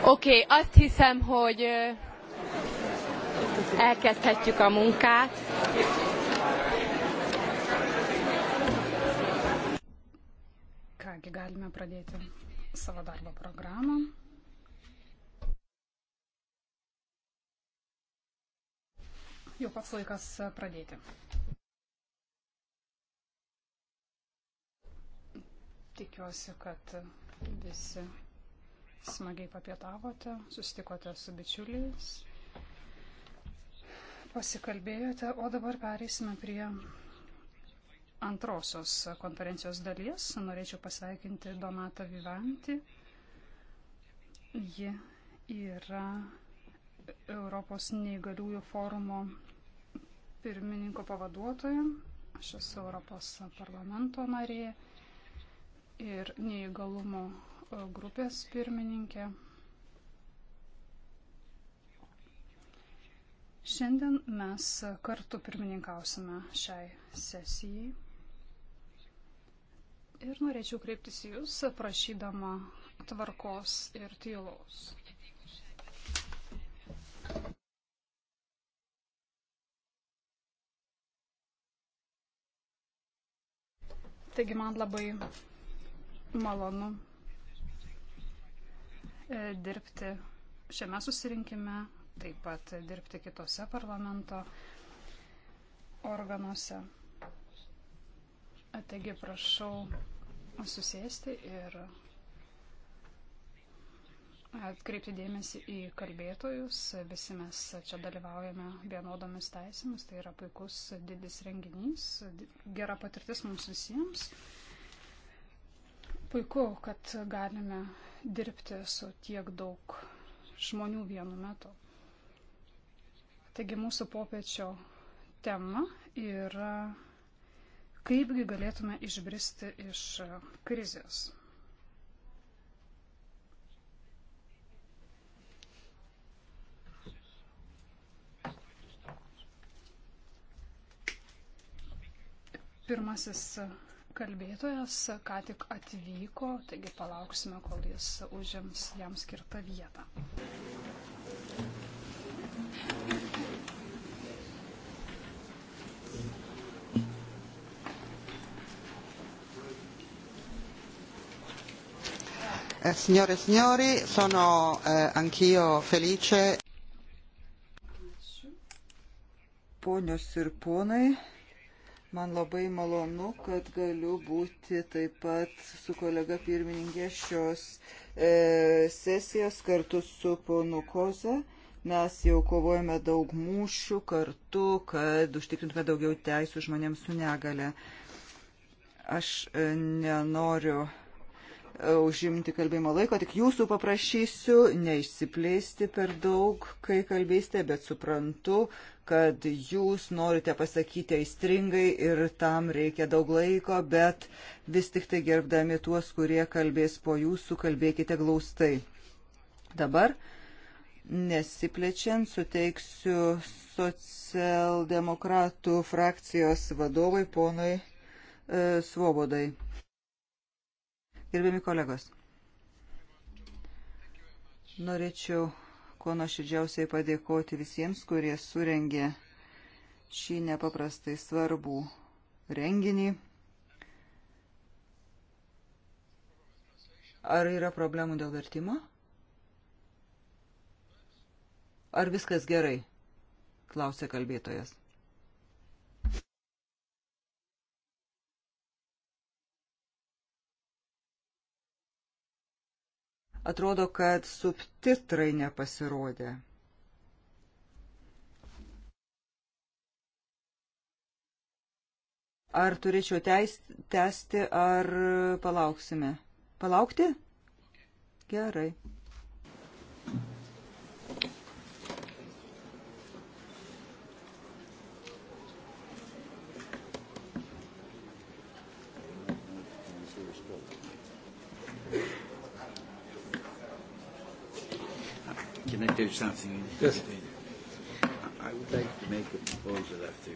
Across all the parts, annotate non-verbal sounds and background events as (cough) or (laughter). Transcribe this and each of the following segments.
Oké, okay, azt hiszem, hogy elkezdhetjük a munkát. Kągi, galime pradėti savo darbo programą. Jau pats laikas pradėti. Tikiuosi, kad visi smagiai papietavote, susitikote su bičiuliais, pasikalbėjote, o dabar pereisime prie antrosios konferencijos dalies. Norėčiau pasveikinti Donatą Vivantį. Ji yra Europos neįgaliųjų forumo pirmininko pavaduotoja. Aš esu Europos parlamento narė ir neįgalumo grupės pirmininkė. Šiandien mes kartu pirmininkausime šiai sesijai. Ir norėčiau kreiptis į Jūs, prašydama tvarkos ir tylaus. Taigi man labai malonu E, dirbti šiame susirinkime, taip pat dirbti kitose parlamento organuose. Taigi prašau susėsti ir atkreipti dėmesį į kalbėtojus. Visi mes čia dalyvaujame vienodomis teisėmis, tai yra puikus didis renginys, gera patirtis mums visiems. Puiku, kad galime dirbti su tiek daug žmonių vienu metu. Taigi mūsų popiečio tema yra kaipgi galėtume išbristi iš krizės. Pirmasis Kalbėtojas ką tik atvyko, taigi palauksime, kol jis užims jam skirtą vietą. Eh, signore e signori, sono eh, anch'io felice. Ponios ir ponai, Man labai malonu, kad galiu būti taip pat su kolega pirmininkė šios e, sesijos kartu su ponu Koza. Mes jau kovojame daug mūšių kartu, kad užtikrintume daugiau teisų žmonėms su negale. Aš e, nenoriu e, užimti kalbėjimo laiko, tik jūsų paprašysiu neišsiplėsti per daug, kai kalbėsite, bet suprantu, kad jūs norite pasakyti aistringai ir tam reikia daug laiko, bet vis tik tai gerbdami tuos, kurie kalbės po jūsų, kalbėkite glaustai. Dabar, nesiplečiant, suteiksiu socialdemokratų frakcijos vadovai ponui e, Svobodai. Gerbiami kolegos, norėčiau kuo nuoširdžiausiai padėkoti visiems, kurie surengė šį nepaprastai svarbų renginį. Ar yra problemų dėl vertimo? Ar viskas gerai? klausė kalbėtojas. Atrodo, kad subtitrai nepasirodė. Ar turėčiau teis, tęsti, ar palauksime? Palaukti? Gerai. something. Yes. I would like to make a proposal after.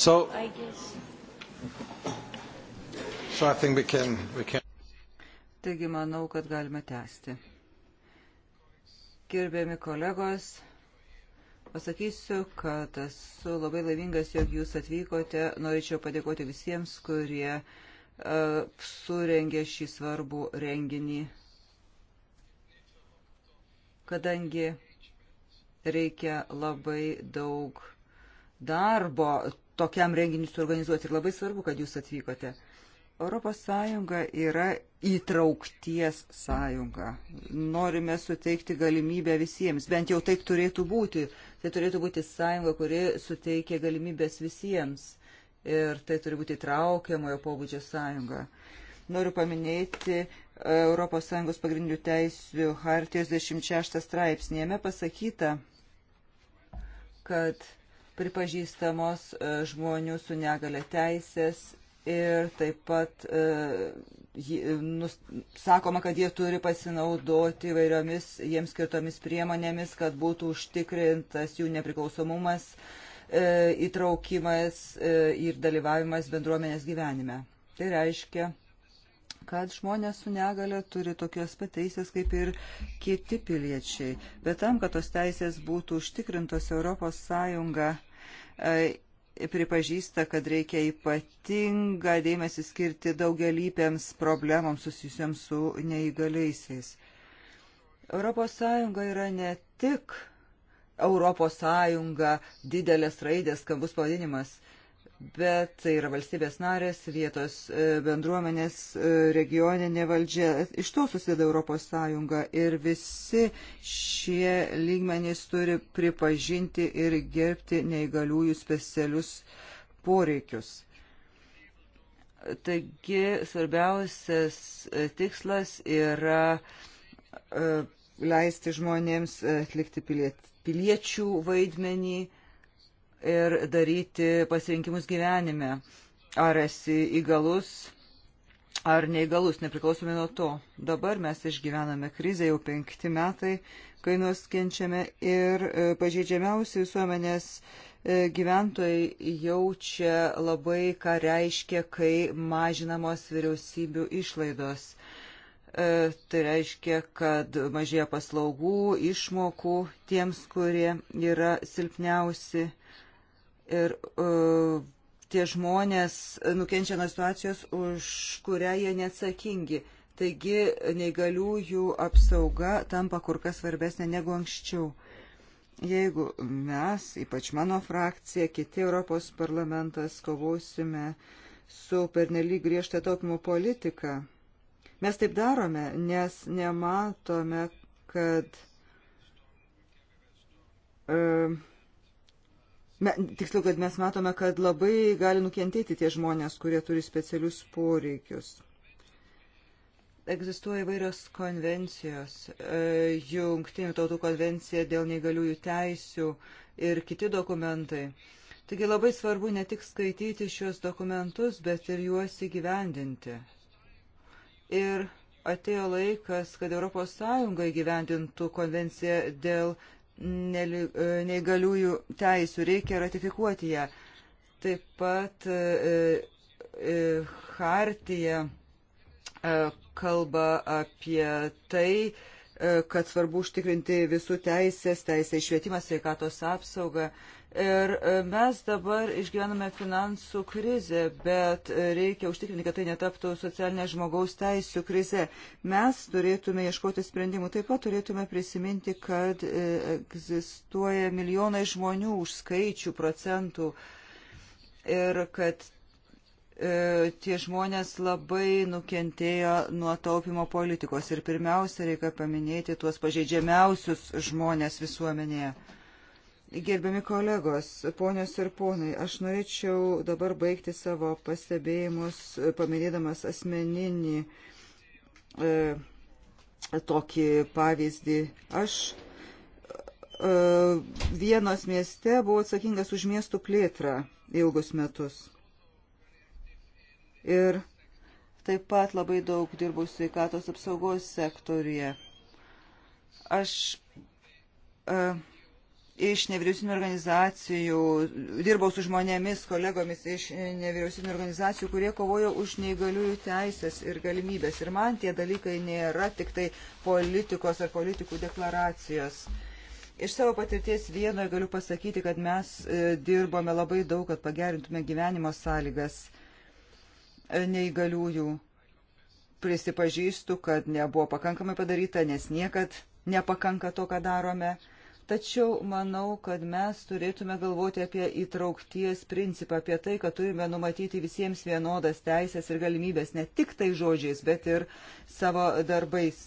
So, I guess. so I think we can, we can. Taigi manau, kad galime tęsti. Gerbėmi kolegos, pasakysiu, kad esu labai laimingas, jog jūs atvykote. Norėčiau padėkoti visiems, kurie uh, surengė šį svarbų renginį. Kadangi reikia labai daug darbo tokiam renginiui suorganizuoti ir labai svarbu, kad jūs atvykote. ES yra įtraukties sąjunga. Norime suteikti galimybę visiems, bent jau taip turėtų būti. Tai turėtų būti sąjunga, kuri suteikia galimybės visiems. Ir tai turi būti traukiamojo pobūdžio sąjunga. Noriu paminėti ES pagrindinių teisių hartijos 26 straipsnėme pasakyta, kad pripažįstamos e, žmonių su negale teisės ir taip pat e, sakoma, kad jie turi pasinaudoti vairiomis jiems skirtomis priemonėmis, kad būtų užtikrintas jų nepriklausomumas, e, įtraukimas ir dalyvavimas bendruomenės gyvenime. Tai reiškia, kad žmonės su negale turi tokios pateisės kaip ir kiti piliečiai. Bet tam, kad tos teisės būtų užtikrintos Europos Sąjunga E, pripažįsta, kad reikia ypatingą dėmesį skirti daugelypėms problemams susijusiams su neįgaliaisiais. ES yra ne tik ES didelės raidės skambus pavadinimas – bet tai yra valstybės narės, vietos e, bendruomenės, e, regioninė valdžia. Iš to susideda Europos Sąjunga ir visi šie lygmenys turi pripažinti ir gerbti neįgaliųjų specialius poreikius. Taigi svarbiausias e, tikslas yra leisti žmonėms atlikti piliečių vaidmenį ir daryti pasirinkimus gyvenime. Ar esi įgalus, ar neįgalus, nepriklausomai nuo to. Dabar mes išgyvename krizę jau penkti metai, kai nuskenčiame ir e, pažeidžiamiausi visuomenės e, gyventojai jaučia labai, ką reiškia, kai mažinamos vyriausybių išlaidos. E, tai reiškia, kad mažėja paslaugų, išmokų tiems, kurie yra silpniausi Ir uh, tie žmonės nukenčia nuo situacijos, už kurią jie neatsakingi. Taigi neįgaliųjų apsauga tampa kur kas svarbesnė negu anksčiau. Jeigu mes, ypač mano frakcija, kiti Europos parlamentas kovosime su pernelyg griežta taupimo politika, mes taip darome, nes nematome, kad uh, e, Me, tiksliau, kad mes matome, kad labai gali nukentėti tie žmonės, kurie turi specialius poreikius. Egzistuoja įvairios konvencijos, e, jungtinių tautų konvencija dėl neįgaliųjų teisių ir kiti dokumentai. Taigi labai svarbu ne tik skaityti šios dokumentus, bet ir juos įgyvendinti. Ir atėjo laikas, kad ES įgyvendintų konvenciją dėl E, neįgaliųjų teisų, reikia ratifikuoti ją. Taip pat e, e, Hartija kalba apie tai, kad svarbu užtikrinti visų teisės, teisę į švietimą, sveikatos apsaugą. E, Ir e, mes dabar išgyvename finansų krizę, bet e, reikia užtikrinti, kad tai netaptų socialinė žmogaus teisų krize. Mes turėtume ieškoti sprendimų. Taip pat turėtume prisiminti, kad e, egzistuoja milijonai žmonių už skaičių procentų ir kad e, tie žmonės labai nukentėjo nuo taupimo politikos. Ir pirmiausia, reikia paminėti tuos pažeidžiamiausius žmonės visuomenėje. Gerbiami kolegos, ponios ir ponai, aš norėčiau dabar baigti savo pastebėjimus, paminėdamas asmeninį e, tokį pavyzdį. Aš e, vienos mieste buvau atsakingas už miestų plėtrą ilgus metus. Ir taip pat labai daug dirbau sveikatos apsaugos sektorija. Aš e, iš nevyriausybinio organizacijų, dirbau su žmonėmis, kolegomis iš nevyriausybinio organizacijų, kurie kovojo už neįgaliųjų teisės ir galimybės. Ir man tie dalykai nėra tik tai politikos ar politikų deklaracijos. Iš savo patirties vienoje galiu pasakyti, kad mes e, dirbome labai daug, kad pagerintume gyvenimo sąlygas e, neįgaliųjų. Prisipažįstu, kad nebuvo pakankamai padaryta, nes niekad nepakanka to, ką darome Tačiau manau, kad mes turėtume galvoti apie įtraukties principą, apie tai, kad turime numatyti visiems vienodas teisės ir galimybės, ne tik tai žodžiais, bet ir savo darbais.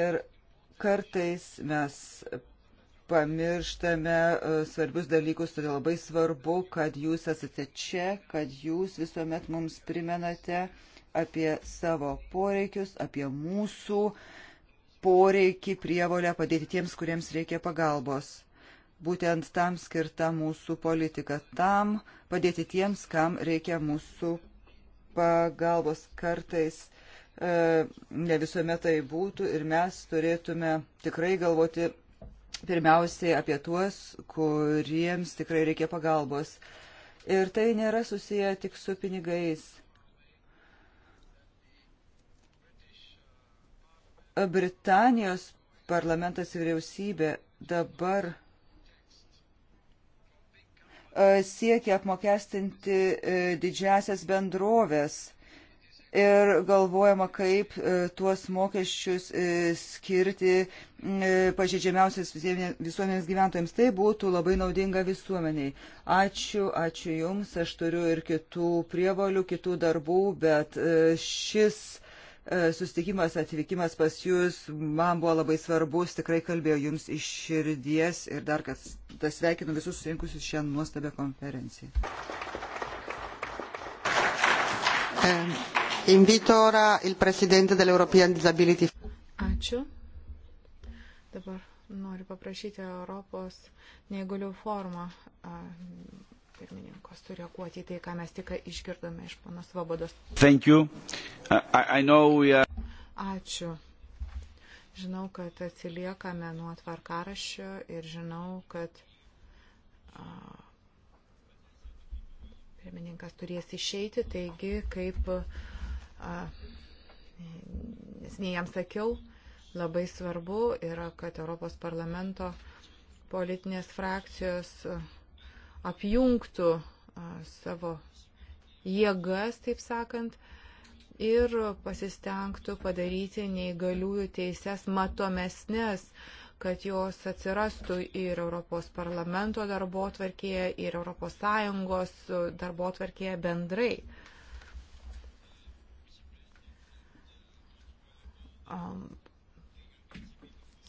Ir kartais mes pamirštame e, svarbius dalykus, todėl labai svarbu, kad jūs esate čia, kad jūs visuomet mums primenate apie savo poreikius, apie mūsų uh, poreikį prievolę padėti tiems, kuriems reikia pagalbos. Būtent tam skirta mūsų politika, tam padėti tiems, kam reikia mūsų pagalbos kartais. E, ne visuomet tai būtų ir mes turėtume tikrai galvoti pirmiausiai apie tuos, kuriems tikrai reikia pagalbos. Ir tai nėra susiję tik su pinigais. Britanijos parlamentas ir vyriausybė dabar e, siekia apmokestinti e, didžiasias bendrovės ir galvojama, kaip e, tuos mokesčius skirti pažeidžiamiausias visuomenės gyventojams. Tai būtų labai naudinga visuomeniai. Ačiū, ačiū Jums, aš turiu ir kitų prievalių, kitų darbų, bet šis sustikimas, atvykimas pas jūs man buvo labai svarbus, tikrai kalbėjau jums iš širdies ir dar kas tas sveikinu visus susirinkusius šią nuostabią konferenciją. Invito ora il presidente dell'European Disability. Ačiū. Dabar noriu paprašyti Europos neįgalių formą pirmininkas turi reaguoti į tai, ką mes tik išgirdome iš panos Svobodos. Are... Ačiū. Žinau, kad atsiliekame nuo tvarkaraščio ir žinau, kad a, pirmininkas turės išeiti, taigi kaip a, nesiniai jam sakiau, labai svarbu yra, kad Europos parlamento politinės frakcijos a, apjungtų savo jėgas, taip sakant, ir pasistengtų padaryti neįgaliųjų teises matomesnės, kad jos atsirastų ir Europos parlamento darbo tvarkėje, ir Europos Sąjungos darbo tvarkėje bendrai. Um,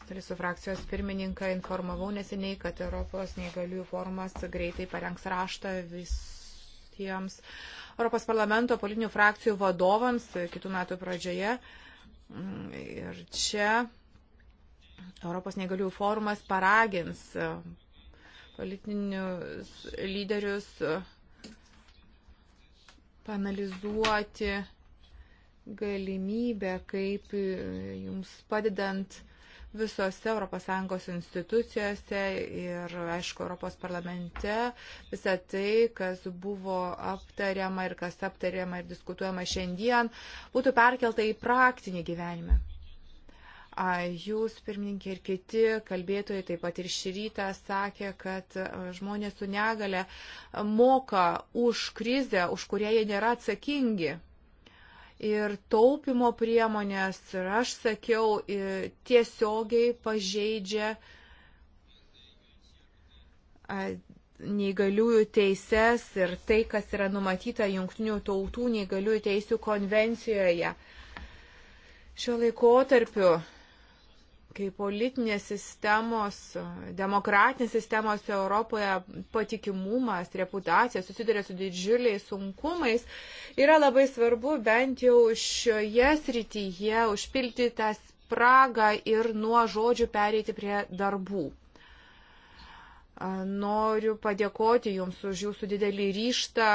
Socialistų frakcijos pirmininką informavau neseniai, kad Europos neįgaliųjų formas greitai parengs raštą visiems Europos parlamento politinių frakcijų vadovams kitų metų pradžioje. Ir čia Europos neįgaliųjų forumas paragins politinius lyderius panalizuoti galimybę, kaip jums padedant visose ES institucijose ir, aišku, Europos parlamente visą tai, kas buvo aptariama ir kas aptariama ir diskutuojama šiandien, būtų perkelta į praktinį gyvenimą. Jūs, pirmininkė, ir kiti kalbėtojai taip pat ir šį rytą sakė, kad žmonės su negale moka už krizę, už kurią jie nėra atsakingi ir taupimo priemonės, ir aš sakiau, tiesiogiai pažeidžia neįgaliųjų teises ir tai, kas yra numatyta Junktinių tautų neįgaliųjų teisų konvencijoje. Šiuo laikotarpiu kai politinės sistemos, demokratinės sistemos Europoje patikimumas, reputacija susiduria su didžiuliais sunkumais, yra labai svarbu bent jau šioje srityje užpilti tą spragą ir nuo žodžių pereiti prie darbų. Noriu padėkoti Jums už Jūsų didelį ryštą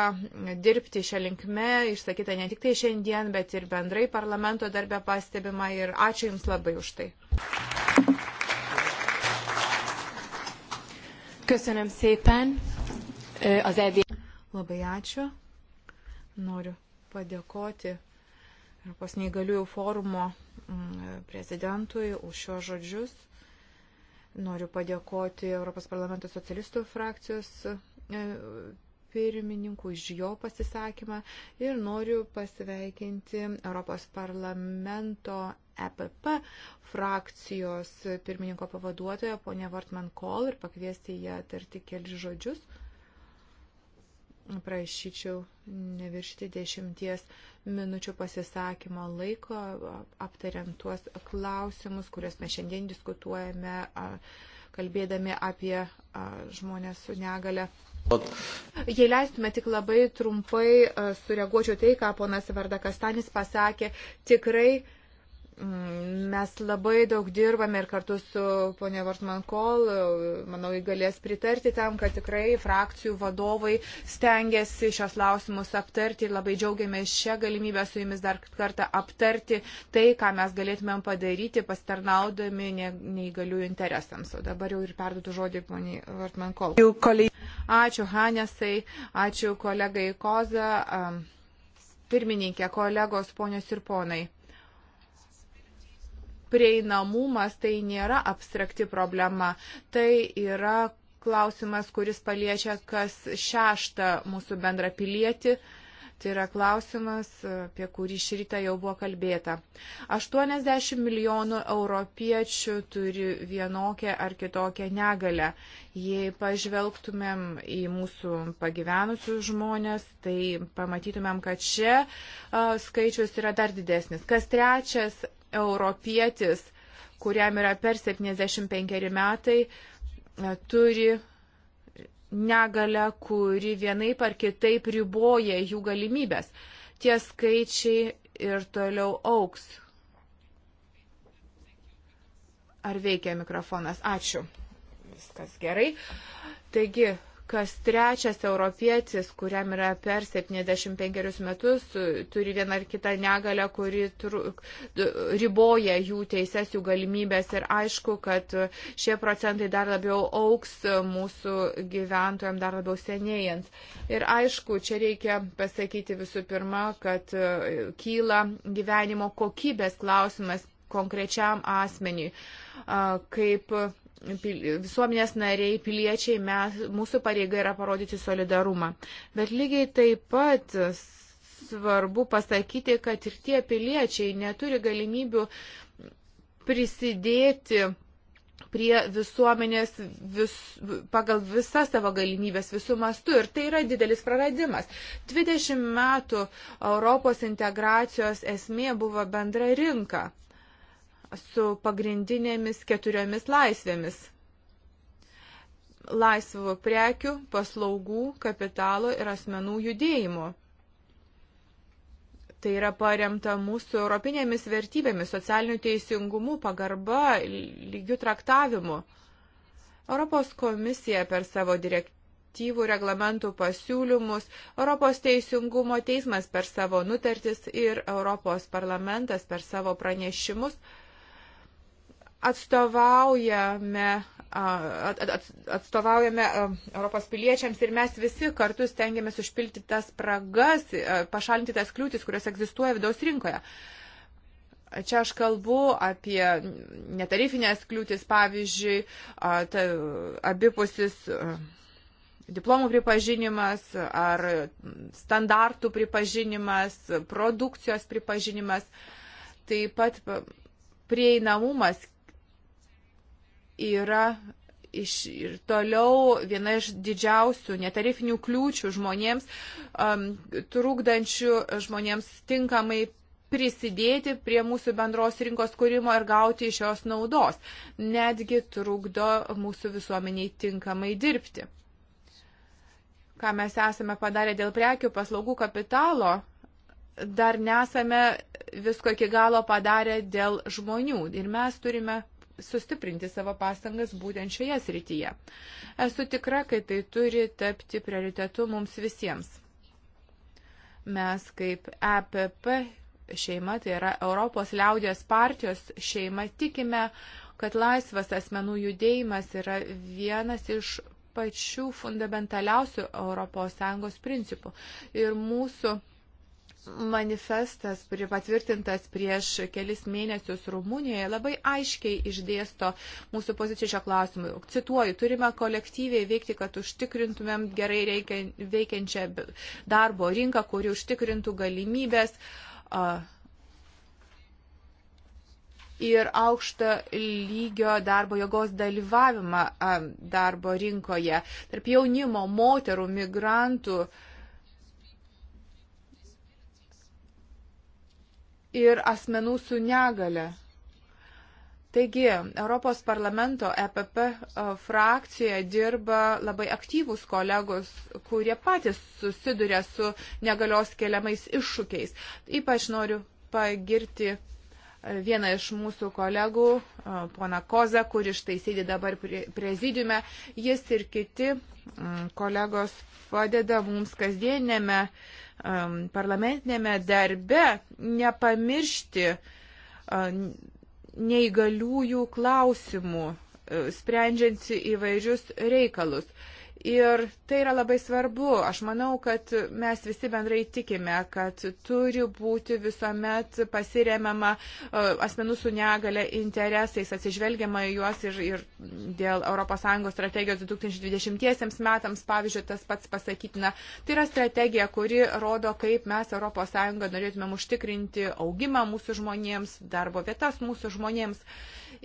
dirbti šią linkmę, išsakytą ne tik tai šiandien, bet ir bendrai parlamento darbę pastebimą ir ačiū Jums labai už tai. Köszönöm szépen az EB. Labai ačiū. Noriu padėkoti Europos neįgaliųjų forumo prezidentui už šios žodžius. Noriu padėkoti Europos parlamento socialistų frakcijos e, pirmininkų už jo pasisakymą ir noriu pasveikinti Europos parlamento EPP frakcijos pirmininko pavaduotoją ponę Vartman Kol ir pakviesti ją tarti keli žodžius prašyčiau neviršyti dešimties minučių pasisakymo laiko, aptariant tuos klausimus, kuriuos mes šiandien diskutuojame, kalbėdami apie žmonės su negale. Jei leistume tik labai trumpai sureaguočiau tai, ką ponas Varda Kastanis pasakė, tikrai Mm, mes labai daug dirbame ir kartu su ponė Vartman Kol, manau, galės pritarti tam, kad tikrai frakcijų vadovai stengiasi šios lausimus aptarti ir labai džiaugiamės šią galimybę su jumis dar kartą aptarti tai, ką mes galėtumėm padaryti, pasitarnaudami neįgaliųjų interesams. O dabar jau ir perduotų žodį ponė Vartman Kol. Ačiū Hanesai, ačiū kolegai Koza, pirmininkė, kolegos, ponios ir ponai prieinamumas tai nėra abstrakti problema, tai yra klausimas, kuris paliečia kas šeštą mūsų bendrą pilietį. Tai yra klausimas, apie kurį šį rytą jau buvo kalbėta. 80 milijonų europiečių turi vienokią ar kitokią negalę. Jei pažvelgtumėm į mūsų pagyvenusius žmonės, tai pamatytumėm, kad čia a, skaičius yra dar didesnis. Kas trečias europietis, kuriam yra per 75 metai, e, turi negalę, kuri vienaip ar kitaip riboja jų galimybės. Tie skaičiai ir toliau auks. Ar veikia mikrofonas? Ačiū. Viskas gerai. Taigi, kas trečias europietis, kuriam yra per 75 metus, turi vieną ar kitą negalę, kuri truk, riboja jų teises, jų galimybės ir aišku, kad šie procentai dar labiau auks mūsų gyventojams, dar labiau senėjant. Ir aišku, čia reikia pasakyti visų pirma, kad e, kyla gyvenimo kokybės klausimas konkrečiam asmeniui, kaip visuomenės nariai, piliečiai, mes, mūsų pareiga yra parodyti solidarumą. Bet lygiai taip pat svarbu pasakyti, kad ir tie piliečiai neturi galimybių prisidėti prie visuomenės vis, pagal visą savo galimybės visų mastų. Ir tai yra didelis praradimas. 20 metų Europos integracijos esmė buvo bendra rinka su pagrindinėmis keturiomis laisvėmis - laisvų prekių, paslaugų, kapitalo ir asmenų judėjimo. Tai yra paremta mūsų europinėmis vertybėmis, socialiniu teisingumu, pagarba, lygių traktavimu. Europos komisija per savo direktyvų reglamentų pasiūlymus, Europos teisingumo teismas per savo nutartis ir Europos parlamentas per savo pranešimus atstovaujame atstovaujame Europos piliečiams ir mes visi kartu stengiamės užpilti tas spragas, pašalinti tas kliūtis, kurios egzistuoja vidaus rinkoje. Čia aš kalbu apie netarifinės kliūtis, pavyzdžiui, ta, abipusis diplomų pripažinimas ar standartų pripažinimas, produkcijos pripažinimas, taip pat prieinamumas yra iš, ir toliau viena iš didžiausių netarifinių kliūčių žmonėms, um, trukdančių žmonėms tinkamai prisidėti prie mūsų bendros rinkos kūrimo ir gauti iš jos naudos. Netgi trukdo mūsų visuomeniai tinkamai dirbti. Ką mes esame padarę dėl prekių paslaugų kapitalo, dar nesame visko iki galo padarę dėl žmonių. Ir mes turime sustiprinti savo pastangas būtent šioje srityje. Esu tikra, kad tai turi tapti prioritetu mums visiems. Mes kaip EPP šeima, tai yra Europos liaudės partijos šeima, tikime, kad laisvas asmenų judėjimas yra vienas iš pačių fundamentaliausių ES principų. Ir mūsų manifestas patvirtintas prieš kelis mėnesius Rumunijoje labai aiškiai išdėsto mūsų poziciją šio klausimu. Cituoju, turime kolektyviai veikti, kad užtikrintumėm gerai reikia, veikiančią darbo rinką, kuri užtikrintų galimybės. Uh, ir aukšto lygio darbo jėgos dalyvavimą darbo rinkoje tarp jaunimo, moterų, migrantų, uh, ir asmenų su negale. Taigi, Europos parlamento EPP e, frakcijoje dirba labai aktyvūs kolegos, kurie patys susiduria su negalios keliamais iššūkiais. Ypač noriu pagirti e, vieną iš mūsų kolegų, e, pona Koza, kuris štai sėdi dabar prezidiume. Jis ir kiti kolegos padeda mums kasdienėme uh, um, parlamentinėme darbe nepamiršti um, neįgaliųjų klausimų, uh, sprendžiant įvairius reikalus. Uh, Ir tai yra labai svarbu. Aš manau, kad mes visi bendrai tikime, kad turi būti visuomet pasiremiama e, asmenų su negale interesais, atsižvelgiama į juos ir, ir dėl ES strategijos 2020 metams, pavyzdžiui, tas pats pasakytina. Tai yra strategija, kuri rodo, kaip mes ES norėtumėm užtikrinti augimą mūsų žmonėms, darbo vietas mūsų žmonėms.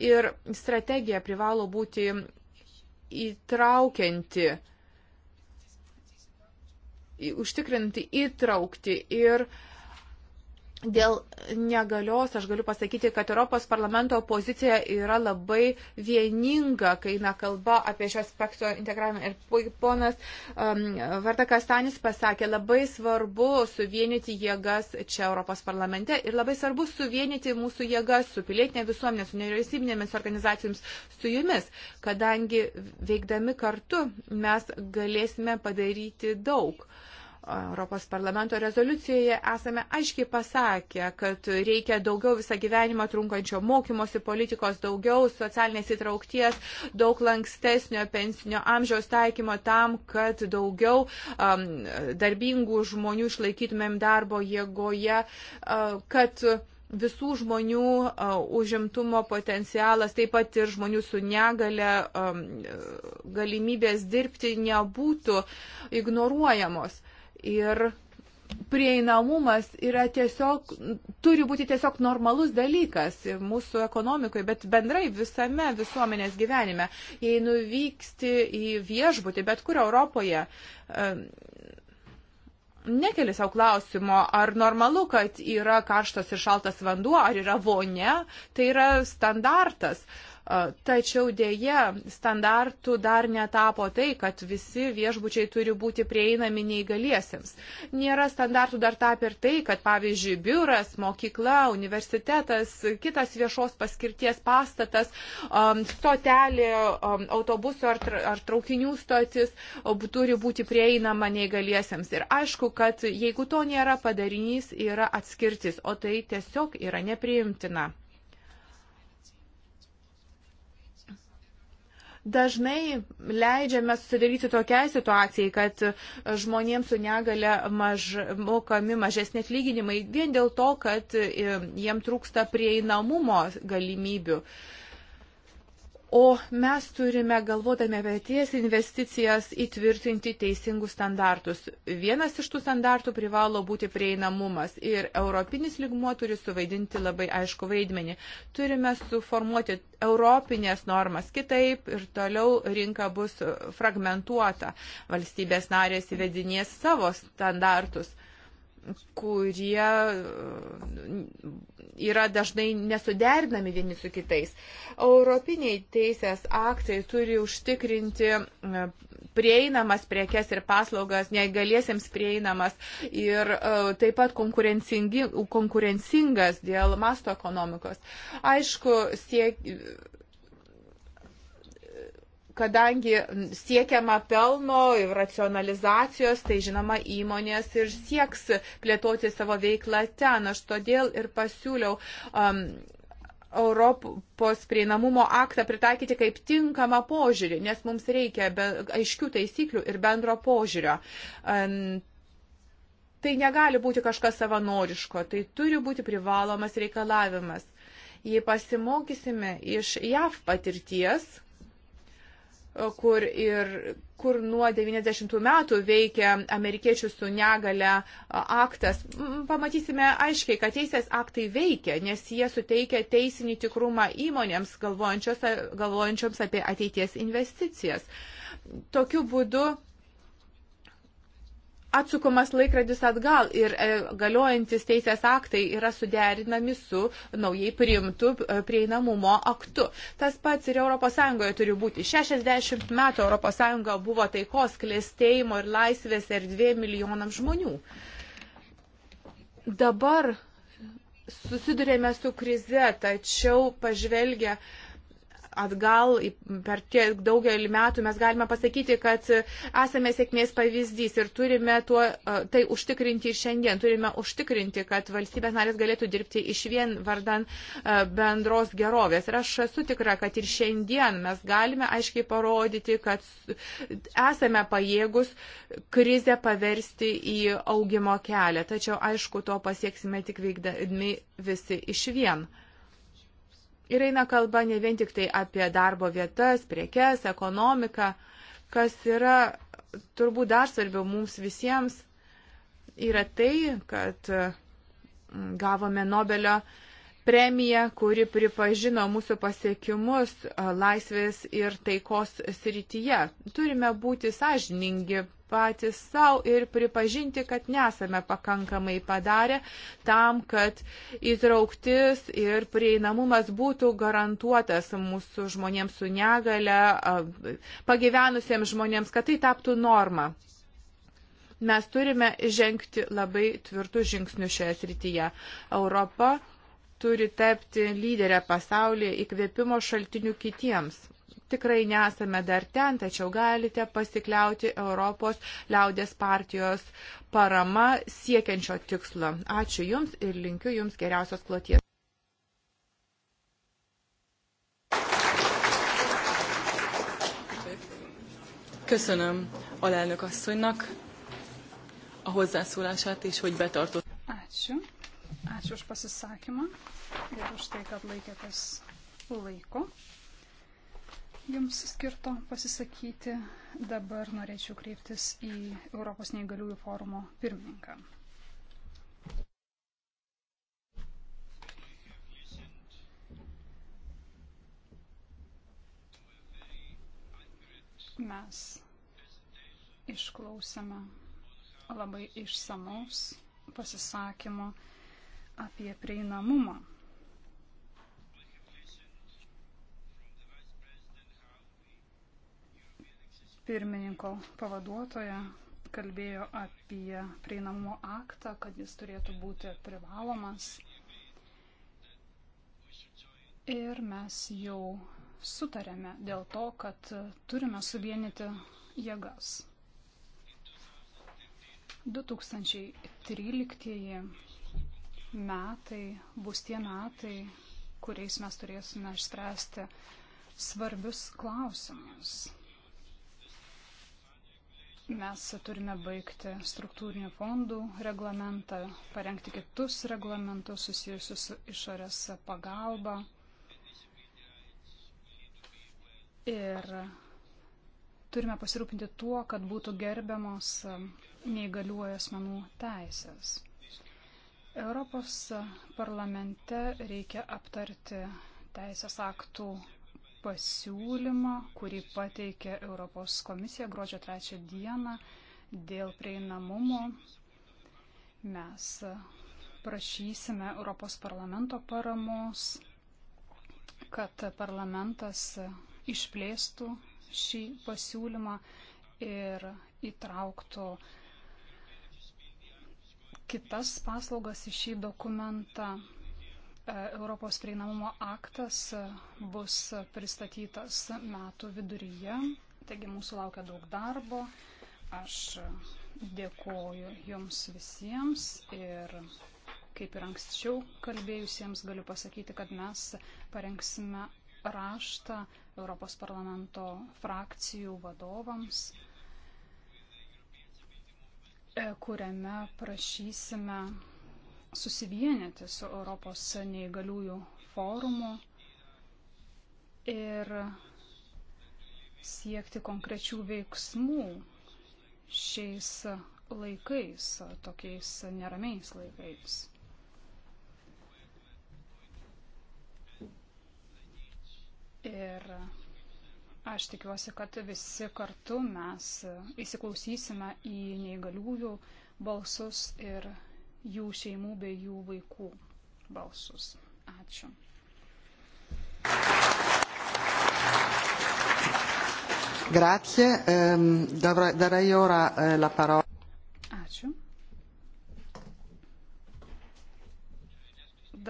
Ir strategija privalo būti įtraukianti, užtikrinti įtraukti ir uh, Dėl negalios aš galiu pasakyti, kad Europos parlamento pozicija yra labai vieninga, kai eina kalba apie šio aspekto integravimą. Ir ponas um, Varta Kastanis pasakė, labai svarbu suvienyti jėgas čia Europos parlamente ir labai svarbu suvienyti mūsų jėgas su pilietinė visuomenė, su nevyriausybinėmis organizacijomis, su jumis, kadangi veikdami kartu mes galėsime padaryti daug. Uh, Europos parlamento rezoliucijoje esame aiškiai pasakę, kad reikia daugiau visą gyvenimą trunkančio mokymosi politikos, daugiau socialinės įtraukties, daug lankstesnio pensinio amžiaus taikymo tam, kad daugiau um, darbingų žmonių išlaikytumėm darbo jėgoje, uh, kad visų žmonių uh, užimtumo potencialas, taip pat ir žmonių su negale um, galimybės dirbti nebūtų ignoruojamos. Ir prieinamumas yra tiesiog, turi būti tiesiog normalus dalykas mūsų ekonomikoje, bet bendrai visame visuomenės gyvenime. Jei nuvyksti į viešbutį, bet kur Europoje, nekeli savo klausimo, ar normalu, kad yra karštas ir šaltas vanduo, ar yra vonia, tai yra standartas. Uh, Tačiau dėje standartų dar netapo tai, kad visi viešbučiai turi būti prieinami neįgaliesiems. Nėra standartų dar tapę ir tai, kad pavyzdžiui biuras, mokykla, universitetas, kitas viešos paskirties pastatas, stotelė, autobusų ar traukinių stotis turi būti prieinama neįgaliesiems. Ir aišku, kad jeigu to nėra, padarinys yra atskirtis, o tai tiesiog yra nepriimtina. dažnai leidžiame susidaryti tokiai situacijai, kad žmonėms su negale maž, mokami mažesni atlyginimai vien dėl to, kad e, jiem trūksta prieinamumo galimybių. Uh, O mes turime, galvodami apie ties investicijas, įtvirtinti teisingus standartus. Vienas iš tų standartų privalo būti prieinamumas ir europinis ligmuo turi suvaidinti labai aišku vaidmenį. Turime suformuoti europinės normas kitaip ir toliau rinka bus fragmentuota. Valstybės narės įvedinės savo standartus kurie e, yra dažnai nesuderinami vieni su kitais. Europiniai teisės aktai turi užtikrinti e, prieinamas priekes ir paslaugas, negaliesiems prieinamas ir e, taip pat konkurencingas dėl masto ekonomikos. Aišku, siek, kadangi siekiama pelno ir racionalizacijos, tai žinoma įmonės ir sieks plėtoti savo veiklą ten. Aš todėl ir pasiūliau. Um, Europos prieinamumo aktą pritaikyti kaip tinkamą požiūrį, nes mums reikia be, aiškių taisyklių ir bendro požiūrio. Um, tai negali būti kažkas savanoriško, tai turi būti privalomas reikalavimas. Jei pasimokysime iš JAV patirties, kur, ir, kur nuo 90 metų veikia amerikiečių su negale aktas, pamatysime aiškiai, kad teisės aktai veikia, nes jie suteikia teisinį tikrumą įmonėms galvojančioms apie ateities investicijas. Tokiu būdu atsukamas laikrodis atgal ir e, galiojantis teisės aktai yra suderinami su naujai priimtų e, prieinamumo aktu. Tas pats ir ES turi būti. 60 metų ES buvo taikos, klėstėjimo ir laisvės erdvė milijonam žmonių. Dabar susidurėme su krize, tačiau pažvelgia uh, atgal per tiek daugelį metų mes galime pasakyti, kad esame sėkmės pavyzdys ir turime tuo, tai užtikrinti ir šiandien. Turime užtikrinti, kad valstybės narės galėtų dirbti iš vien vardan bendros gerovės. Ir aš esu tikra, kad ir šiandien mes galime aiškiai parodyti, kad esame pajėgus krizę paversti į augimo kelią. Tačiau, aišku, to pasieksime tik veikdami visi iš vien. Ir eina kalba ne vien tik tai apie darbo vietas, priekes, ekonomiką, kas yra turbūt dar svarbiau mums visiems, yra tai, kad mm, gavome Nobelio premija, kuri pripažino mūsų pasiekimus laisvės ir taikos srityje. Turime būti sąžiningi patys savo ir pripažinti, kad nesame pakankamai padarę tam, kad įtrauktis ir prieinamumas būtų garantuotas mūsų žmonėms su negale, pagyvenusiems žmonėms, kad tai taptų norma. Mes turime žengti labai tvirtus žingsnius šioje srityje. Europa turi tapti lyderę pasaulyje įkvėpimo šaltiniu kitiems. Tikrai nesame dar ten, tačiau galite pasikliauti Europos liaudės partijos parama siekiančio tikslo. Ačiū Jums ir linkiu Jums geriausios kloties. Köszönöm alelnök asszonynak a hozzászólását és hogy betartott. Ačiū. Ačiū už pasisakymą ir už tai, kad laikėtės laiko. Jums skirto pasisakyti dabar norėčiau kreiptis į Europos neįgaliųjų forumo pirmininką. mes išklausėme labai išsamaus pasisakymo apie prieinamumą. Pirmininko pavaduotoja kalbėjo apie prieinamumo aktą, kad jis turėtų būti privalomas. Ir mes jau sutarėme dėl to, kad turime suvienyti jėgas. 2013 metai bus tie metai, kuriais mes turėsime išspręsti svarbius klausimus. Mes turime baigti struktūrinių fondų reglamentą, parengti kitus reglamentus susijusius su išorės pagalba. Ir turime pasirūpinti tuo, kad būtų gerbiamos neįgaliuoju asmenų teisės. Europos parlamente reikia aptarti teisės aktų pasiūlymą, kurį pateikė Europos komisija gruodžio 3 dieną dėl prieinamumo. Mes prašysime Europos parlamento paramos, kad parlamentas išplėstų šį pasiūlymą ir įtrauktų uh, kitas paslaugas į šį dokumentą. E, Europos prieinamumo aktas e, bus pristatytas metų viduryje, taigi mūsų laukia daug darbo. Aš e, dėkoju jums visiems ir kaip ir anksčiau kalbėjusiems galiu pasakyti, kad mes parengsime raštą Europos parlamento frakcijų vadovams E, kuriame prašysime susivienyti su Europos neįgaliųjų forumu ir siekti konkrečių veiksmų šiais laikais, tokiais neramiais laikais. Ir Aš tikiuosi, kad visi kartu mes įsiklausysime į neįgaliųjų balsus ir jų šeimų bei jų vaikų balsus. Ačiū. Grazie. Ehm, Darai ora eh, la parola. Ačiū.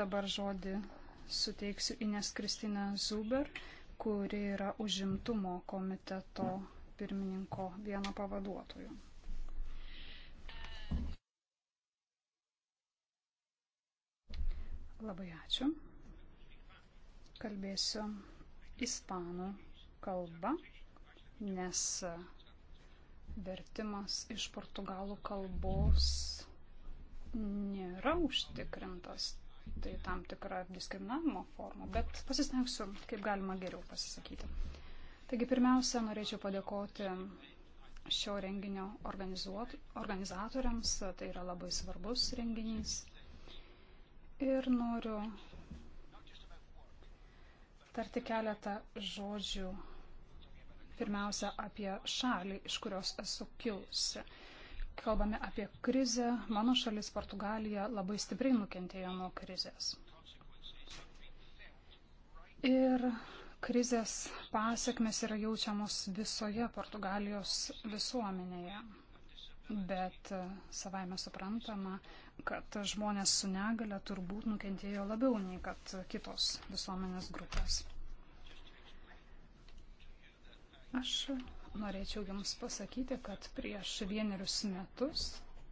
Dabar žodį suteiksiu Ines Kristina Zuber kuri yra užimtumo komiteto pirmininko vieno pavaduotojų. Labai ačiū. Kalbėsiu ispanų kalbą, nes vertimas iš portugalų kalbos nėra užtikrintas tai tam tikra diskriminavimo forma, bet pasistengsiu, kaip galima geriau pasisakyti. Taigi pirmiausia, norėčiau padėkoti šio renginio organizatoriams, tai yra labai svarbus renginys. Ir noriu tarti keletą žodžių pirmiausia apie šalį, iš kurios esu kilusi kalbame apie krizę, mano šalis Portugalija labai stipriai nukentėjo nuo krizės. Ir krizės pasiekmes yra jaučiamos visoje Portugalijos visuomenėje. Bet e, savaime suprantama, kad žmonės su negale turbūt nukentėjo labiau nei kad kitos visuomenės grupės. Aš norėčiau Jums pasakyti, kad prieš vienerius metus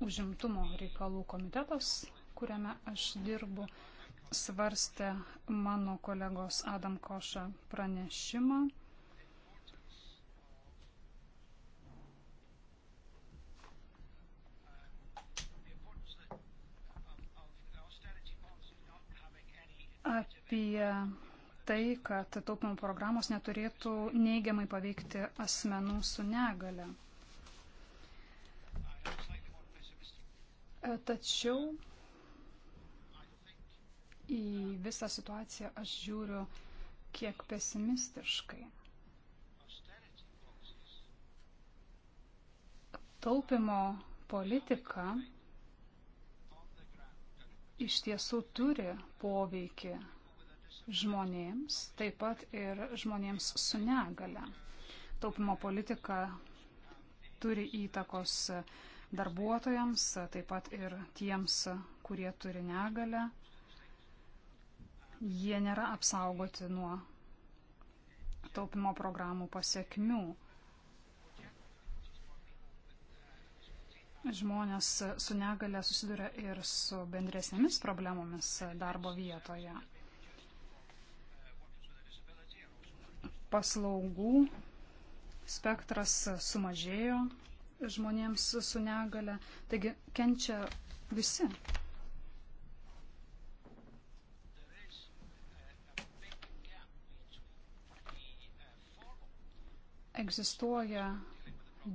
užimtumo reikalų komitetas, kuriame aš dirbu, svarstė mano kolegos Adam Koša pranešimą. apie tai, kad taupimo programos neturėtų neigiamai paveikti asmenų su negale. E, tačiau į visą situaciją aš žiūriu kiek pesimistiškai. Taupimo politika iš tiesų turi poveikį žmonėms, taip pat ir žmonėms su negale. Taupimo politika turi įtakos darbuotojams, taip pat ir tiems, kurie turi negalę. Jie nėra apsaugoti nuo taupimo programų pasiekmių. Žmonės su negale susiduria ir su bendresnėmis problemomis darbo vietoje. paslaugų spektras sumažėjo žmonėms su negale, taigi kenčia visi. Egzistuoja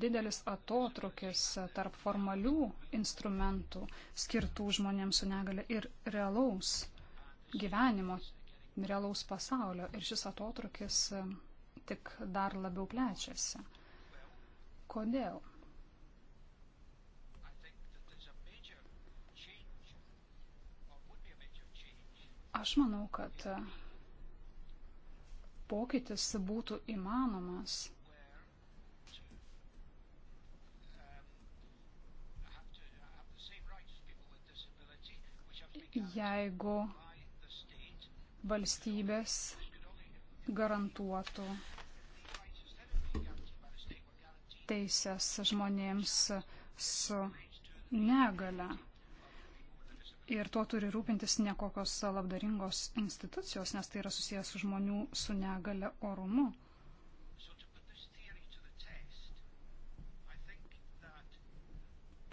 didelis atotrukis tarp formalių instrumentų skirtų žmonėms su negale ir realaus gyvenimo, realaus pasaulio. Ir šis atotrukis tik dar labiau plečiasi. Kodėl? Aš manau, kad pokytis būtų įmanomas. Jeigu valstybės garantuotų teisės žmonėms su negale. Ir tuo turi rūpintis ne kokios labdaringos institucijos, nes tai yra susijęs su žmonių su negale orumu.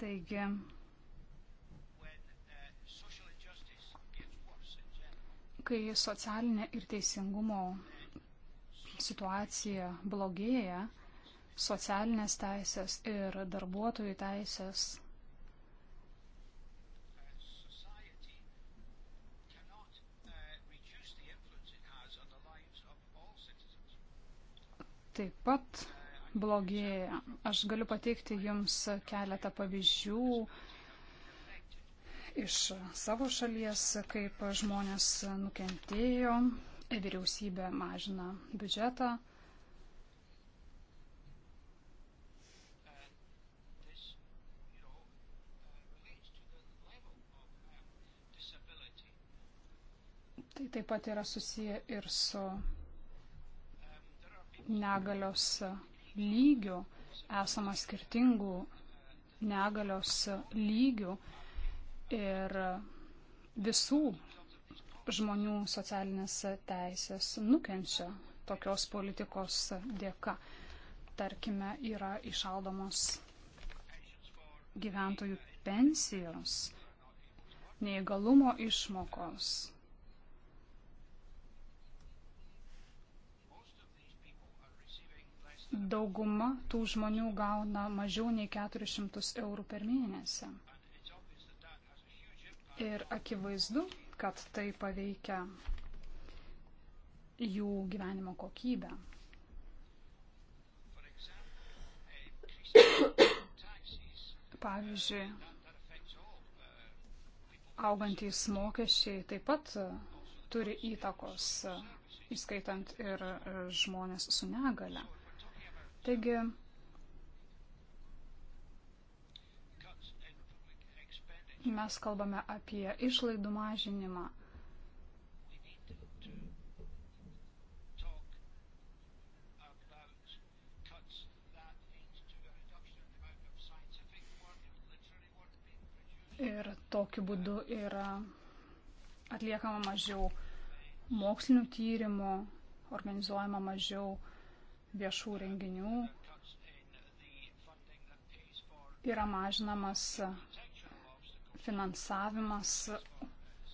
Taigi, kai socialinė ir teisingumo situacija blogėja, socialinės teisės ir darbuotojų teisės. Taip pat blogėja. Aš galiu pateikti Jums keletą pavyzdžių iš savo šalies, kaip žmonės nukentėjo, vyriausybė mažina biudžetą. Tai taip pat yra susiję ir su negalios lygiu. Esama skirtingų negalios lygių ir visų žmonių socialinės teisės nukenčia tokios politikos dėka. Tarkime, yra išaldomos gyventojų pensijos, neįgalumo išmokos, dauguma tų žmonių gauna mažiau nei 400 eurų per mėnesį. Ir akivaizdu, kad tai paveikia jų gyvenimo kokybę. Pavyzdžiui, augantys mokesčiai taip pat turi įtakos, įskaitant ir žmonės su negale. Taigi, mes kalbame apie išlaidų mažinimą. Ir tokiu būdu yra atliekama mažiau mokslinių tyrimų, organizuojama mažiau viešų renginių yra mažinamas finansavimas,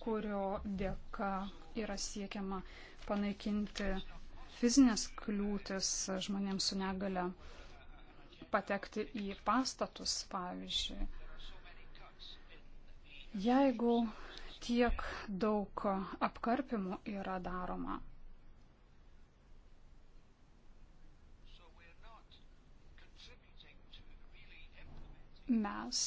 kurio dėka yra siekiama panaikinti fizinės kliūtis žmonėms su negale patekti į pastatus, pavyzdžiui. Jeigu tiek daug apkarpimų yra daroma, mes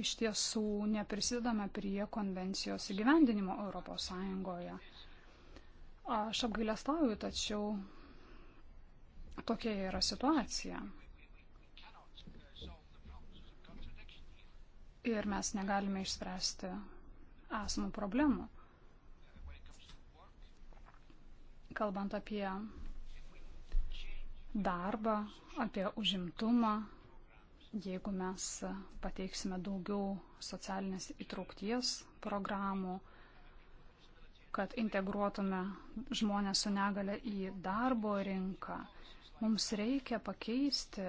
iš tiesų neprisidedame prie konvencijos įgyvendinimo ES. Aš apgailestauju, tačiau tokia yra situacija. Ir mes negalime išspręsti esamų problemų. Kalbant apie darbą, apie užimtumą, jeigu mes pateiksime daugiau socialinės įtraukties programų, kad integruotume žmonės su negale į darbo rinką, mums reikia pakeisti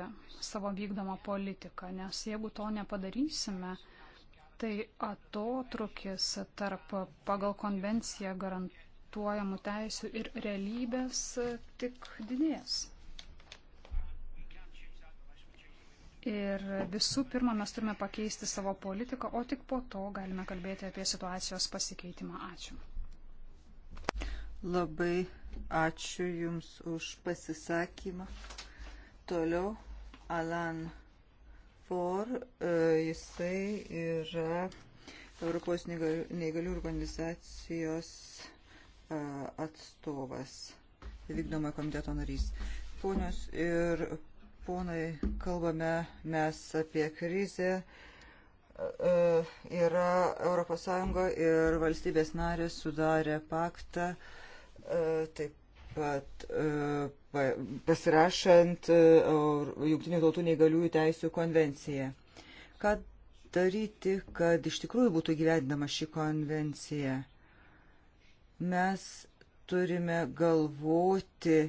savo vykdomą politiką, nes jeigu to nepadarysime, tai atotrukis tarp pagal konvenciją garantuojamų teisų ir realybės tik didės. Ir visų pirma, mes turime pakeisti savo politiką, o tik po to galime kalbėti apie situacijos pasikeitimą. Ačiū. Labai ačiū Jums už pasisakymą. Toliau Alan For, e, jisai yra Europos neįgalių organizacijos e, atstovas, vykdomo komiteto narys. Ponios ir ponai, kalbame mes apie krizę. E, yra ES ir valstybės narės sudarė paktą, e, taip pat e, pasirašant Junktinių tautų neįgaliųjų teisų konvenciją. Ką daryti, kad iš tikrųjų būtų gyvendama ši konvencija? Mes turime galvoti,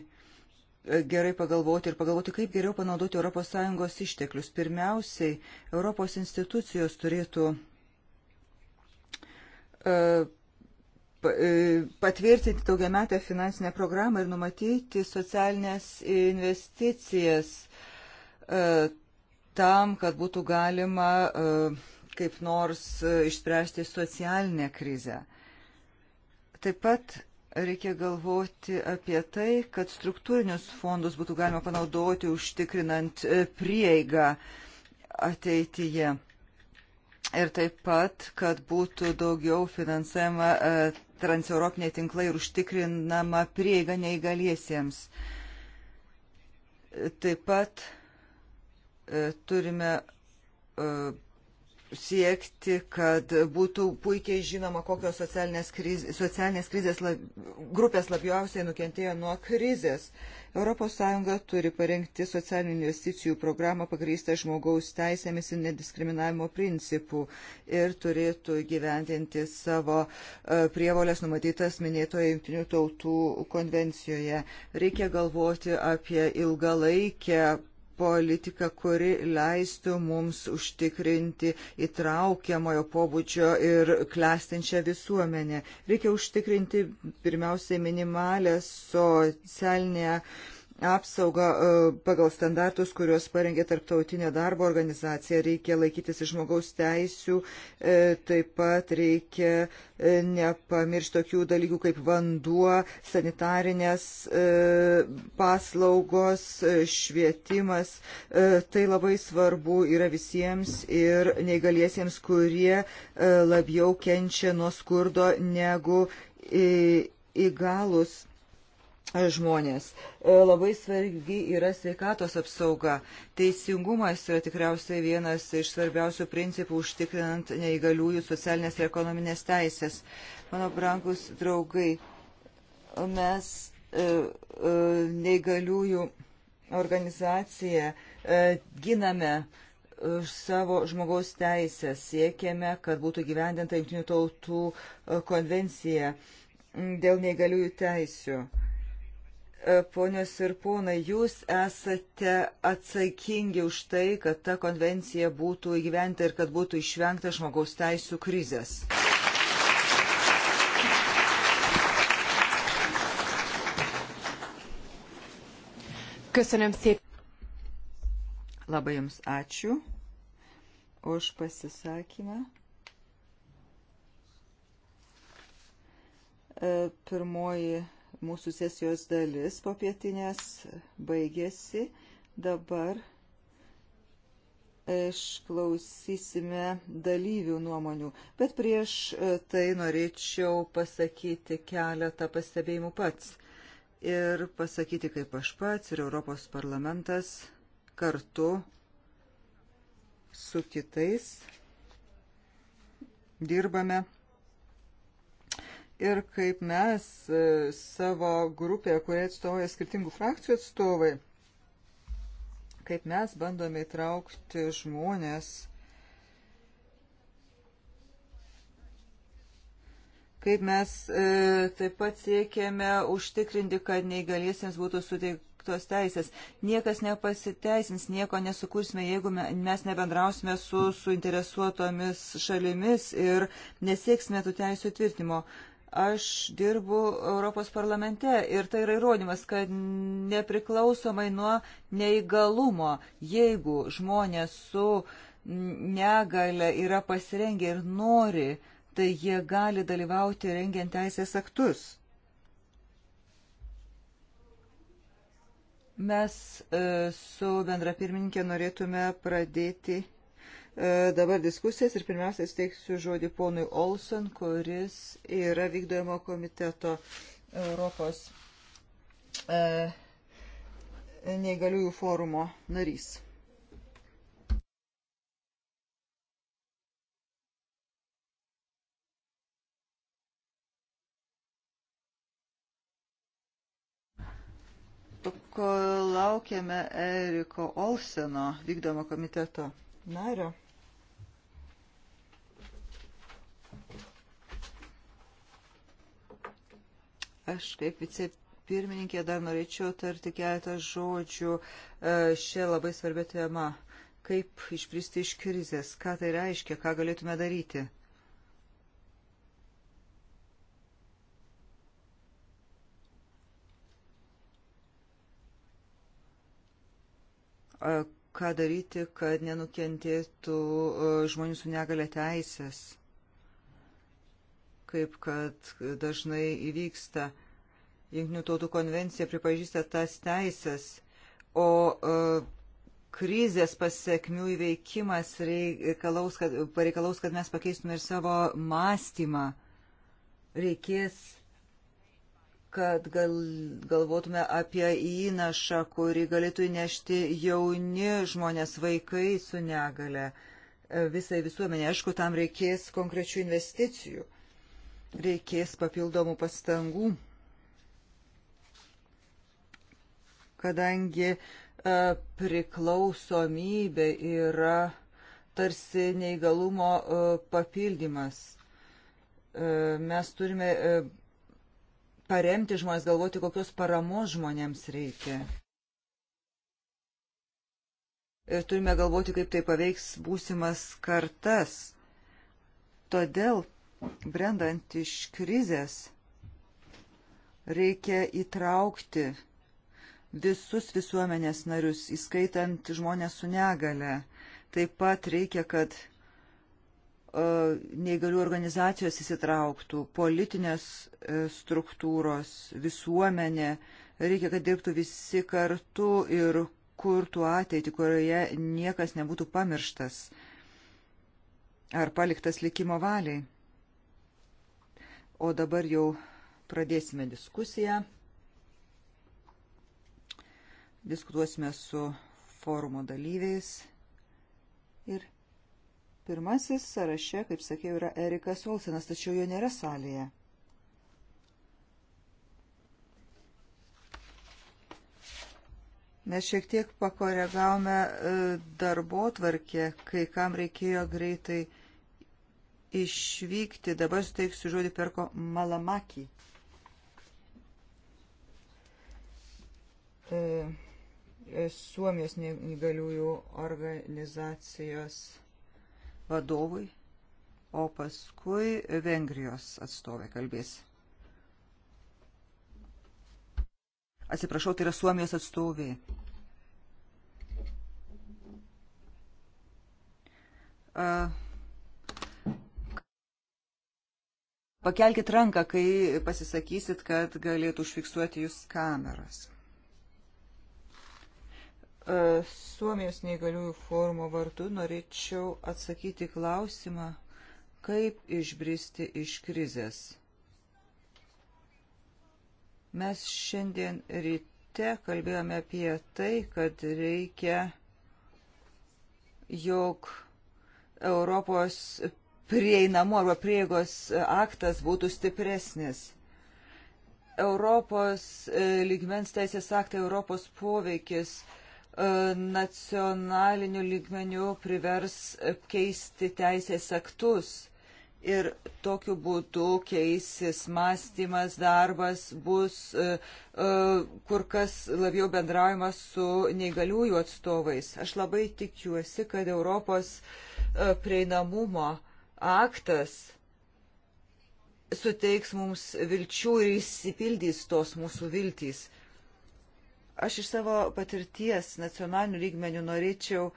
gerai pagalvoti ir pagalvoti, kaip geriau panaudoti ES išteklius. Pirmiausiai, Europos institucijos turėtų e, e, patvirtinti daugiametę finansinę programą ir numatyti socialinės investicijas e, tam, kad būtų galima kaip nors išspręsti socialinę krizę. Taip pat reikia galvoti apie tai, kad struktūrinius fondus būtų galima panaudoti užtikrinant e, prieigą ateityje. Ir taip pat, kad būtų daugiau finansuojama e, transeuropiniai tinklai ir užtikrinama prieiga neįgaliesiems. E, taip pat turime siekti, kad būtų puikiai žinoma, kokios socialinės, kriz, socialinės krizės lab, grupės labiausiai nukentėjo nuo krizės. ES turi parengti socialinių investicijų programą pagrįstą žmogaus teisėmis ir nediskriminavimo principų ir turėtų gyventinti savo e, prievolės numatytas minėtoje Junktinių tautų konvencijoje. Reikia galvoti apie ilgalaikę politiką, kuri leistų mums užtikrinti įtraukiamojo pobūdžio ir klestinčią visuomenę. Reikia užtikrinti pirmiausiai minimalę socialinę apsaugą e, pagal standartus, kuriuos parengė Tarptautinė darbo organizacija. Reikia laikytis žmogaus teisių, e, taip pat reikia e, nepamiršti tokių dalykų kaip vanduo, sanitarinės paslaugos, švietimas. Tai labai svarbu yra visiems ir neįgaliesiems, kurie labiau kenčia nuo skurdo negu įgalus žmonės. E, labai svarbi yra sveikatos apsauga. Teisingumas yra tikriausiai vienas iš svarbiausių principų užtikrinant neįgaliųjų socialinės ir ekonominės teisės. Mano brangus draugai, mes e, e, neįgaliųjų organizaciją giname savo žmogaus teisės, siekiame, kad būtų gyvendinta Junktinių tautų konvencija dėl neįgaliųjų teisių Ponios ir ponai, jūs esate atsakingi už tai, kad ta konvencija būtų įgyventa ir kad būtų išvengta žmogaus teisų krizės. Köszönöm szépen. Labai Jums ačiū už pasisakymą. E, pirmoji mūsų sesijos dalis popietinės baigėsi. Dabar išklausysime dalyvių nuomonių. Bet prieš e, tai norėčiau pasakyti keletą pastebėjimų pats. Ir pasakyti, kaip aš pats ir Europos parlamentas kartu su kitais dirbame ir kaip mes e, savo grupėje, kurie atstovauja skirtingų frakcijų atstovai, kaip mes bandome įtraukti žmonės, kaip mes e, taip pat siekėme užtikrinti, kad neįgaliesiems būtų suteiktos teisės. Niekas nepasiteisins, nieko nesukursime, jeigu mes nebendrausime su suinteresuotomis šalimis ir nesieksime tų teisų tvirtimo. E, Aš dirbu Europos parlamente ir tai yra įrodymas, kad nepriklausomai nuo neįgalumo, jeigu žmonės su negale yra pasirengę ir nori, tai jie gali dalyvauti rengiant teisės aktus. Mes e, su bendrapirminkė norėtume pradėti E, dabar diskusijas ir pirmiausia steiksiu žodį ponui Olson, kuris yra vykdojimo komiteto Europos e, neįgaliųjų forumo narys. Kol laukiame Eriko Olseno vykdomo komiteto nario. Aš kaip vicepirmininkė dar norėčiau tarti keletą žodžių e, šią labai svarbią temą. Kaip išpristi iš krizės, ką tai reiškia, ką galėtume daryti. E, ką daryti, kad nenukentėtų e, žmonių su negale teisės kaip kad dažnai įvyksta. Junktinių tautų konvencija pripažįsta tas teisės, o uh, krizės pasiekmių įveikimas reikalaus, kad, pareikalaus, kad mes pakeistume ir savo mąstymą. Reikės, kad gal, galvotume apie įnašą, kurį galėtų įnešti jauni žmonės, vaikai su negale e, visai visuomenė. Aišku, tam reikės konkrečių investicijų reikės papildomų pastangų, kadangi e, priklausomybė yra tarsi neįgalumo e, papildymas. E, mes turime paremti žmonės, galvoti, kokios paramos žmonėms reikia. Ir turime galvoti, kaip tai paveiks būsimas kartas. Todėl brendant iš krizės reikia įtraukti visus visuomenės narius, įskaitant žmonės su negale. Taip pat reikia, kad uh, neįgalių organizacijos įsitrauktų, politinės uh, struktūros, visuomenė. Reikia, kad dirbtų visi kartu ir kurtų ateitį, kurioje niekas nebūtų pamirštas ar paliktas likimo valiai. O dabar jau pradėsime diskusiją. Diskutuosime su forumo dalyviais. Ir pirmasis sąraše, kaip sakiau, yra Erikas Olsenas, tačiau jo nėra salėje. Mes šiek tiek pakoregavome e, darbo tvarkę, kai kam reikėjo greitai uh, išvykti. Dabar suteiksiu žodį perko Malamakį. E, e, Suomijos negaliųjų organizacijos vadovui, o paskui Vengrijos atstovė kalbės. Atsiprašau, tai yra Suomijos atstovė. Uh, Pakelkit ranką, kai pasisakysit, kad galėtų užfiksuoti jūs kameras. E, Suomijos neįgaliųjų forumo vardu norėčiau atsakyti klausimą, kaip išbristi iš krizės. Mes šiandien ryte kalbėjome apie tai, kad reikia, jog Europos prieinamo arba prieigos aktas būtų stipresnis. Europos e, lygmens teisės aktai, Europos poveikis e, nacionaliniu lygmeniu privers e, keisti teisės aktus. Ir tokiu būdu keisis mąstymas, darbas bus kur kas labiau bendraujamas su neįgaliųjų atstovais. Aš labai tikiuosi, kad Europos prieinamumo aktas suteiks mums vilčių ir įsipildys tos mūsų viltys. Aš iš savo patirties nacionalinių lygmenių norėčiau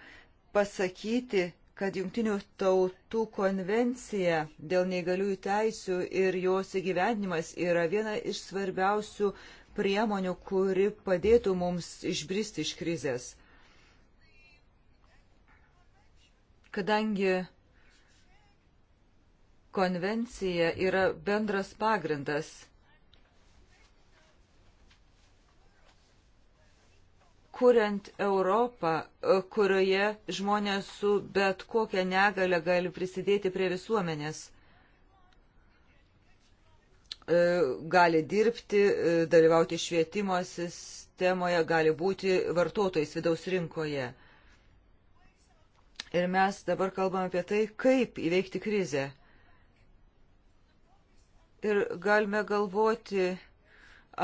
pasakyti, kad Junktinių tautų konvencija dėl neįgaliųjų teisių ir jos įgyvendimas yra viena iš svarbiausių priemonių, kuri padėtų mums išbristi iš krizės. Kadangi konvencija yra bendras pagrindas, kuriant Europą, e, kurioje žmonės su bet kokią negalę gali prisidėti prie visuomenės e, gali dirbti, e, dalyvauti švietimo sistemoje, gali būti vartotojais vidaus rinkoje. Ir mes dabar kalbame apie tai, kaip įveikti krizę ir galime galvoti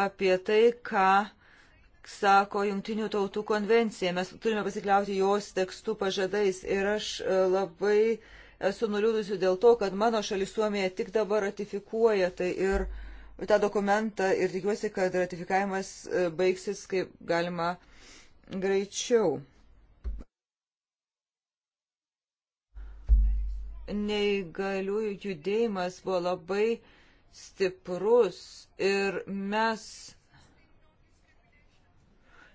apie tai, ką sako Junktinių tautų konvencija. Mes turime pasikliauti jos tekstų pažadais ir aš e, labai esu nuliūdusi dėl to, kad mano šalis Suomija tik dabar ratifikuoja tai ir tą dokumentą ir tikiuosi, kad ratifikavimas e, baigsis kaip galima greičiau. Neįgaliųjų judėjimas buvo labai uh, stiprus ir mes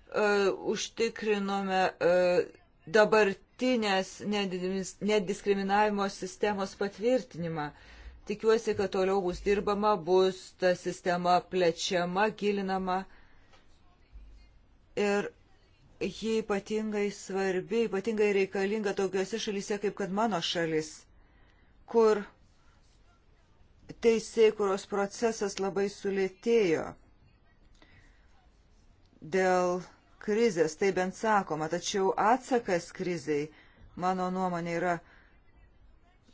uh, užtikrinome uh, dabartinės nediskriminavimo sistemos patvirtinimą. Tikiuosi, kad toliau bus dirbama, bus ta sistema plečiama, gilinama. Ir ji ypatingai svarbi, ypatingai reikalinga tokiuose šalyse kaip kad mano šalis, kur teisėkuros procesas labai sulėtėjo dėl krizės, tai bent sakoma, tačiau atsakas kriziai, mano nuomonė, yra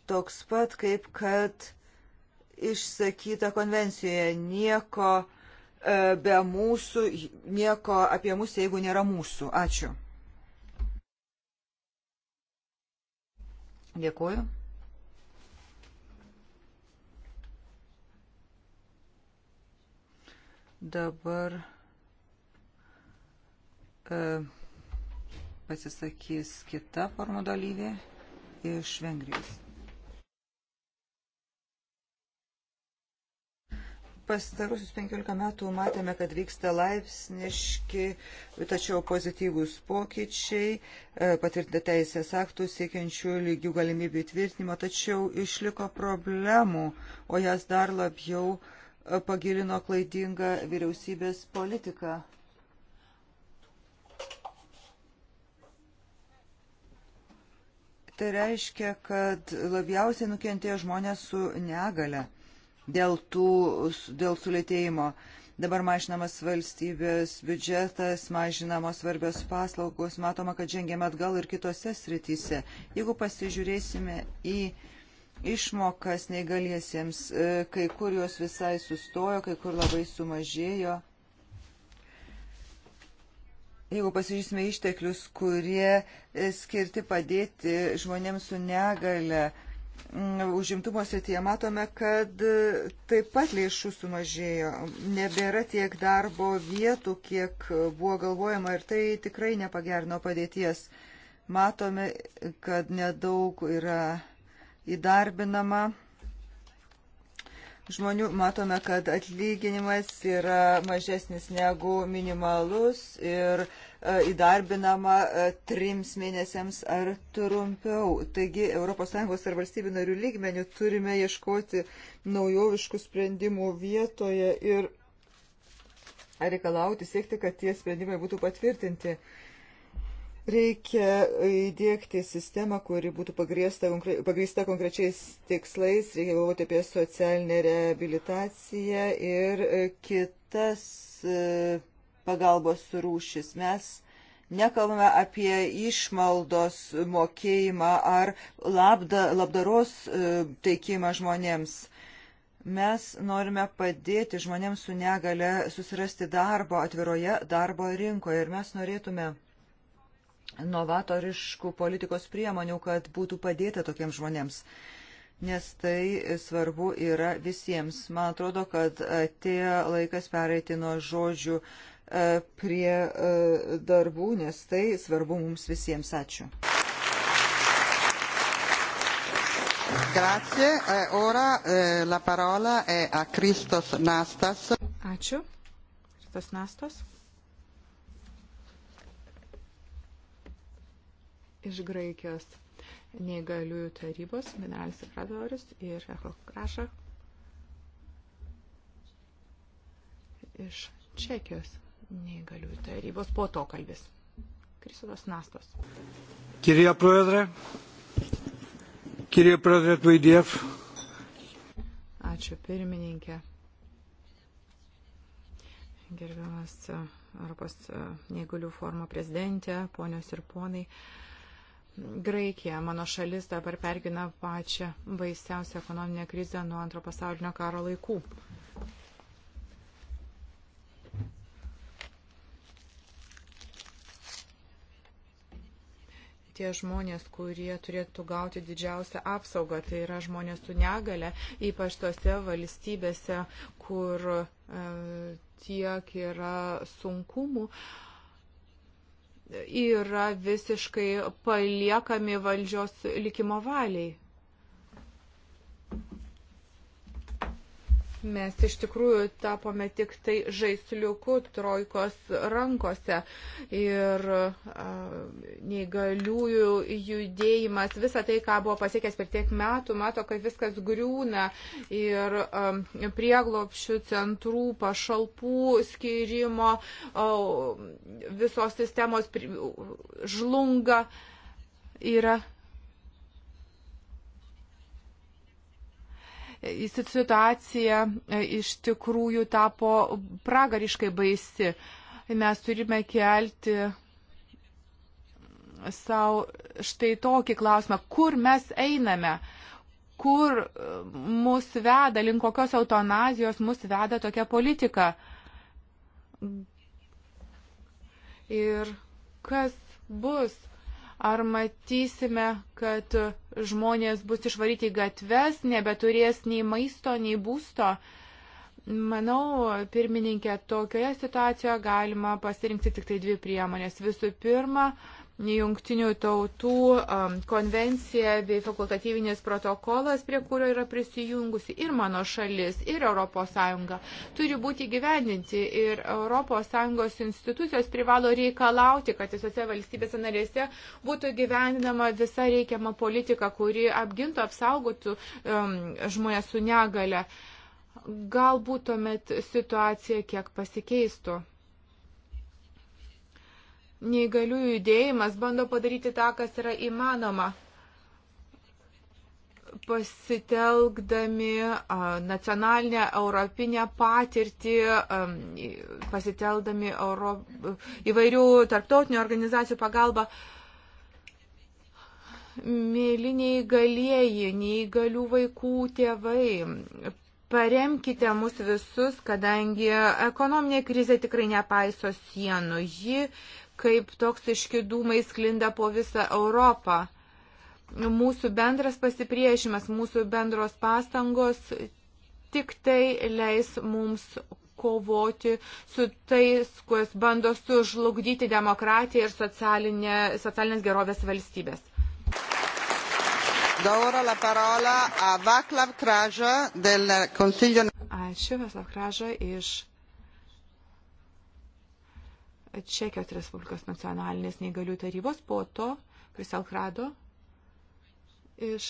toks pat, kaip kad išsakyta konvencijoje nieko e, be mūsų, nieko apie mus, jeigu nėra mūsų. Ačiū. Dėkuoju. Dabar e, pasisakys kita formų dalyvė iš Vengrijos. pastarusius 15 metų matėme, kad vyksta laipsniški, tačiau pozityvūs pokyčiai, e, patvirtinta teisės aktų siekiančių lygių galimybių įtvirtinimo, tačiau išliko problemų, o jas dar labiau uh, pagilino klaidingą vyriausybės politiką. Tai reiškia, kad labiausiai nukentėjo žmonės su negale dėl, tų, dėl sulėtėjimo. Dabar mažinamas valstybės biudžetas, mažinamos svarbios paslaugos, matoma, kad žengėme atgal ir kitose srityse. Jeigu pasižiūrėsime į išmokas neįgaliesiems, e, kai kur jos visai sustojo, kai kur labai sumažėjo. Jeigu pasižiūrėsime išteklius, kurie e, skirti padėti žmonėms su negale, užimtumo srityje matome, kad e, taip pat lėšų sumažėjo. Nebėra tiek darbo vietų, kiek buvo galvojama ir tai tikrai nepagerino padėties. Matome, kad nedaug yra įdarbinama žmonių. Matome, kad atlyginimas yra mažesnis negu minimalus ir e, įdarbinama e, trims mėnesiams ar trumpiau. Taigi ES ar valstybių narių lygmenių turime ieškoti naujoviškų sprendimų vietoje ir reikalauti siekti, kad tie sprendimai būtų patvirtinti. Reikia įdėkti sistemą, kuri būtų pagrįsta konkrečiais tikslais, reikia galvoti apie socialinę rehabilitaciją ir kitas e, pagalbos rūšis. Mes nekalbame apie išmaldos mokėjimą ar labda, labdaros e, teikimą žmonėms. Mes norime padėti žmonėms su negale susirasti darbo atviroje darbo rinkoje ir mes norėtume novatoriškų politikos priemonių, kad būtų padėta tokiems žmonėms nes tai svarbu yra visiems. Man atrodo, kad atėjo laikas pereiti nuo žodžių e, prie e, darbų, nes tai svarbu mums visiems. Ačiū. Grazie. E, ora la parola è a Kristos Nastas. Ačiū. Kristos Nastas. iš Graikijos neįgaliųjų tarybos, generalinis sekretorius ir Echo Krašach iš Čekijos neįgaliųjų tarybos. Po to kalbės. Krisodas Nastos. Kirija Proedrė. Kirija Proedrė Tuidiev. Ačiū pirmininkė. Gerbiamas Europos neįgalių forumo prezidentė, ponios ir ponai. Uh, Graikija, mano šalis, dabar pergina pačią baisiausią ekonominę krizę nuo antro pasaulinio karo laikų. tie žmonės, kurie turėtų gauti didžiausią apsaugą, tai yra žmonės su negale, ypač tose valstybėse, kur e, tiek yra sunkumų. E, yra visiškai paliekami valdžios likimo valiai. mes iš tikrųjų tapome tik tai žaisliuku trojkos rankose. Ir a, neįgaliųjų judėjimas, visa tai, ką buvo pasiekęs per tiek metų, mato, kad viskas griūna. Ir a, prieglopšių centrų, pašalpų skirimo, a, visos sistemos žlunga. Yra situacija e, iš tikrųjų tapo pragariškai baisi. Mes turime kelti savo štai tokį klausimą, kur mes einame, kur e, mus veda, link kokios eutanazijos mus veda tokia politika. Ir kas bus Ar matysime, kad žmonės bus išvaryti į gatves, nebeturės nei maisto, nei būsto? Manau, pirmininkė, tokioje situacijoje galima pasirinkti tik tai dvi priemonės. Visų pirma, jungtinių tautų konvencija bei fakultatyvinis protokolas, prie kurio yra prisijungusi ir mano šalis, ir ES, turi būti gyvendinti ir ES institucijos privalo reikalauti, kad visose valstybėse narėse būtų gyvendinama visa reikiama politika, kuri apgintų, apsaugotų um, žmonės su negale. Galbūt tuomet situacija kiek pasikeistų neįgaliųjų judėjimas bando padaryti tą, kas yra įmanoma pasitelkdami nacionalinę europinę patirtį, pasitelkdami Euro, įvairių tarptautinių organizacijų pagalbą. Mėly neįgalieji, neįgalių vaikų tėvai, paremkite mus visus, kadangi ekonominė krizė tikrai nepaiso sienų. Ji kaip toksiški dūmai sklinda po visą Europą. Mūsų bendras pasipriešimas, mūsų bendros pastangos tik tai leis mums kovoti su tais, kuris bando sužlugdyti demokratiją ir socialinė, socialinės gerovės valstybės. Ačiū, Veslav Kraža iš Čekijos Respublikos nacionalinės neįgalių tarybos, po to Priselkrado iš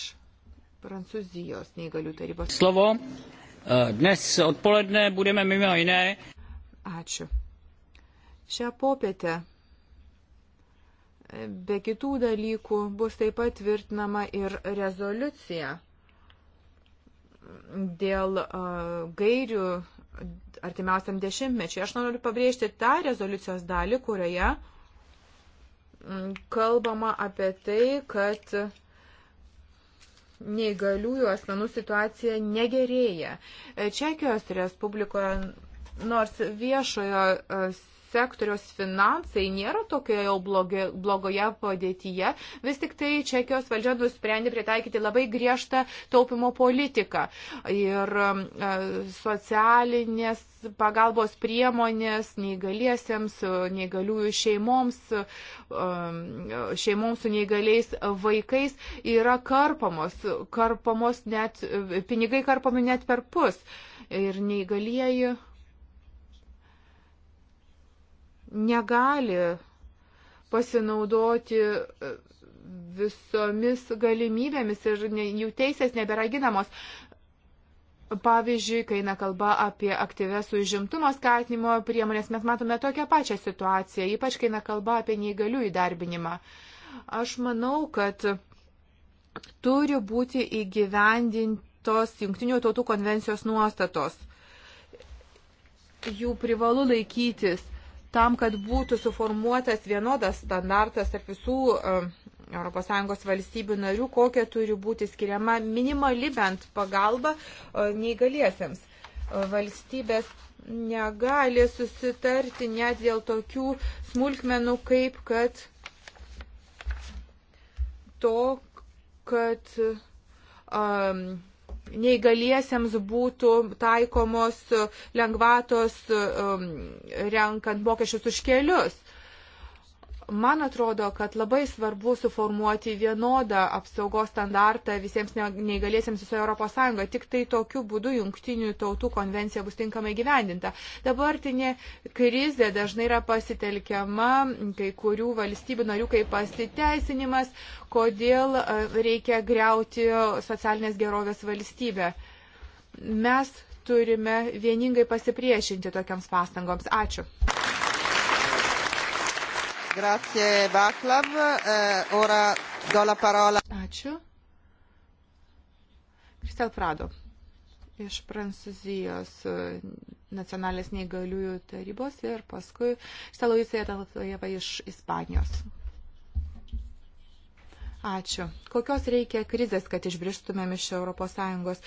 Prancūzijos neįgalių tarybos. Slovo. E, dnes odpoledne budeme mimo jiné. Ačiū. Šią popietę e, be kitų dalykų bus taip pat tvirtinama ir rezoliucija dėl uh, gairių artimiausiam dešimtmečiui. Aš noriu pabrėžti tą rezoliucijos dalį, kurioje mm, kalbama apie tai, kad neįgaliųjų asmenų situacija negerėja. Čekijos Respublikoje nors viešojo e, sektoriaus finansai nėra tokioje jau blogi, blogoje padėtyje. Vis tik tai Čekijos valdžia nusprendė pritaikyti labai griežtą taupimo politiką. Ir um, e, socialinės pagalbos priemonės neįgaliesiems, neįgaliųjų šeimoms, um, šeimoms su neįgaliais vaikais yra karpamos, karpamos net, pinigai karpami net per pus. Ir neįgalieji negali pasinaudoti e, visomis galimybėmis ir jų teisės nebėra ginamos. Pavyzdžiui, kai eina kalba apie aktyves užimtumo skatinimo priemonės, mes matome tokią pačią situaciją, ypač kai eina kalba apie neįgalių įdarbinimą. Aš manau, kad turi būti įgyvendintos Junktinių tautų konvencijos nuostatos. Jų privalu laikytis tam, kad būtų suformuotas vienodas standartas tarp visų e, ES valstybių narių, kokia turi būti skiriama minimali bent pagalba e, neįgaliesiems. E, valstybės negali susitarti net dėl tokių smulkmenų, kaip kad to, kad um, neįgaliesiems būtų taikomos lengvatos um, renkant mokesčius už kelius. Man atrodo, kad labai svarbu suformuoti vienodą apsaugos standartą visiems neįgaliesiems visoje Europos Sąjungoje. Tik tai tokiu būdu jungtinių tautų konvencija bus tinkamai gyvendinta. Dabartinė krizė dažnai yra pasitelkiama kai kurių valstybių narių kaip pasiteisinimas, kodėl e, reikia greuti socialinės gerovės valstybę. Mes turime vieningai pasipriešinti tokiams pastangoms. Ačiū. Grazie, Vaclav. Uh, ora do la parola. Ačiū. Kristel Prado iš Prancūzijos eh, nacionalinės neįgaliųjų tarybos ir paskui Saloisija Talatojeva iš Ispanijos. Ačiū. Kokios reikia krizės, kad išbrištumėm iš ES?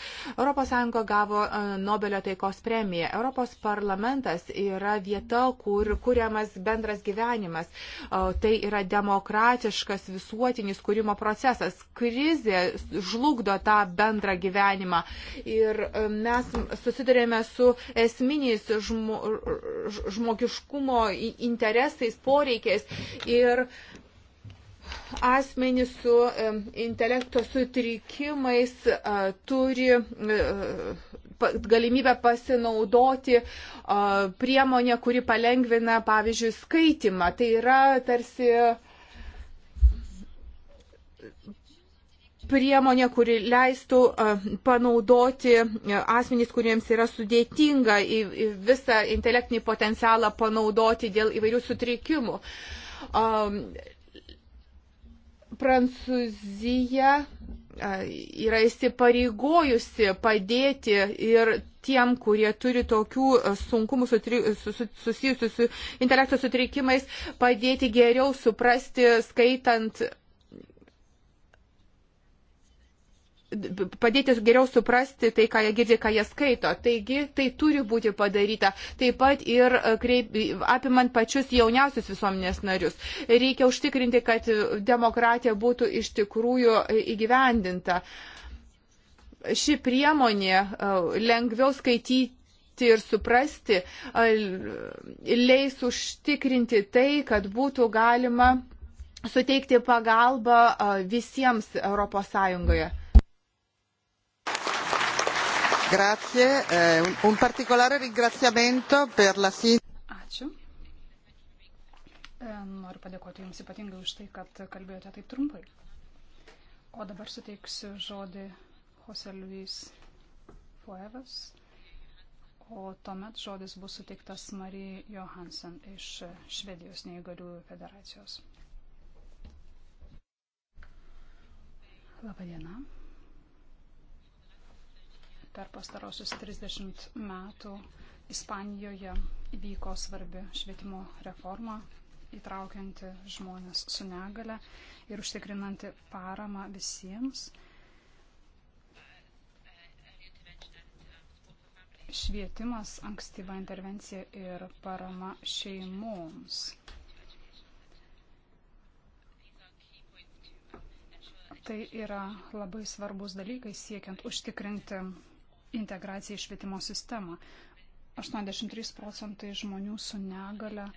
ES gavo e, Nobelio taikos premiją. Europos parlamentas yra vieta, kur kuriamas bendras gyvenimas. Tai yra demokratiškas visuotinis kūrimo procesas. Krizė žlugdo tą bendrą gyvenimą. Ir e, mes susidurėme su esminiais žmo, žmogiškumo interesais, poreikiais. Ir asmenys su intelekto sutrikimais turi galimybę pasinaudoti priemonę, kuri palengvina, pavyzdžiui, skaitimą. Tai yra tarsi priemonė, kuri leistų panaudoti asmenys, kuriems yra sudėtinga visą intelektinį potencialą panaudoti dėl įvairių sutrikimų Prancūzija yra įsipareigojusi padėti ir tiem, kurie turi tokių sunkumų susijusių su intelekto sutrikimais, padėti geriau suprasti, skaitant padėti geriau suprasti tai, ką jie girdi, ką jie skaito. Taigi tai turi būti padaryta. Taip pat ir e, kreip, apimant pačius jauniausius visuomenės narius. Reikia užtikrinti, kad demokratija būtų iš tikrųjų e, įgyvendinta. Ši priemonė e, lengviau skaityti suprasti ir suprasti, leis užtikrinti tai, kad būtų galima suteikti pagalbą visiems ES. Grazie. Eh, un particolare ringraziamento per la sintesi. Ačiū. Eh, noriu padėkoti Jums ypatingai už tai, kad kalbėjote taip trumpai. O dabar suteiksiu žodį Jose Luis Fuevas, o tuomet žodis bus suteiktas Marijai Johansen iš Švedijos neįgaliųjų federacijos. Labadiena. diena per pastarosius 30 metų Ispanijoje įvyko svarbi švietimo reforma, įtraukianti žmonės su negale ir užtikrinanti paramą visiems. Švietimas, ankstyva intervencija ir parama šeimoms. Tai yra labai svarbus dalykai siekiant užtikrinti integraciją į švietimo sistemą. 83 procentai žmonių su negale e,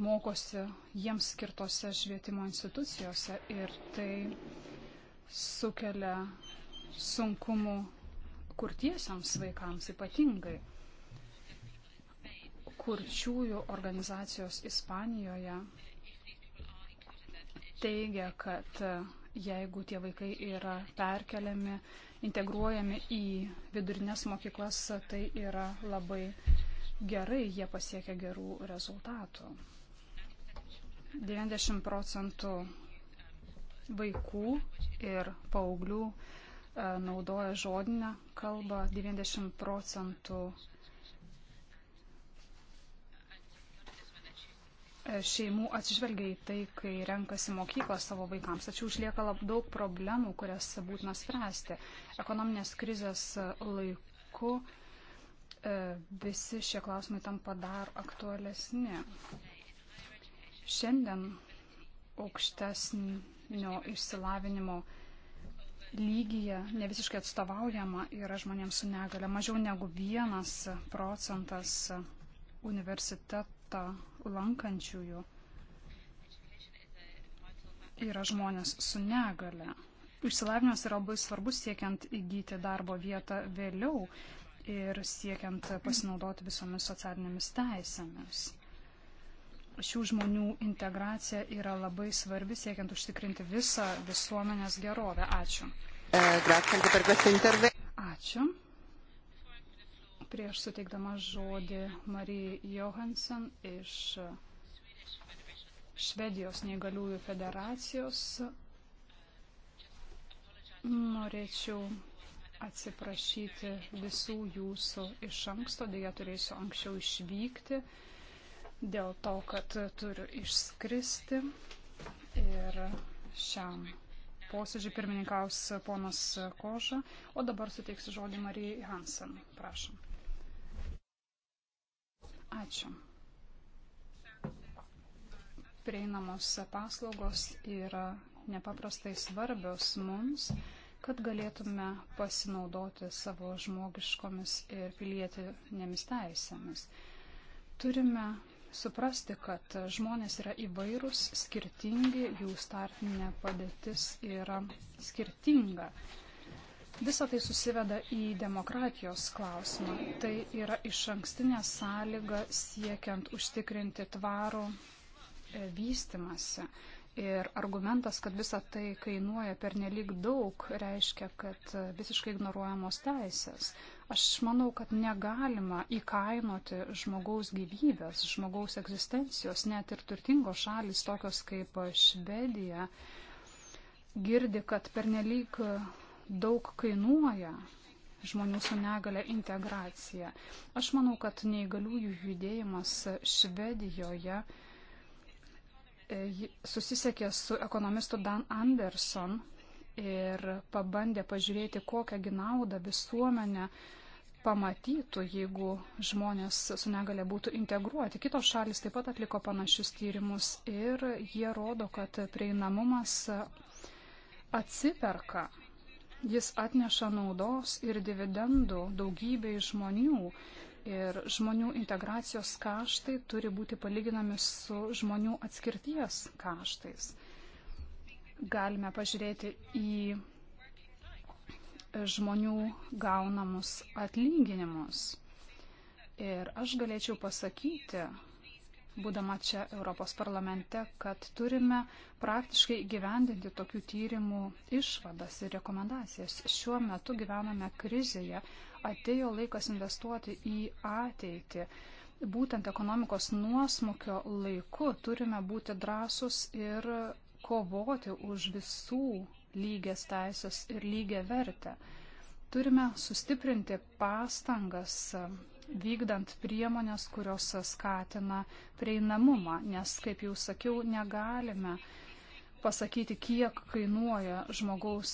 mokosi jiems skirtose švietimo institucijose ir tai sukelia sunkumų kurtiesiams vaikams ypatingai. Kurčiųjų organizacijos Ispanijoje teigia, kad e, jeigu tie vaikai yra perkeliami integruojami į vidurinės mokyklas, tai yra labai gerai, jie pasiekia gerų rezultatų. 90 procentų vaikų ir paauglių e, naudoja žodinę kalbą, 90 procentų šeimų atsižvelgia į tai, kai renkasi mokyklą savo vaikams, tačiau išlieka labai daug problemų, kurias būtina spręsti. Ekonominės krizės laiku e, visi šie klausimai tampa dar aktualesni. Šiandien aukštesnio išsilavinimo lygyje ne visiškai atstovaujama yra žmonėms su negale. Mažiau negu vienas procentas universitetų tarta lankančiųjų yra žmonės su negale. Išsilavinimas yra labai svarbus siekiant įgyti darbo vietą vėliau ir siekiant pasinaudoti visomis socialinėmis teisėmis. Šių žmonių integracija yra labai svarbi siekiant užtikrinti visą visuomenės gerovę. Ačiū. Eh, Ačiū prieš suteikdama žodį Marijai Johansen iš Švedijos neįgaliųjų federacijos. Norėčiau atsiprašyti visų jūsų iš anksto, dėja turėsiu anksčiau išvykti dėl to, kad turiu išskristi. Ir šiam posėdžiui pirmininkaus ponas Koža, o dabar suteiksiu žodį Marijai Hansen. Prašom. Ačiū. Prieinamos paslaugos yra nepaprastai svarbios mums, kad galėtume pasinaudoti savo žmogiškomis ir pilietinėmis teisėmis. Turime suprasti, kad žmonės yra įvairūs, skirtingi, jų startinė padėtis yra skirtinga. Visą tai susiveda į demokratijos klausimą. Tai yra iš ankstinė sąlyga siekiant užtikrinti tvarų e, vystimasi. Ir argumentas, kad visa tai kainuoja per nelik daug, reiškia, kad e, visiškai ignoruojamos teisės. Aš manau, kad negalima įkainoti žmogaus gyvybės, žmogaus egzistencijos, net ir turtingos šalis, tokios kaip Švedija, girdi, kad per nelik daug kainuoja žmonių su negale integracija. Aš manau, kad neįgaliųjų judėjimas Švedijoje e, susisiekė su ekonomistu Dan Anderson ir pabandė pažiūrėti, kokią naudą visuomenę pamatytų, jeigu žmonės su negale būtų integruoti. Kitos šalis taip pat atliko panašius tyrimus ir jie rodo, kad prieinamumas atsiperka Jis atneša naudos ir dividendų daugybei žmonių. Ir žmonių integracijos kaštai turi būti palyginami su žmonių atskirties kaštais. Galime pažiūrėti į žmonių gaunamus atlyginimus. Ir aš galėčiau pasakyti, būdama čia Europos parlamente, kad turime praktiškai gyvendinti tokių tyrimų išvadas ir rekomendacijas. Šiuo metu gyvename krizėje, atėjo laikas investuoti į ateitį. Būtent ekonomikos nuosmukio laiku turime būti drąsus ir kovoti už visų lygias teisės ir lygią vertę. Turime sustiprinti pastangas vykdant priemonės, kurios skatina prieinamumą, nes, kaip jau sakiau, negalime pasakyti, kiek kainuoja žmogaus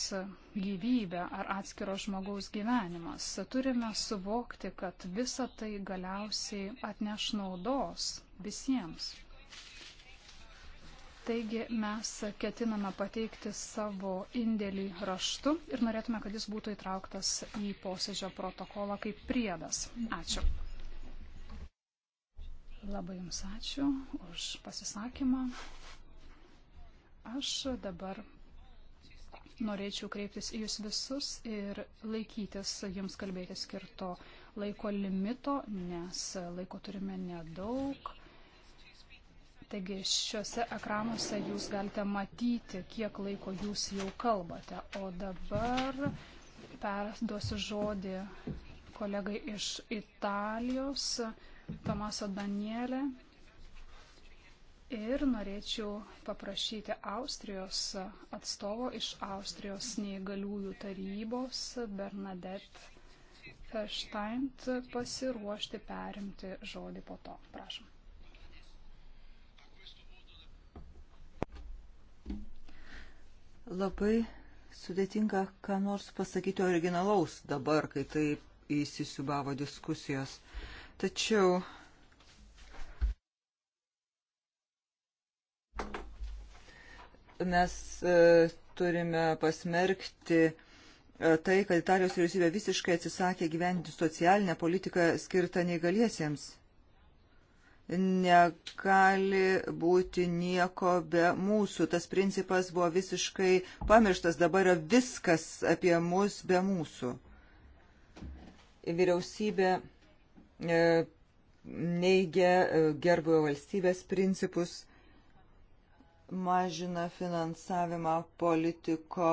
gyvybė ar atskiro žmogaus gyvenimas. Turime suvokti, kad visa tai galiausiai atneš naudos visiems. Taigi mes ketiname pateikti savo indėlį raštu ir norėtume, kad jis būtų įtrauktas į posėdžio protokolą kaip priedas. Ačiū. Labai Jums ačiū už pasisakymą. Aš dabar norėčiau kreiptis į Jūs visus ir laikytis Jums kalbėti skirto laiko limito, nes laiko turime nedaug Taigi šiuose ekranuose jūs galite matyti, kiek laiko jūs jau kalbate. O dabar perduosiu žodį kolegai iš Italijos, Tomaso Danielė. Ir norėčiau paprašyti Austrijos atstovo iš Austrijos neįgaliųjų tarybos Bernadette Feštaint pasiruošti perimti žodį po to. Prašom. Labai sudėtinga, ką nors pasakyti originalaus dabar, kai taip įsisubavo diskusijos. Tačiau mes e, turime pasmerkti e, tai, kad Italijos vyriausybė visiškai atsisakė gyventi socialinę politiką skirtą neįgaliesiems negali būti nieko be mūsų. Tas principas buvo visiškai pamirštas, dabar yra viskas apie mus be mūsų. Vyriausybė e, neigia e, gerbojo valstybės principus, mažina finansavimą politiko,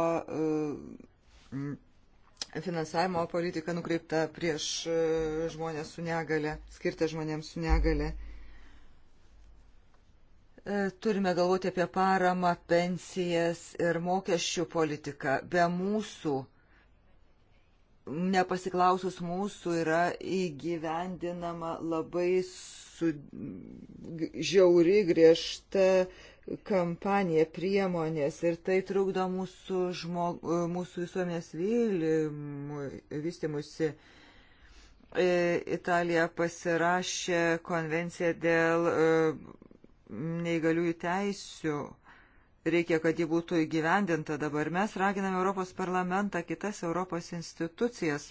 e, finansavimo politiką nukreiptą prieš žmonės su negale, skirtą žmonėms su negale. E, turime galvoti apie paramą, pensijas ir mokesčių politiką. Be mūsų, nepasiklausus mūsų, yra įgyvendinama labai su žiauri griežta kampanija, priemonės ir tai trukdo mūsų, žmog, e, mūsų visuomenės vystimusi. E, Italija pasirašė konvenciją dėl neįgaliųjų teisių. Reikia, kad ji būtų įgyvendinta dabar. Mes raginame Europos parlamentą, kitas Europos institucijas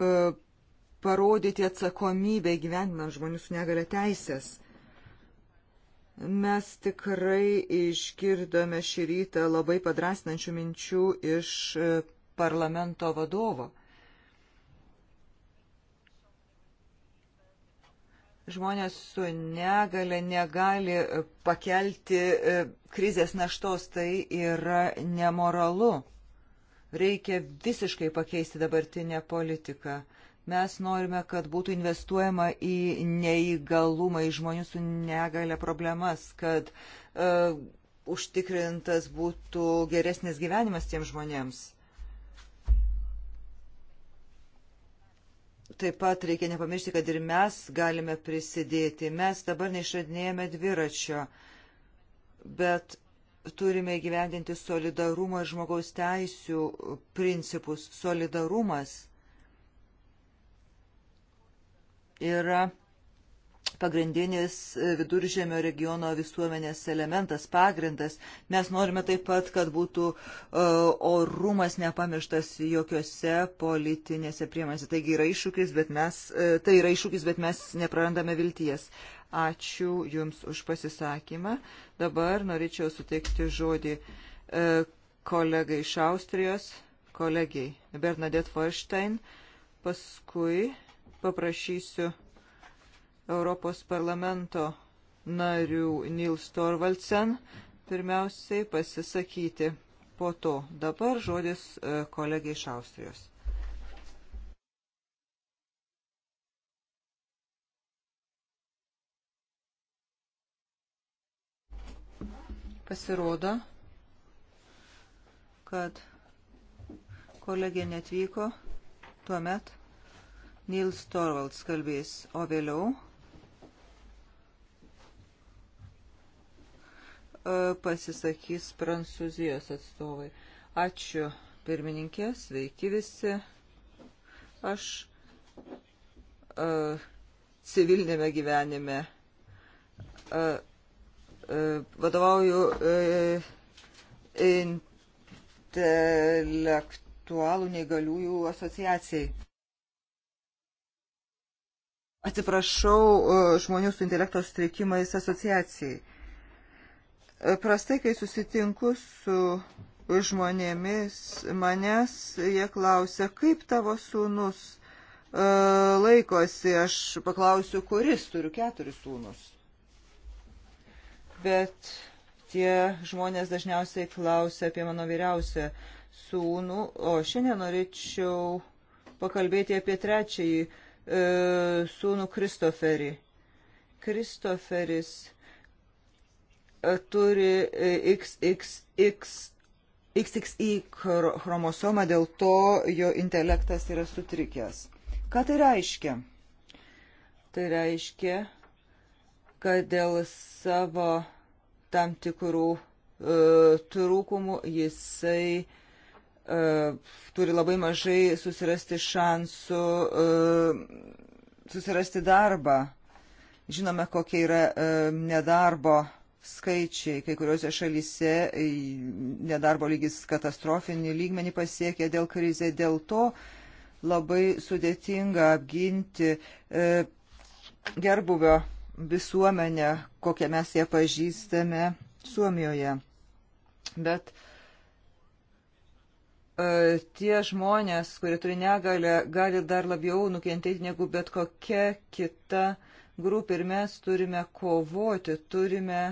e, parodyti atsakomybę gyvendinant žmonių su negale teisės. Mes tikrai išgirdome šį rytą labai padrasnančių minčių iš e, parlamento vadovo. žmonės su negale negali pakelti e, krizės naštos, tai yra nemoralu. Reikia visiškai pakeisti dabartinę politiką. Mes norime, kad būtų investuojama į neįgalumą, į žmonių su negale problemas, kad uh, užtikrintas būtų geresnis gyvenimas tiems žmonėms. taip pat reikia nepamiršti, kad ir mes galime prisidėti. Mes dabar neišradinėjame dviračio, bet turime gyvendinti solidarumą ir žmogaus teisių principus. Solidarumas yra pagrindinis e, viduržėmio regiono visuomenės elementas, pagrindas. Mes norime taip pat, kad būtų e, orumas nepamirštas jokiose politinėse priemonėse. Taigi yra iššūkis, bet mes, e, tai yra iššūkis, bet mes neprarandame vilties. Ačiū Jums už pasisakymą. Dabar norėčiau suteikti žodį kolegai iš Austrijos, kolegiai Bernadette Feuerstein. Paskui paprašysiu Europos parlamento narių Nils Torvalsen pirmiausiai pasisakyti. Po to dabar žodis e, kolegiai iš Austrijos. Pasirodo, kad kolegė netvyko, tuomet Nils Torvalds kalbės, o vėliau E, pasisakys Prancūzijos atstovai. Ačiū pirmininkė, sveiki visi. Aš uh, civilinėme gyvenime uh, vadovauju intelektualų neįgaliųjų asociacijai. Atsiprašau žmonių su intelektos sutrikimais asociacijai. Prastai, kai susitinku su žmonėmis, manęs jie klausia, kaip tavo sūnus e, laikosi, aš paklausiu, kuris turiu keturis sūnus. Bet tie žmonės dažniausiai klausia apie mano vyriausią sūnų, o šiandien norėčiau pakalbėti apie trečiąjį e, sūnų Kristoferį. Kristoferis turi XXX, e, XXI chromosomą, dėl to jo intelektas yra sutrikęs. Ką tai reiškia? Tai reiškia, kad dėl savo tam tikrų e, trūkumų jisai e, turi labai mažai susirasti šansų, e, susirasti darbą. Žinome, kokia yra e, nedarbo skaičiai. Kai kuriuose šalyse e, nedarbo lygis katastrofinį lygmenį pasiekė dėl krizė. Dėl to labai sudėtinga apginti e, gerbuvio visuomenę, kokią mes ją pažįstame Suomijoje. Bet e, tie žmonės, kurie turi negalę, gali dar labiau nukentėti negu bet kokia kita grupė ir mes turime kovoti, turime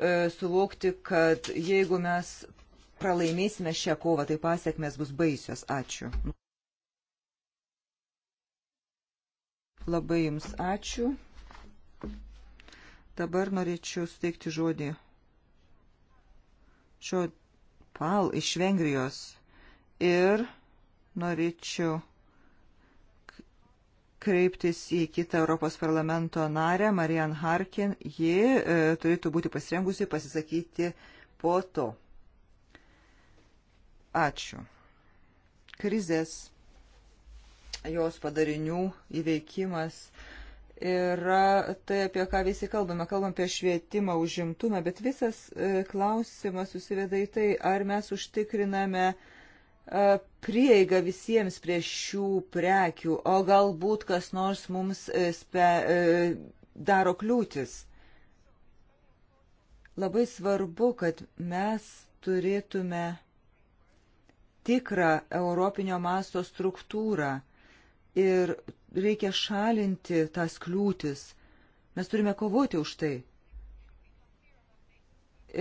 E, suvokti, kad jeigu mes pralaimėsime šią kovą, tai pasiekmes bus baisios. Ačiū. Labai Jums ačiū. Dabar norėčiau suteikti žodį šio pal iš Vengrijos ir norėčiau kreiptis į kitą Europos parlamento narę, Marian Harkin. Ji e, turėtų būti pasirengusi pasisakyti po to. Ačiū. Krizės, jos padarinių įveikimas yra tai, apie ką visi kalbame. Kalbam apie švietimą, užimtumą, bet visas e, klausimas susiveda į tai, ar mes užtikriname e, E, prieiga visiems prie šių prekių, o galbūt kas nors mums e, spe, e, daro kliūtis. Labai svarbu, kad mes turėtume tikrą europinio masto struktūrą ir reikia šalinti tas kliūtis. Mes turime kovoti už tai.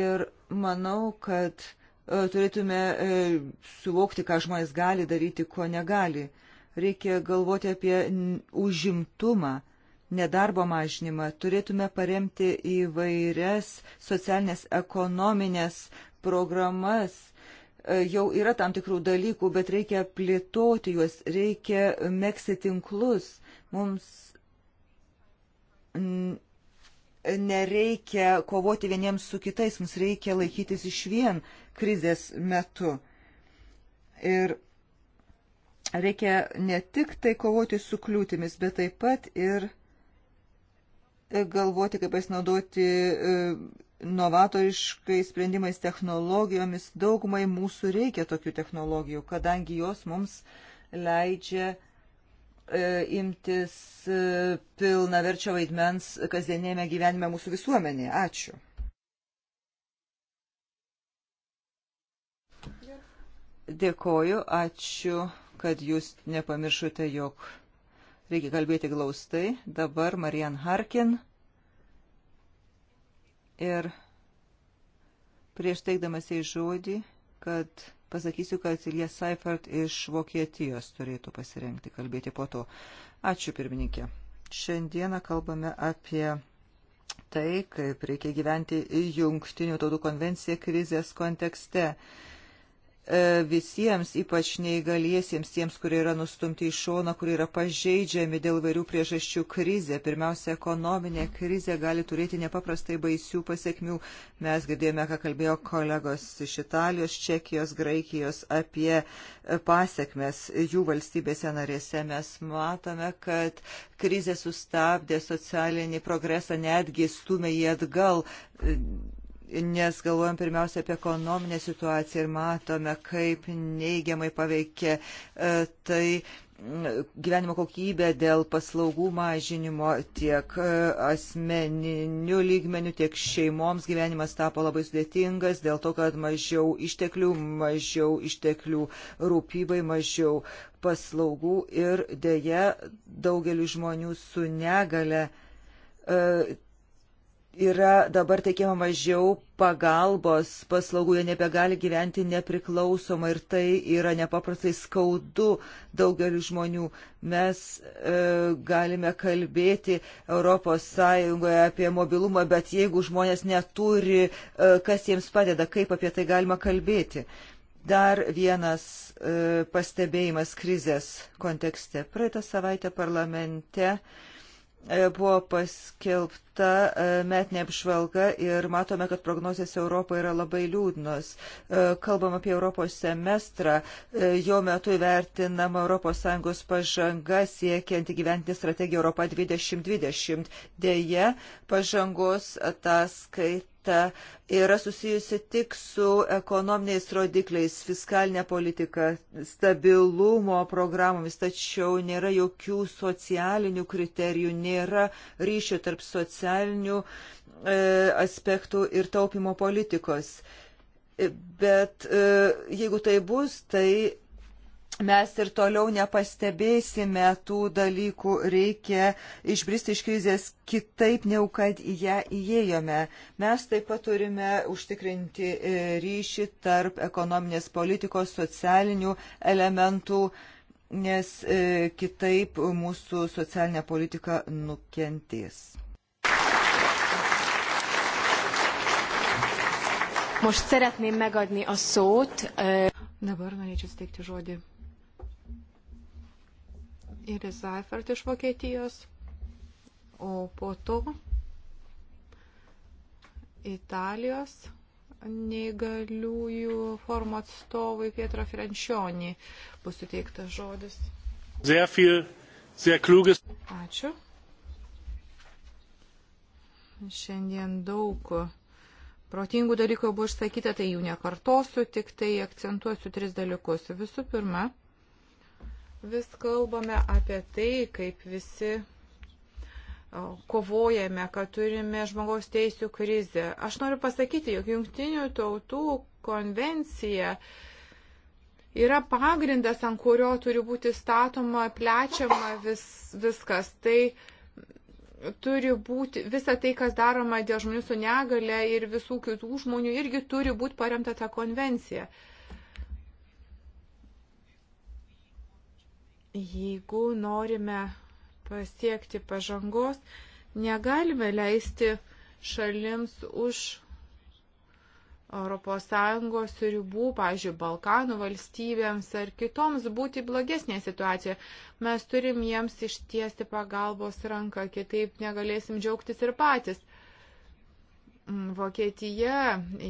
Ir manau, kad E, turėtume e, suvokti, ką žmonės gali daryti, ko negali. Reikia galvoti apie užimtumą, nedarbo mažinimą. Turėtume paremti įvairias socialinės, ekonominės programas. E, jau yra tam tikrų dalykų, bet reikia plėtoti juos, reikia mėgsti tinklus. Mums nereikia kovoti vieniems su kitais, mums reikia laikytis iš vien krizės metu. Ir reikia ne tik tai kovoti su kliūtimis, bet taip pat ir e, galvoti, kaip pasinaudoti e, novatoriškais sprendimais technologijomis. Daugumai mūsų reikia tokių technologijų, kadangi jos mums leidžia e, imtis pilna verčio vaidmens kasdienėme gyvenime mūsų visuomenėje. Ačiū. Dėkoju, ačiū, kad jūs nepamiršote, jog reikia kalbėti glaustai. Dabar Marian Harkin. Ir prieš teikdamas į žodį, kad pasakysiu, kad Ilja Seifert iš Vokietijos turėtų pasirengti kalbėti po to. Ačiū pirmininkė. Šiandieną kalbame apie tai, kaip reikia gyventi Junktinių tautų konvenciją krizės kontekste. E, visiems, ypač neįgaliesiems, tiems, kurie yra nustumti į šoną, kurie yra pažeidžiami dėl vairių priežasčių krizė. Pirmiausia, ekonominė krizė gali turėti nepaprastai baisių pasiekmių. Mes girdėjome, ką kalbėjo kolegos iš Italijos, Čekijos, Graikijos apie e, pasiekmes jų valstybėse narėse. Mes matome, kad krizė sustabdė socialinį progresą, netgi stumė jį atgal e, nes galvojam pirmiausia apie ekonominę situaciją ir matome, kaip neigiamai paveikia e, tai gyvenimo kokybę dėl paslaugų mažinimo tiek e, asmeniniu lygmeniu, tiek šeimoms gyvenimas tapo labai sudėtingas dėl to, kad mažiau išteklių, mažiau išteklių rūpybai, mažiau paslaugų ir dėja daugeliu žmonių su negale e, yra dabar teikiama mažiau pagalbos paslaugų, jie nebegali gyventi nepriklausoma ir tai yra nepaprastai skaudu daugeliu žmonių. Mes e, galime kalbėti ES apie mobilumą, bet jeigu žmonės neturi, e, kas jiems padeda, kaip apie tai galima kalbėti. Dar vienas e, pastebėjimas krizės kontekste. Praeitą savaitę parlamente e, E, buvo paskelbta e, metinė apžvalga ir matome, kad prognozijas Europoje yra labai liūdnos. E, kalbam apie Europos semestrą. Jo metu įvertinama ES pažanga siekiant įgyventi strategiją Europa 2020. Deja, pažangos ataskaita ta yra susijusi tik su ekonominiais rodikliais, fiskalinė politika, stabilumo programomis, tačiau nėra jokių socialinių kriterijų, nėra ryšio tarp socialinių e, aspektų ir taupimo politikos. E, bet e, jeigu tai bus, tai mes ir toliau nepastebėsime tų dalykų, reikia išbristi iš krizės kitaip, negu kad į ją įėjome. Mes taip pat turime užtikrinti e, ryšį tarp ekonominės politikos, socialinių elementų, nes e, kitaip mūsų socialinė politika nukentės. Most szeretném megadni a szót. Dabar norėčiau steigti žodį ir Zaifert iš Vokietijos, o po to Italijos neįgaliųjų forumo atstovui Pietro Frenčionį bus suteiktas žodis. Sehr viel, sehr kluges. Ačiū. Šiandien daug protingų dalykų buvo išsakyta, tai jų nekartosiu, tik tai akcentuosiu tris dalykus. Visų pirma, vis kalbame apie tai, kaip visi kovojame, kad turime žmogaus teisų krizę. Aš noriu pasakyti, jog jungtinių tautų konvencija yra pagrindas, ant kurio turi būti statoma, plečiama vis, viskas. Tai turi būti visa tai, kas daroma dėl žmonių su negale ir visų kitų žmonių, irgi turi būti paremta ta konvencija. Uh, Jeigu norime pasiekti pažangos, negalime leisti šalims už ES ribų, pavyzdžiui, Balkanų valstybėms ar kitoms būti blogesnė situacija. Mes turim jiems ištiesti pagalbos ranką, kitaip negalėsim džiaugtis ir patys. Mm, Vokietija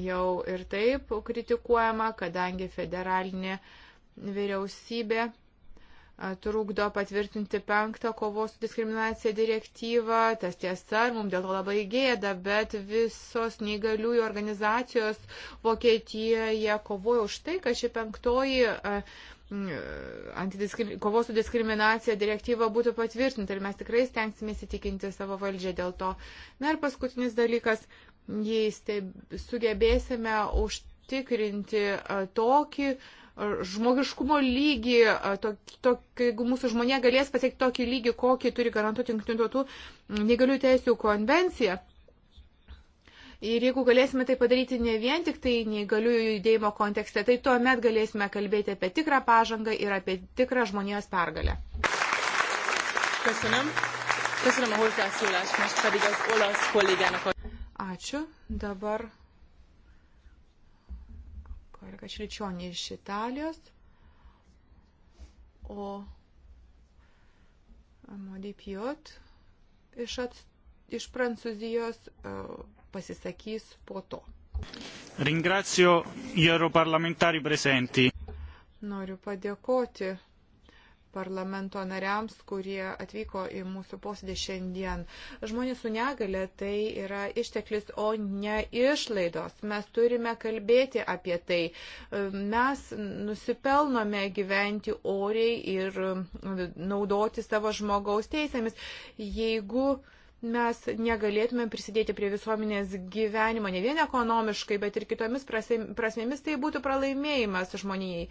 jau ir taip kritikuojama, kadangi federalinė vyriausybė trukdo patvirtinti penktą kovos su diskriminacija direktyvą. Tas tiesa, mums dėl to labai gėda, bet visos neįgaliųjų organizacijos Vokietijoje kovojo už tai, kad ši penktoji kovos su diskriminacija direktyva būtų patvirtinta ir mes tikrai stengsime įsitikinti savo valdžią dėl to. Na ir paskutinis dalykas, jei sugebėsime užtikrinti tokį uh, žmogiškumo lygį, to, to, jeigu mūsų žmonė galės pasiekti tokį lygį, kokį turi garantuoti jungtinių tautų negalių teisų konvencija. Ir jeigu galėsime tai padaryti ne vien tik tai neįgaliųjų judėjimo kontekste, tai tuomet galėsime kalbėti apie tikrą pažangą ir apie tikrą žmonijos pergalę. Ačiū. Dabar kolega Šilčionė iš Italijos, o Modi Pijot iš, ats, iš Prancūzijos e, pasisakys po to. Ringrazio gli europarlamentari presenti. Noriu padėkoti parlamento nariams, kurie atvyko į mūsų posėdį šiandien. Žmonės su negale tai yra išteklis, o ne išlaidos. Mes turime kalbėti apie tai. Mes nusipelnome gyventi oriai ir naudoti savo žmogaus teisėmis. Jeigu mes negalėtume prisidėti prie visuomenės gyvenimo, ne vien ekonomiškai, bet ir kitomis prasmėmis, tai būtų pralaimėjimas žmonijai.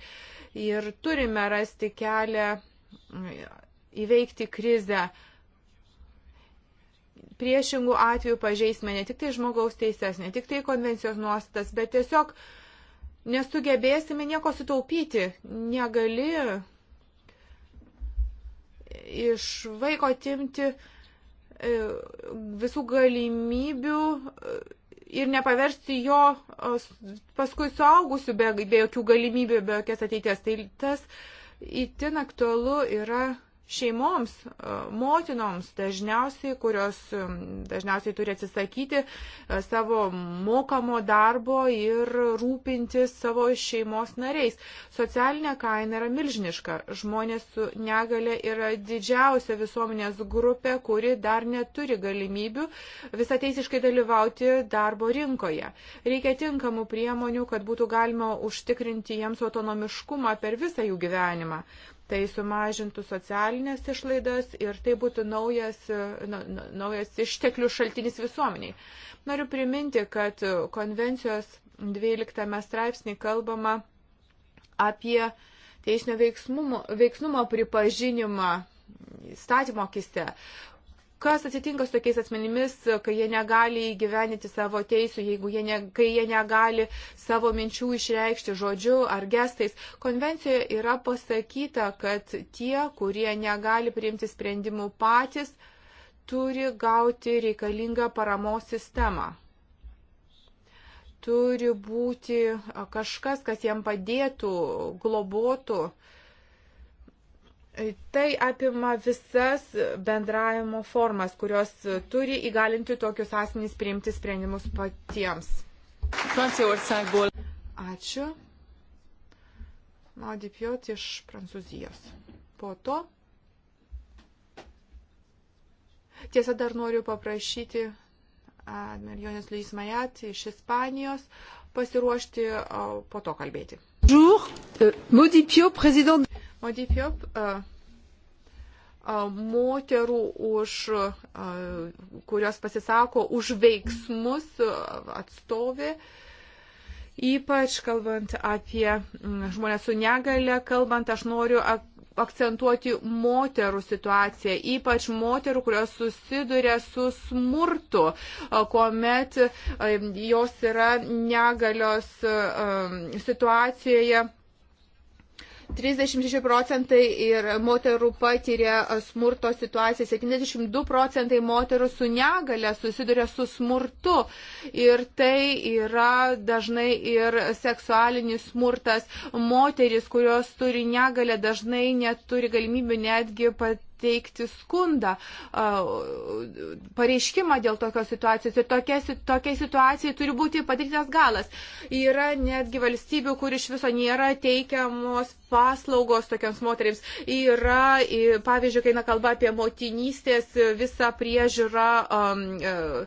Ir turime rasti kelią įveikti krizę. Priešingų atvejų pažeisime ne tik tai žmogaus teises, ne tik tai konvencijos nuostatas, bet tiesiog nesugebėsime nieko sutaupyti. Negali iš vaiko timti e, visų galimybių e, ir nepaversti jo e, paskui suaugusiu be, be jokių galimybių, be jokios ateities. Tai tas uh, Įtin aktualu yra šeimoms, e, motinoms dažniausiai, kurios e, dažniausiai turi atsisakyti e, savo mokamo darbo ir rūpintis savo šeimos nariais. Socialinė kaina yra milžiniška. Žmonės su negale yra didžiausia visuomenės grupė, kuri dar neturi galimybių visateisiškai dalyvauti darbo rinkoje. Reikia tinkamų priemonių, kad būtų galima užtikrinti jiems autonomiškumą per visą jų gyvenimą. Tai sumažintų socialinės išlaidas ir tai būtų naujas, na, naujas išteklių šaltinis visuomeniai. Noriu priminti, kad konvencijos 12 straipsnį kalbama apie teisinio veiksmumo, veiksmumo pripažinimą statymo kiste. Kas atsitinka su tokiais asmenimis, kai jie negali įgyveninti savo teisų, jeigu jie, ne, kai jie negali savo minčių išreikšti žodžiu ar gestais? Konvencijoje yra pasakyta, kad tie, kurie negali priimti sprendimų patys, turi gauti reikalingą paramos sistemą turi būti kažkas, kas jam padėtų, globotų. Tai apima visas bendravimo formas, kurios turi įgalinti tokius asmenys priimti sprendimus patiems. Ačiū. Maudi Piot iš Prancūzijos. Po to. Tiesa, dar noriu paprašyti Admirjonės Luis Majat iš Ispanijos pasiruošti po to kalbėti. Bonjour, euh, Maudi Pio, prezident. Modifiop moterų, už, kurios pasisako už veiksmus atstovė, ypač kalbant apie žmonės su negale, kalbant, aš noriu akcentuoti moterų situaciją, ypač moterų, kurios susiduria su smurtu, kuomet jos yra negalios situacijoje 36 procentai ir moterų patiria smurto situaciją, 72 procentai moterų su negale susiduria su smurtu ir tai yra dažnai ir seksualinis smurtas. Moteris, kurios turi negalę, dažnai neturi galimybių netgi pat teikti skundą, pareiškimą dėl tokios situacijos. Ir tokia, tokia situacija turi būti padarytas galas. Yra netgi valstybių, kur iš viso nėra teikiamos paslaugos tokiams moteriams. Yra, pavyzdžiui, kai eina kalba apie motinystės visą priežiūrą, e, e,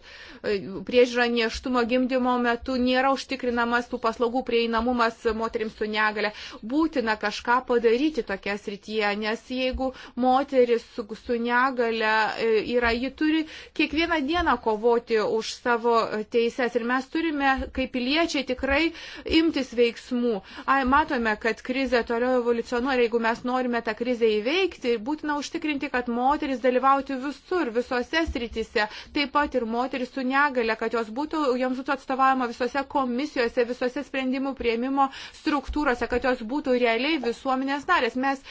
priežiūrą neštumo gimdymo metu, nėra užtikrinamas tų paslaugų prieinamumas moteriams su negale. Būtina kažką padaryti tokia srityje, nes jeigu moteris su, su negale e, yra, ji turi kiekvieną dieną kovoti už savo teises ir mes turime kaip piliečiai tikrai imtis veiksmų. Ai, matome, kad krizė toliau evoliucionuoja ir jeigu mes norime tą krizę įveikti, būtina užtikrinti, kad moteris dalyvauti visur, visose sritise, taip pat ir moteris su negale, kad jos būtų, joms būtų atstovavimo visose komisijose, visose sprendimų prieimimo struktūrose, kad jos būtų realiai visuomenės narės. Mes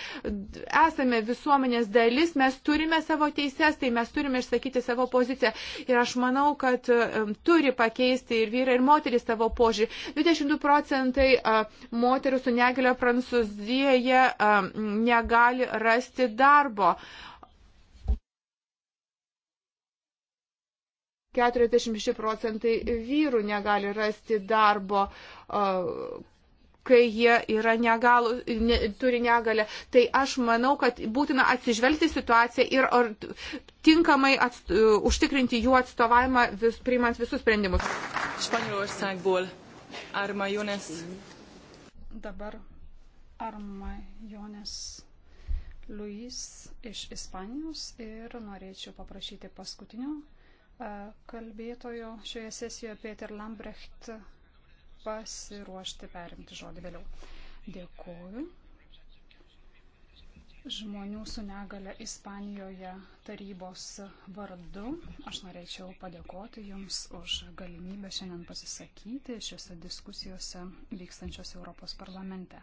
esame visuomenės dalis šalis, mes turime savo teises, tai mes turime išsakyti savo poziciją. Ir aš manau, kad turi pakeisti ir vyrai, ir moteris savo požiūrį. 22 procentai moterų su negalio Prancūzijoje negali rasti darbo. 46 procentai vyrų negali rasti darbo, kai jie yra negalų, ne, turi negalę. Tai aš manau, kad būtina atsižvelgti situaciją ir ar, tinkamai atst, uh, užtikrinti jų atstovavimą, vis, priimant visus sprendimus. Spanyolországból Arma Jones. Dabar Arma Jones Luis iš Ispanijos ir norėčiau paprašyti paskutinio uh, kalbėtojo šioje sesijoje Peter Lambrecht pasiruošti perimti žodį vėliau. Dėkuoju. Žmonių su negale Ispanijoje tarybos vardu aš norėčiau padėkoti Jums už galimybę šiandien pasisakyti šiuose diskusijose vykstančios Europos parlamente.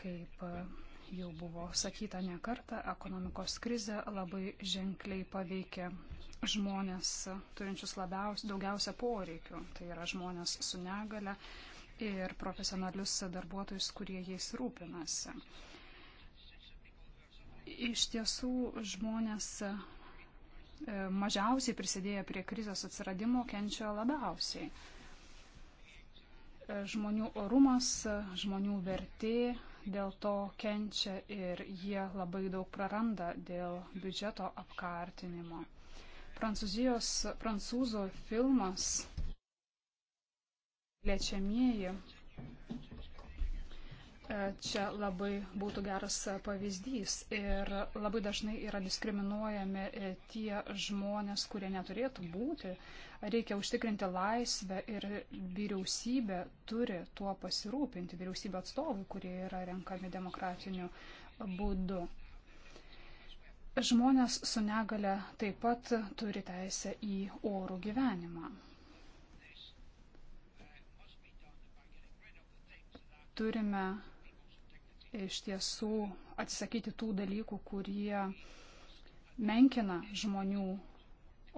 Kaip jau buvo sakyta ne kartą, ekonomikos krize labai ženkliai paveikė žmonės turinčius labiausiai, daugiausia poreikių. Tai yra žmonės su negale ir profesionalius darbuotojus, kurie jais rūpinasi. Iš tiesų žmonės e, mažiausiai prisidėję prie krizės atsiradimo kenčia labiausiai. E, žmonių orumas, žmonių vertė dėl to kenčia ir jie labai daug praranda dėl biudžeto apkartinimo. Prancūzijos, prancūzų filmas Liečiamieji E, čia labai būtų geras pavyzdys. Ir labai dažnai yra diskriminuojami e, tie žmonės, kurie neturėtų būti. Reikia užtikrinti laisvę ir vyriausybė turi tuo pasirūpinti, vyriausybė atstovai, kurie yra renkami demokratiniu būdu. Žmonės su negale taip pat turi teisę į orų gyvenimą. Turime iš tiesų atsisakyti tų dalykų, kurie menkina žmonių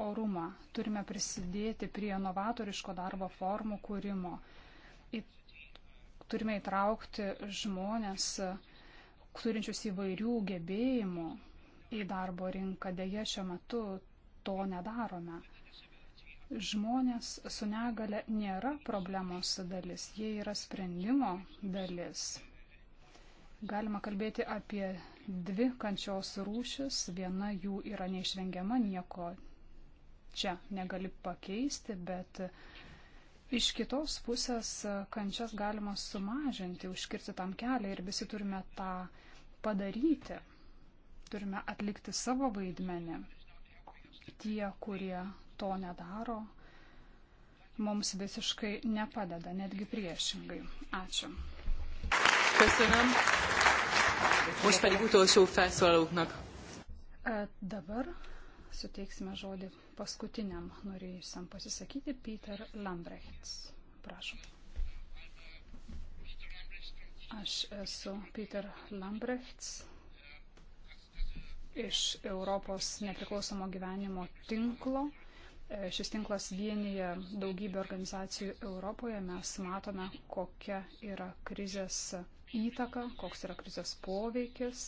orumą. Turime prisidėti prie novatoriško darbo formų kūrimo. Turime įtraukti žmonės, turinčius įvairių gebėjimų į darbo rinką. Deja, šiuo metu to nedarome. Žmonės su negale nėra problemos dalis, jie yra sprendimo dalis. Galima kalbėti apie dvi kančios rūšis. Viena jų yra neišvengiama, nieko čia negali pakeisti, bet iš kitos pusės kančias galima sumažinti, užkirti tam kelią ir visi turime tą padaryti. Turime atlikti savo vaidmenį. Tie, kurie to nedaro, mums visiškai nepadeda, netgi priešingai. Ačiū. Köszönöm. Most pedig utolsó felszólalóknak. E, dabar suteiksime žodį paskutiniam norėjusiam pasisakyti Peter Lambrechts. Prašom. Aš esu Peter Lambrechts iš Europos nepriklausomo gyvenimo tinklo. E, šis tinklas vienyje daugybę organizacijų Europoje. Mes matome, kokia yra krizės įtaka, koks yra krizės poveikis.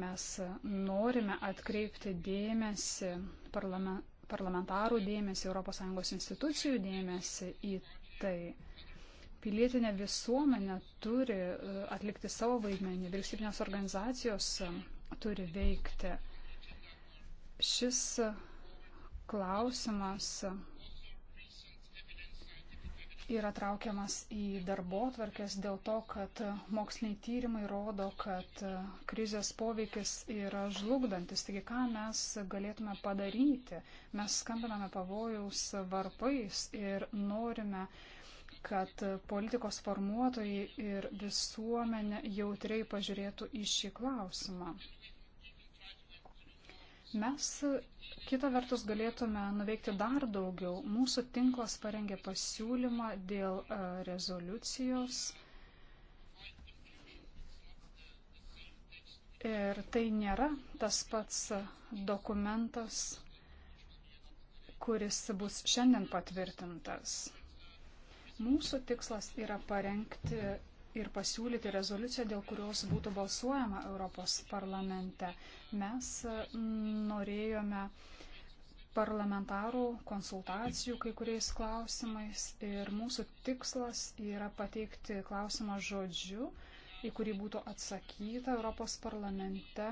Mes norime atkreipti dėmesį, parlamentarų dėmesį, ES institucijų dėmesį į tai. Pilietinė visuomenė turi e, atlikti savo vaidmenį, vyriausybinės organizacijos e, turi veikti. Šis e, klausimas yra traukiamas į darbo tvarkės dėl to, kad moksliniai tyrimai rodo, kad krizės poveikis yra žlugdantis. Taigi, ką mes galėtume padaryti? Mes skambiname pavojaus varpais ir norime, kad politikos formuotojai ir visuomenė jautriai pažiūrėtų į šį klausimą. Mes kita vertus galėtume nuveikti dar daugiau. Mūsų tinklas parengė pasiūlymą dėl e, rezoliucijos. Ir tai nėra tas pats dokumentas, kuris bus šiandien patvirtintas. Mūsų tikslas yra parengti ir pasiūlyti rezoliuciją, dėl kurios būtų balsuojama Europos parlamente. Mes mm, norėjome parlamentarų konsultacijų kai kuriais klausimais ir mūsų tikslas yra pateikti klausimą žodžiu, į kurį būtų atsakyta Europos parlamente.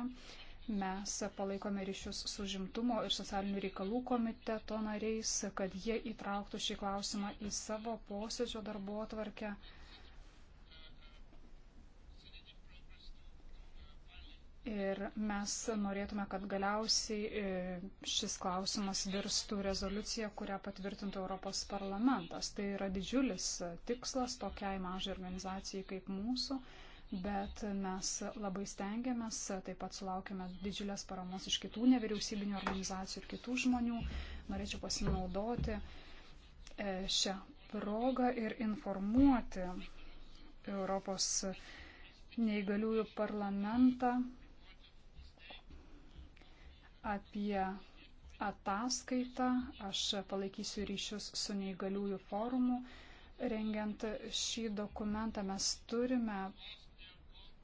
Mes palaikome ryšius su žimtumo ir socialinių reikalų komiteto nariais, kad jie įtrauktų šį klausimą į savo posėdžio darbo atvarkę. Ir mes norėtume, kad galiausiai e, šis klausimas virstų rezoliuciją, kurią patvirtintų Europos parlamentas. Tai yra didžiulis tikslas tokiai mažai organizacijai kaip mūsų, bet mes labai stengiamės, taip pat sulaukime didžiulės paramos iš kitų nevyriausybinio organizacijų ir kitų žmonių. Norėčiau pasinaudoti e, šią progą ir informuoti Europos neįgaliųjų parlamentą apie ataskaitą. Aš palaikysiu ryšius su neįgaliųjų forumu. Rengiant šį dokumentą mes turime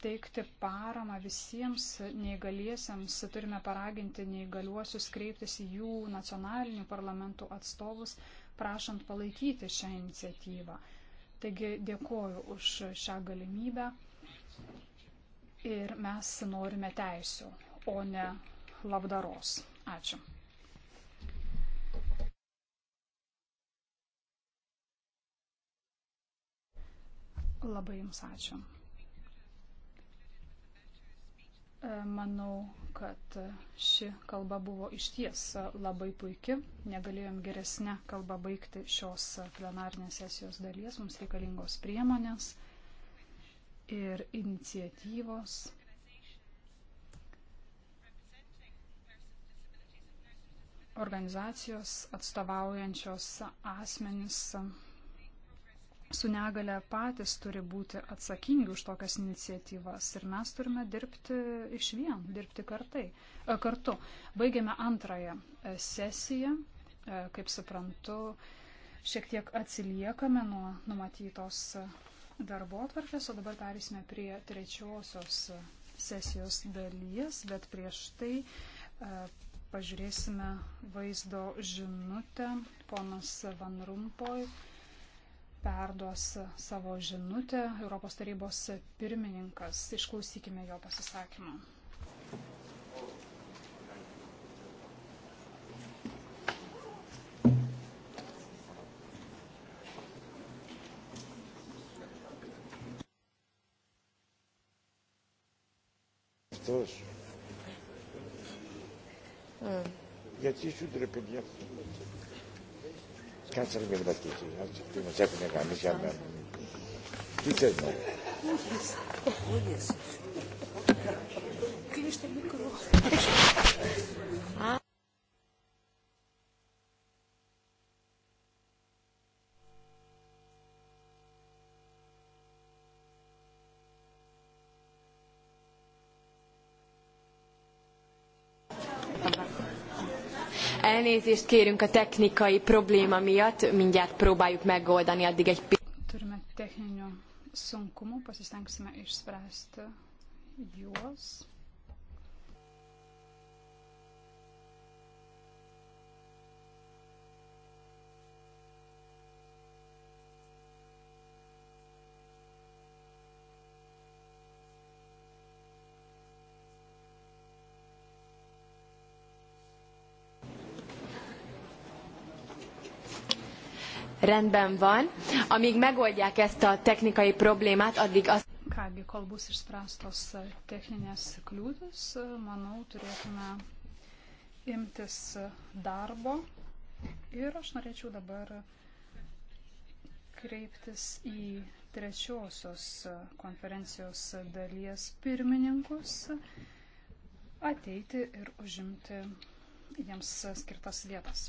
teikti paramą visiems neįgaliesiems, turime paraginti neįgaliuosius kreiptis į jų nacionalinių parlamentų atstovus, prašant palaikyti šią iniciatyvą. Taigi dėkoju už šią galimybę ir mes norime teisų, o ne labdaros. Ačiū. Labai Jums ačiū. E, manau, kad ši kalba buvo išties labai puiki. Negalėjom geresnę kalbą baigti šios plenarnės sesijos dalies. Mums reikalingos priemonės ir iniciatyvos. organizacijos atstovaujančios asmenys su negale patys turi būti atsakingi už tokias iniciatyvas ir mes turime dirbti iš vien, dirbti kartai, e, kartu. Baigėme antrąją e, sesiją, e, kaip suprantu, šiek tiek atsiliekame nuo numatytos darbo atvarkės, o dabar perėsime prie trečiosios sesijos dalies, bet prieš tai pažiūrėsime vaizdo žinutę, ponas Van Rumpoj perduos savo žinutę Europos tarybos pirmininkas. Išklausykime jo pasisakymą. todos. Γιατί σου ρε παιδιά. Κάτσε μια βλακίση. Τι μας έχουν κάνει σε αμένα. Τι θες να ρε. Κλείνεις το μικρό. Α, Elnézést kérünk a technikai probléma miatt, mindjárt próbáljuk megoldani addig egy Turime techninių sunkumų, pasistengsime išspręsti uh, juos. rendben van. Amíg megoldják ezt a technikai problémát, addig azt... Kągi, kol bus išspręstos techninės kliūtis, manau, turėtume imtis darbo. Ir aš norėčiau dabar kreiptis į trečiosios konferencijos dalies pirmininkus ateiti ir užimti jiems skirtas vietas.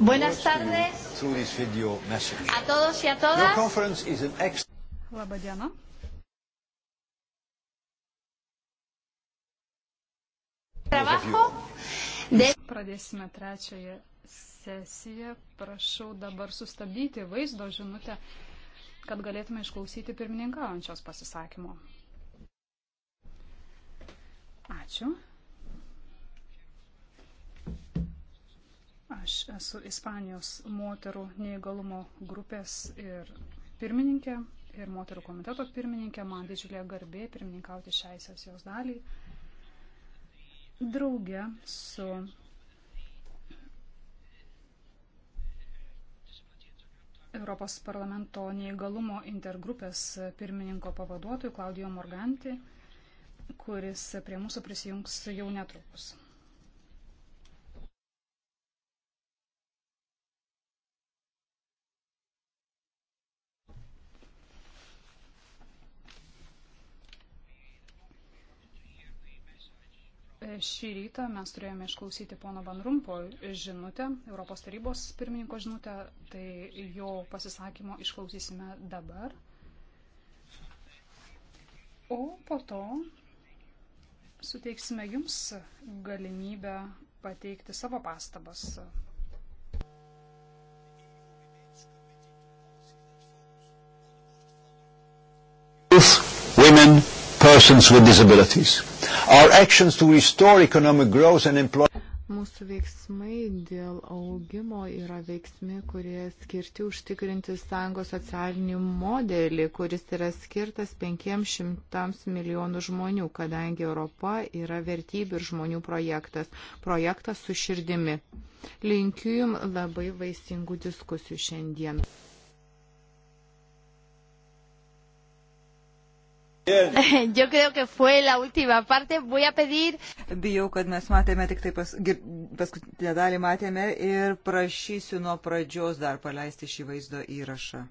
Buenas tardes a todos y a todas. Labą dieną. Pradėsime trečiąją sesiją. Prašau dabar sustabdyti vaizdo žinutę, kad galėtume išklausyti pirmininkaujančios pasisakymo. Ačiū. Aš esu Ispanijos moterų neįgalumo grupės ir pirmininkė ir moterų komiteto pirmininkė. Man didžiulė garbė pirmininkauti šiai sesijos daliai. Drauge su Europos parlamento neįgalumo intergrupės pirmininko pavaduotoju Klaudijo Morganti, kuris prie mūsų prisijungs jau netrukus. Šį rytą mes turėjome išklausyti pono Van Rumpo žinutę, Europos tarybos pirmininko žinutę, tai jo pasisakymo išklausysime dabar. O po to suteiksime jums galimybę pateikti savo pastabas persons with disabilities. Our actions to restore economic growth and employment. Mūsų veiksmai dėl augimo yra veiksmai, kurie skirti užtikrinti sąjungos socialinį modelį, kuris yra skirtas 500 milijonų žmonių, kadangi Europa yra vertybių ir žmonių projektas, projektas su širdimi. Linkiu Jums labai vaisingų diskusijų šiandien. (laughs) Yo creo que fue la última parte. Voy a pedir. Bijau, kad mes matėme tik tai pas, gir, paskutinę dalį matėme ir prašysiu nuo pradžios dar paleisti šį vaizdo įrašą.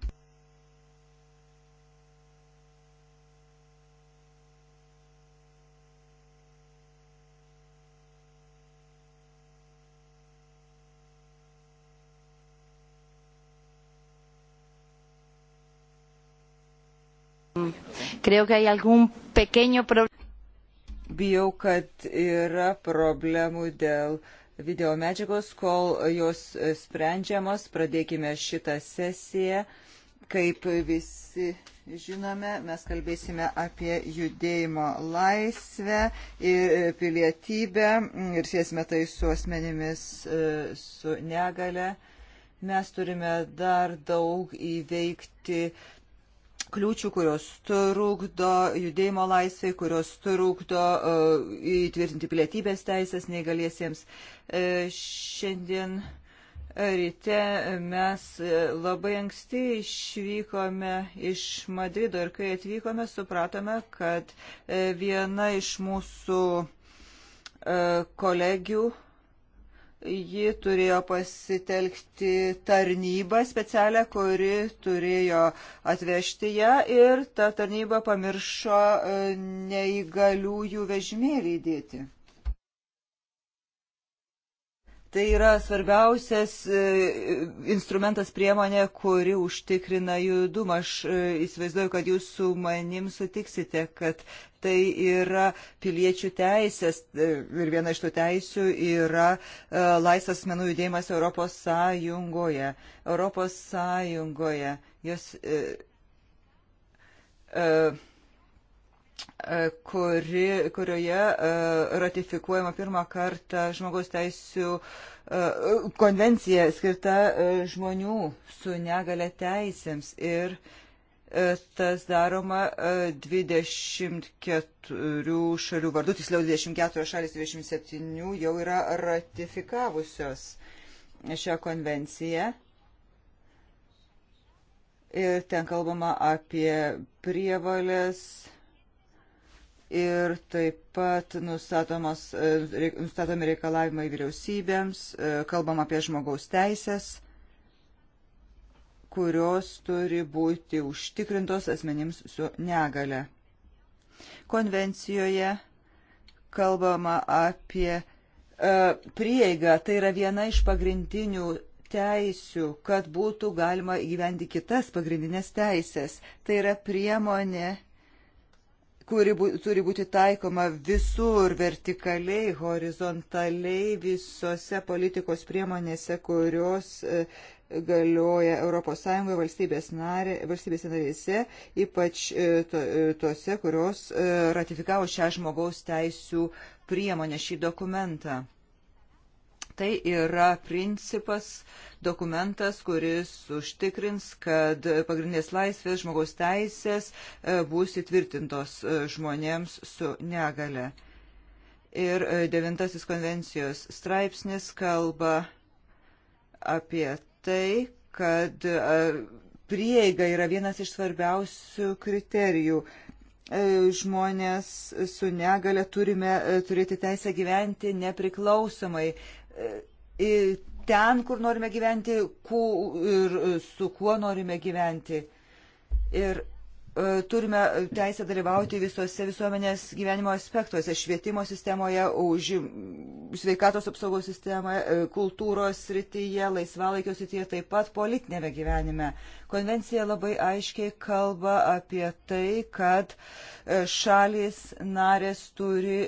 Creo que hay algún pequeño problema. Bijau, kad yra problemų dėl video medžiagos, kol jos sprendžiamos. Pradėkime šitą sesiją. Kaip visi žinome, mes kalbėsime apie judėjimo laisvę ir pilietybę ir sėsime tai su asmenimis e, su negale. Mes turime dar daug įveikti kliūčių, kurios trukdo judėjimo laisvai, kurios trukdo uh, įtvirtinti pilietybės teisės neįgaliesiems. Uh, šiandien ryte mes e, labai anksti išvykome iš Madrido ir kai atvykome, supratome, kad viena iš mūsų kolegių ji turėjo pasitelkti tarnybą specialią, kuri turėjo atvežti ją ir ta tarnyba pamiršo e, neįgaliųjų vežimėlį įdėti. Tai yra svarbiausias e, instrumentas priemonė, kuri užtikrina judumą. Aš e, įsivaizduoju, kad jūs su manim sutiksite, kad tai yra piliečių teisės e, ir viena iš tų teisių yra laisvas menų judėjimas Europos Sąjungoje. Europos Sąjungoje. Jos, uh, uh, kuri, kurioje e, ratifikuojama pirmą kartą žmogaus teisų e, konvencija skirta e, žmonių su negale teisėms. Ir tas daroma 24 šalių vardu, tiksliau 24 šalis 27 jau yra ratifikavusios šią konvenciją. Ir ten kalbama apie prievalės ir taip pat e, nustatomi reikalavimai vyriausybėms, e, kalbam apie žmogaus teisės, kurios turi būti užtikrintos asmenims su negale. Konvencijoje kalbama apie e, prieigą, tai yra viena iš pagrindinių teisių, kad būtų galima įgyventi kitas pagrindinės teisės. Tai yra priemonė kuri bū, turi būti taikoma visur, vertikaliai, horizontaliai, visose politikos priemonėse, kurios e, galioja ES valstybės, narė, valstybės narėse, ypač e, to, e, tose, kurios ratifikavo šią žmogaus teisų priemonę, šį dokumentą. Tai yra principas, dokumentas, kuris užtikrins, kad pagrindinės laisvės žmogaus teisės e, bus įtvirtintos e, žmonėms su negale. Ir e, devintasis konvencijos straipsnis kalba apie tai, kad prieiga yra vienas iš svarbiausių kriterijų. Žmonės su negale turime turėti teisę gyventi nepriklausomai ten, kur norime gyventi ku, ir su kuo norime gyventi. Ir E, turime teisę dalyvauti visose visuomenės gyvenimo aspektuose - švietimo sistemoje, užim, sveikatos apsaugos sistemoje, e, kultūros srityje, laisvalaikio srityje, taip pat politinėme gyvenime. Konvencija labai aiškiai kalba apie tai, kad e, šalis narės turi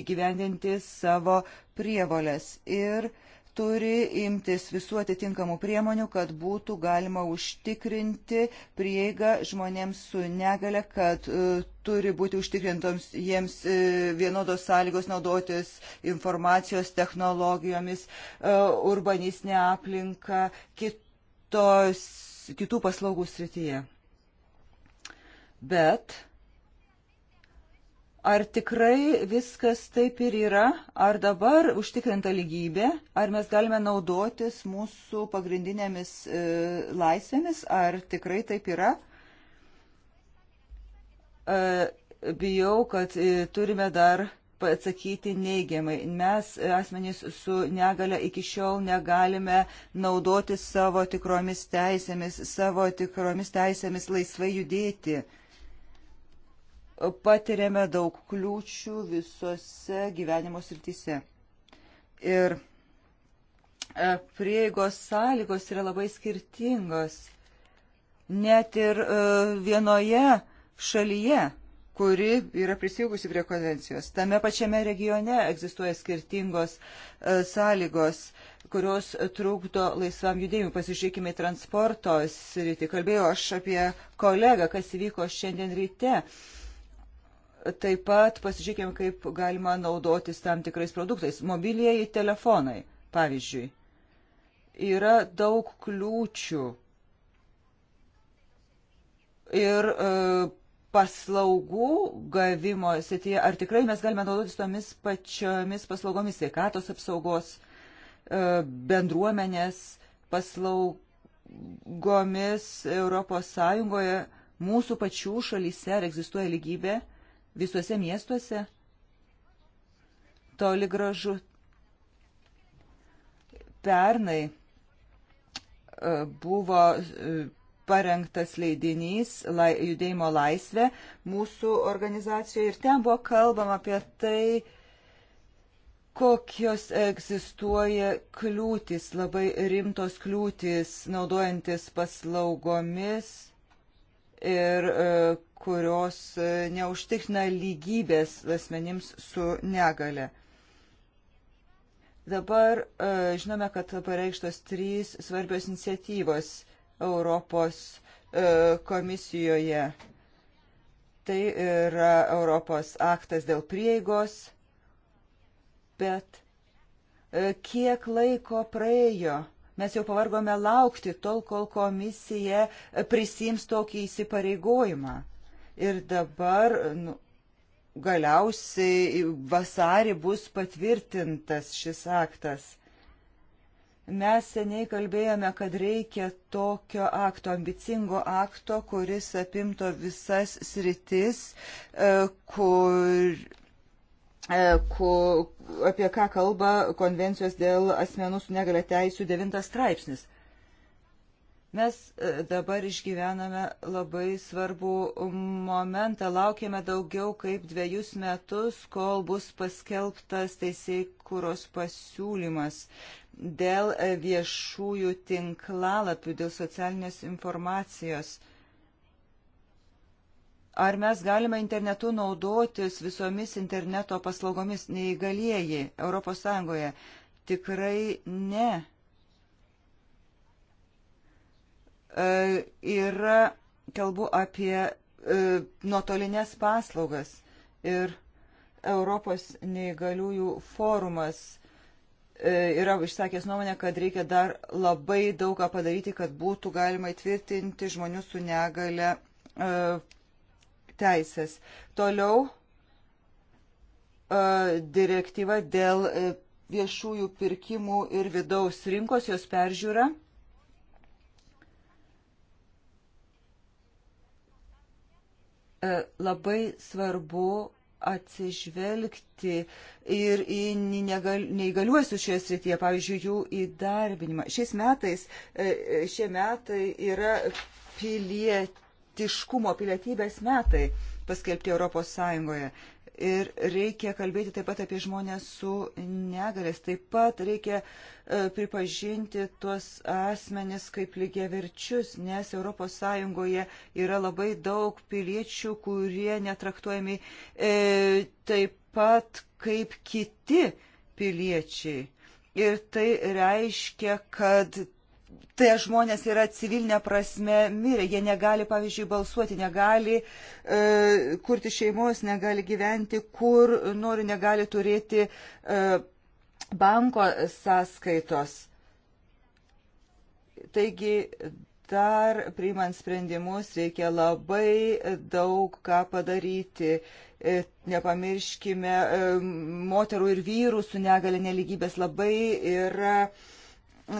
įgyvendinti savo prievolės. Ir uh, turi imtis visų atitinkamų priemonių, kad būtų galima užtikrinti prieigą žmonėms su negale, kad e, turi būti užtikrintoms jiems e, vienodos sąlygos naudotis informacijos technologijomis, e, urbanistinė aplinka, kitos, kitų paslaugų srityje. Bet ar tikrai viskas taip ir yra, ar dabar užtikrinta lygybė, ar mes galime naudotis mūsų pagrindinėmis e, laisvėmis, ar tikrai taip yra. E, bijau, kad e, turime dar atsakyti neigiamai. Mes e, asmenys su negale iki šiol negalime naudoti savo tikromis teisėmis, savo tikromis teisėmis laisvai judėti. E, patiriame daug kliūčių visose gyvenimo srityse. Ir e, prieigos sąlygos yra labai skirtingos. Net ir e, vienoje šalyje, kuri yra prisijungusi prie konvencijos, tame pačiame regione egzistuoja skirtingos e, sąlygos kurios trukdo laisvam judėjimui. Pasižiūrėkime į transporto sritį. Kalbėjau aš apie kolegą, kas įvyko šiandien ryte. Uh, Taip pat pasižiūrėkime, kaip galima naudotis tam tikrais produktais. Mobilieji telefonai, pavyzdžiui. Yra daug kliūčių ir e, paslaugų gavimo srityje, ar tikrai mes galime naudotis tomis pačiomis paslaugomis sveikatos apsaugos, e, bendruomenės paslaugomis Europos Sąjungoje, mūsų pačių šalyse, ar egzistuoja lygybė? visuose miestuose? Toli gražu. Pernai e, buvo e, parengtas leidinys lai, judėjimo laisvė mūsų organizacijoje ir ten buvo kalbama apie tai, kokios egzistuoja kliūtis, labai rimtos kliūtis, naudojantis paslaugomis ir e, kurios e, neužtikrina lygybės asmenims su negale. Dabar e, žinome, kad pareikštos trys svarbios iniciatyvos Europos komisijoje. Tai yra Europos aktas dėl prieigos, bet kiek laiko praėjo Mes jau pavargome laukti tol, kol komisija prisims tokį įsipareigojimą. Ir dabar nu, galiausiai vasarį bus patvirtintas šis aktas. Mes seniai kalbėjome, kad reikia tokio akto, ambicingo akto, kuris apimto visas sritis, e, kur E, ku, apie ką kalba konvencijos dėl asmenų su negale teisų devintas straipsnis. Mes e, dabar išgyvename labai svarbų momentą, laukiame daugiau kaip dviejus metus, kol bus paskelbtas teisėjai kūros pasiūlymas dėl viešųjų tinklalapių, dėl socialinės informacijos. Ar mes galime internetu naudotis visomis interneto paslaugomis neįgalieji ES? Tikrai ne. E, yra, kalbu apie e, nuotolinės paslaugas ir Europos neįgaliųjų forumas e, yra išsakęs nuomonę, kad reikia dar labai daugą padaryti, kad būtų galima įtvirtinti žmonių su negale e, teisės. Toliau e, direktyva dėl e, viešųjų pirkimų ir vidaus rinkos, jos peržiūra. E, labai svarbu atsižvelgti ir į neįgaliuosius šioje srityje, pavyzdžiui, jų įdarbinimą. Šiais metais, šie metai yra pilietė pilietiškumo, pilietybės metai paskelbti Europos Sąjungoje. Ir reikia kalbėti taip pat apie žmonės su negalės. Taip pat reikia e, pripažinti tuos asmenis kaip lygiaverčius, nes ES yra labai daug piliečių, kurie netraktuojami e, taip pat kaip kiti piliečiai. Ir tai reiškia, kad tai žmonės yra civilinė prasme mirę. Jie negali, pavyzdžiui, balsuoti, negali e, kurti šeimos, negali gyventi, kur nori, negali turėti e, banko sąskaitos. Taigi dar priimant sprendimus reikia labai daug ką padaryti. E, nepamirškime, e, moterų ir vyrų su negali neligybės labai yra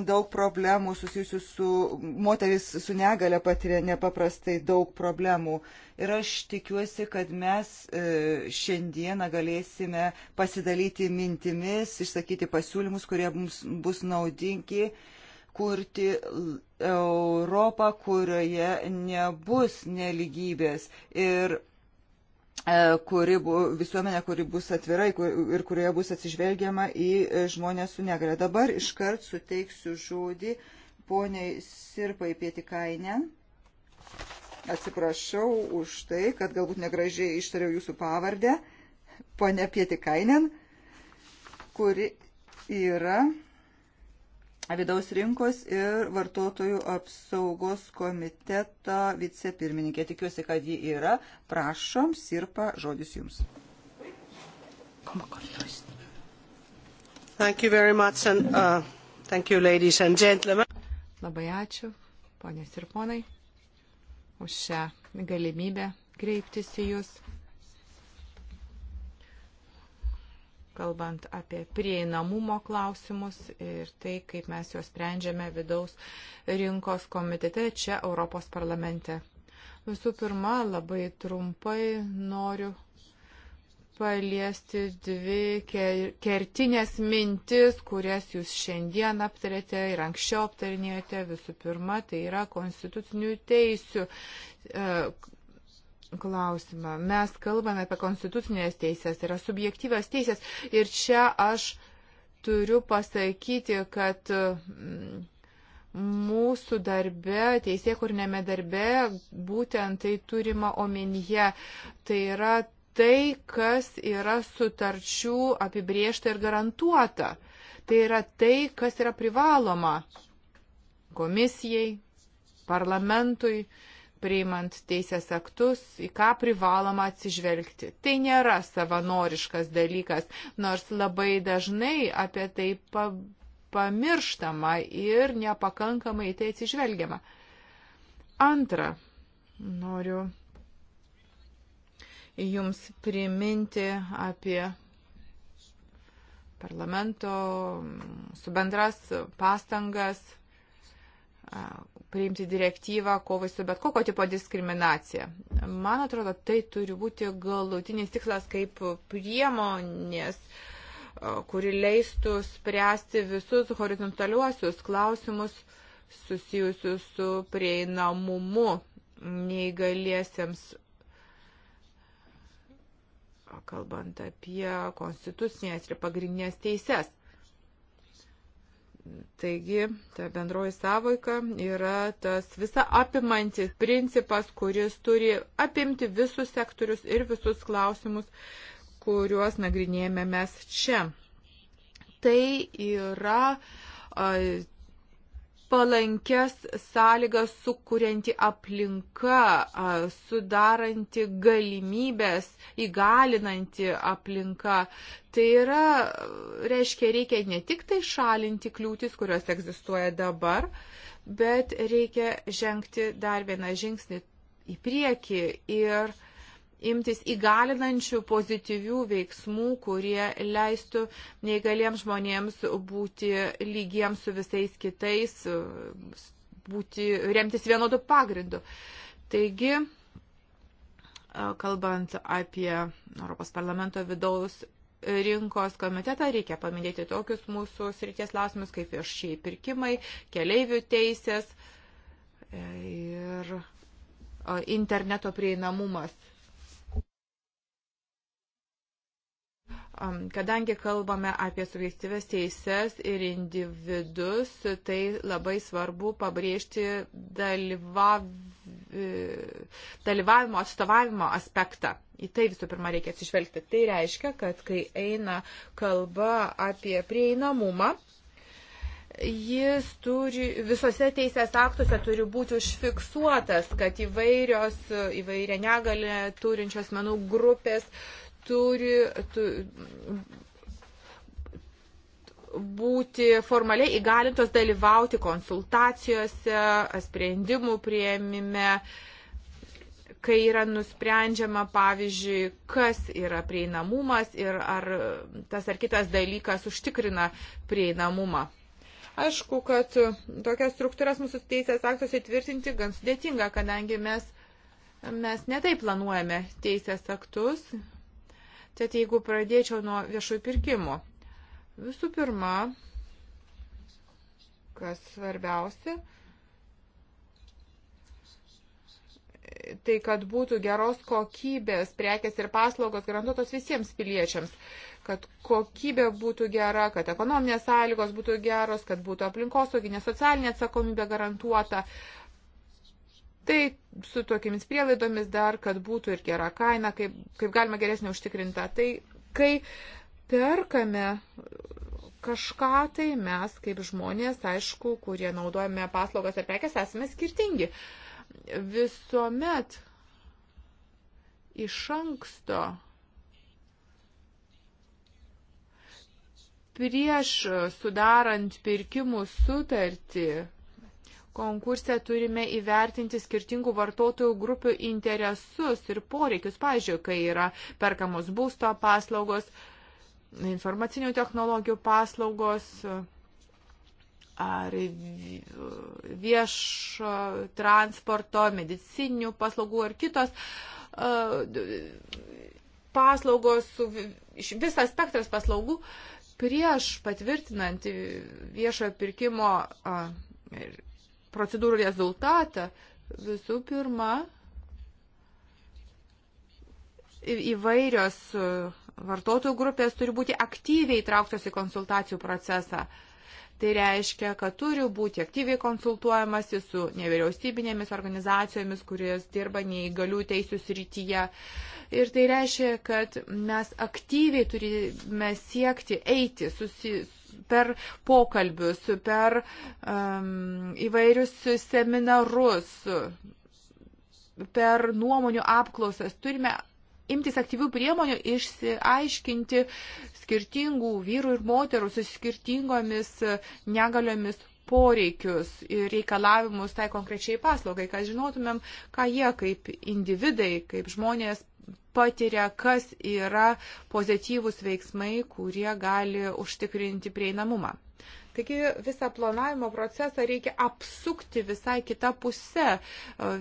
daug problemų susijusių su moteris su negale patiria nepaprastai daug problemų. Ir aš tikiuosi, kad mes e, šiandieną galėsime pasidalyti mintimis, išsakyti pasiūlymus, kurie mums bus naudingi kurti Europą, kurioje nebus neligybės. Ir E, kuri bu, visuomenė, kuri bus atvirai kur, ir kurioje bus atsižvelgiama į e, žmonės su negale. Dabar iškart suteiksiu žodį poniai Sirpai Pietikainė. Atsiprašau už tai, kad galbūt negražiai ištariau jūsų pavardę, ponia Pietikainen, kuri yra vidaus rinkos ir vartotojų apsaugos komiteto vicepirmininkė. Tikiuosi, kad ji yra. Prašom, Sirpa, žodis jums. Thank you very much and uh, thank you ladies and gentlemen. Labai ačiū, ponės ir ponai, už šią galimybę kreiptis į jūs kalbant apie prieinamumo klausimus ir tai, kaip mes juos sprendžiame vidaus rinkos komitete čia Europos parlamente. Visų pirma, labai trumpai noriu paliesti dvi kertinės mintis, kurias jūs šiandien aptarėte ir anksčiau aptarinėjote. Visų pirma, tai yra konstitucinių teisių e, klausimą. Mes kalbame apie konstitucinės teisės, tai yra subjektyvios teisės. Ir čia aš turiu pasakyti, kad mm, mūsų darbe, teisėkurnėme darbe, būtent tai turima omenyje. Tai yra tai, kas yra sutarčių apibriešta ir garantuota. Tai yra tai, kas yra privaloma komisijai, parlamentui, uh, priimant teisės aktus, į ką privaloma atsižvelgti. Tai nėra savanoriškas dalykas, nors labai dažnai apie tai pa pamirštama ir nepakankamai tai atsižvelgiama. Antra, noriu jums priminti apie parlamento su bendras pastangas priimti direktyvą kovai su bet kokio tipo diskriminacija. Man atrodo, tai turi būti galutinis tikslas kaip priemonės e, kuri leistų spręsti visus horizontaliuosius klausimus susijusius su prieinamumu neįgaliesiems, kalbant apie konstitucinės ir pagrindinės teises. Taigi, ta bendroji savoika yra tas visa apimantis principas, kuris turi apimti visus sektorius ir visus klausimus, kuriuos nagrinėjame mes čia. Tai yra palankias sąlygas sukūrenti aplinka, sudaranti galimybės, įgalinanti aplinka. Tai yra, reiškia, reikia ne tik tai šalinti kliūtis, kurios egzistuoja dabar, bet reikia žengti dar vieną žingsnį į priekį ir imtis įgalinančių pozityvių veiksmų, kurie leistų neįgaliems žmonėms būti lygiems su visais kitais, būti, remtis vienodų pagrindų. Taigi, kalbant apie Europos parlamento vidaus rinkos komitetą, reikia paminėti tokius mūsų srities klausimus kaip viešiai pirkimai, keleivių teisės e, ir interneto prieinamumas Kadangi kalbame apie subjektyves teises ir individus, tai labai svarbu pabrėžti dalyvav... dalyvavimo, atstovavimo aspektą. Į tai visų pirma reikia atsižvelgti. Tai reiškia, kad kai eina kalba apie prieinamumą, jis turi, visose teisės aktuose turi būti užfiksuotas, kad įvairios, įvairia negalė turinčios menų grupės turi. Tu, būti formaliai įgalintos dalyvauti konsultacijose, sprendimų prieimime, kai yra nusprendžiama, pavyzdžiui, kas yra prieinamumas ir ar tas ar kitas dalykas užtikrina prieinamumą. Aišku, kad tokias struktūras mūsų teisės aktos įtvirtinti gan sudėtinga, kadangi mes, mes netai planuojame teisės aktus, Tad jeigu pradėčiau nuo viešųjų pirkimų. Visų pirma, kas svarbiausia, tai kad būtų geros kokybės prekes ir paslaugos garantuotos visiems piliečiams, kad kokybė būtų gera, kad ekonominės sąlygos būtų geros, kad būtų aplinkosauginė socialinė atsakomybė garantuota. Uh, Tai su tokiamis prielaidomis dar, kad būtų ir gera kaina, kaip, kaip galima geresnė užtikrinta. Tai kai perkame kažką, tai mes kaip žmonės, aišku, kurie naudojame paslaugas ar prekes, esame skirtingi. Visuomet iš anksto prieš sudarant pirkimų sutartį konkurse turime įvertinti skirtingų vartotojų grupių interesus ir poreikius. Pavyzdžiui, kai yra perkamos būsto paslaugos, informacinių technologijų paslaugos ar viešo transporto, medicinių paslaugų ar kitos paslaugos, visas spektras paslaugų prieš patvirtinant viešojo pirkimo ir procedūrų rezultatą, visų pirma, įvairios e, vartotojų grupės turi būti aktyviai įtrauktos į konsultacijų procesą. Tai reiškia, kad turi būti aktyviai konsultuojamasi su nevyriausybinėmis organizacijomis, kuris dirba neįgalių teisų srityje. Ir tai reiškia, kad mes aktyviai turime siekti eiti, susi, per pokalbius, per um, įvairius seminarus, per nuomonių apklausas. Turime imtis aktyvių priemonių, išsiaiškinti skirtingų vyrų ir moterų su skirtingomis negaliomis poreikius ir reikalavimus tai konkrečiai paslaugai, kad žinotumėm, ką jie kaip individai, kaip žmonės patiria, kas yra pozityvūs veiksmai, kurie gali užtikrinti prieinamumą. Taigi visą planavimo procesą reikia apsukti visai kitą pusę. E,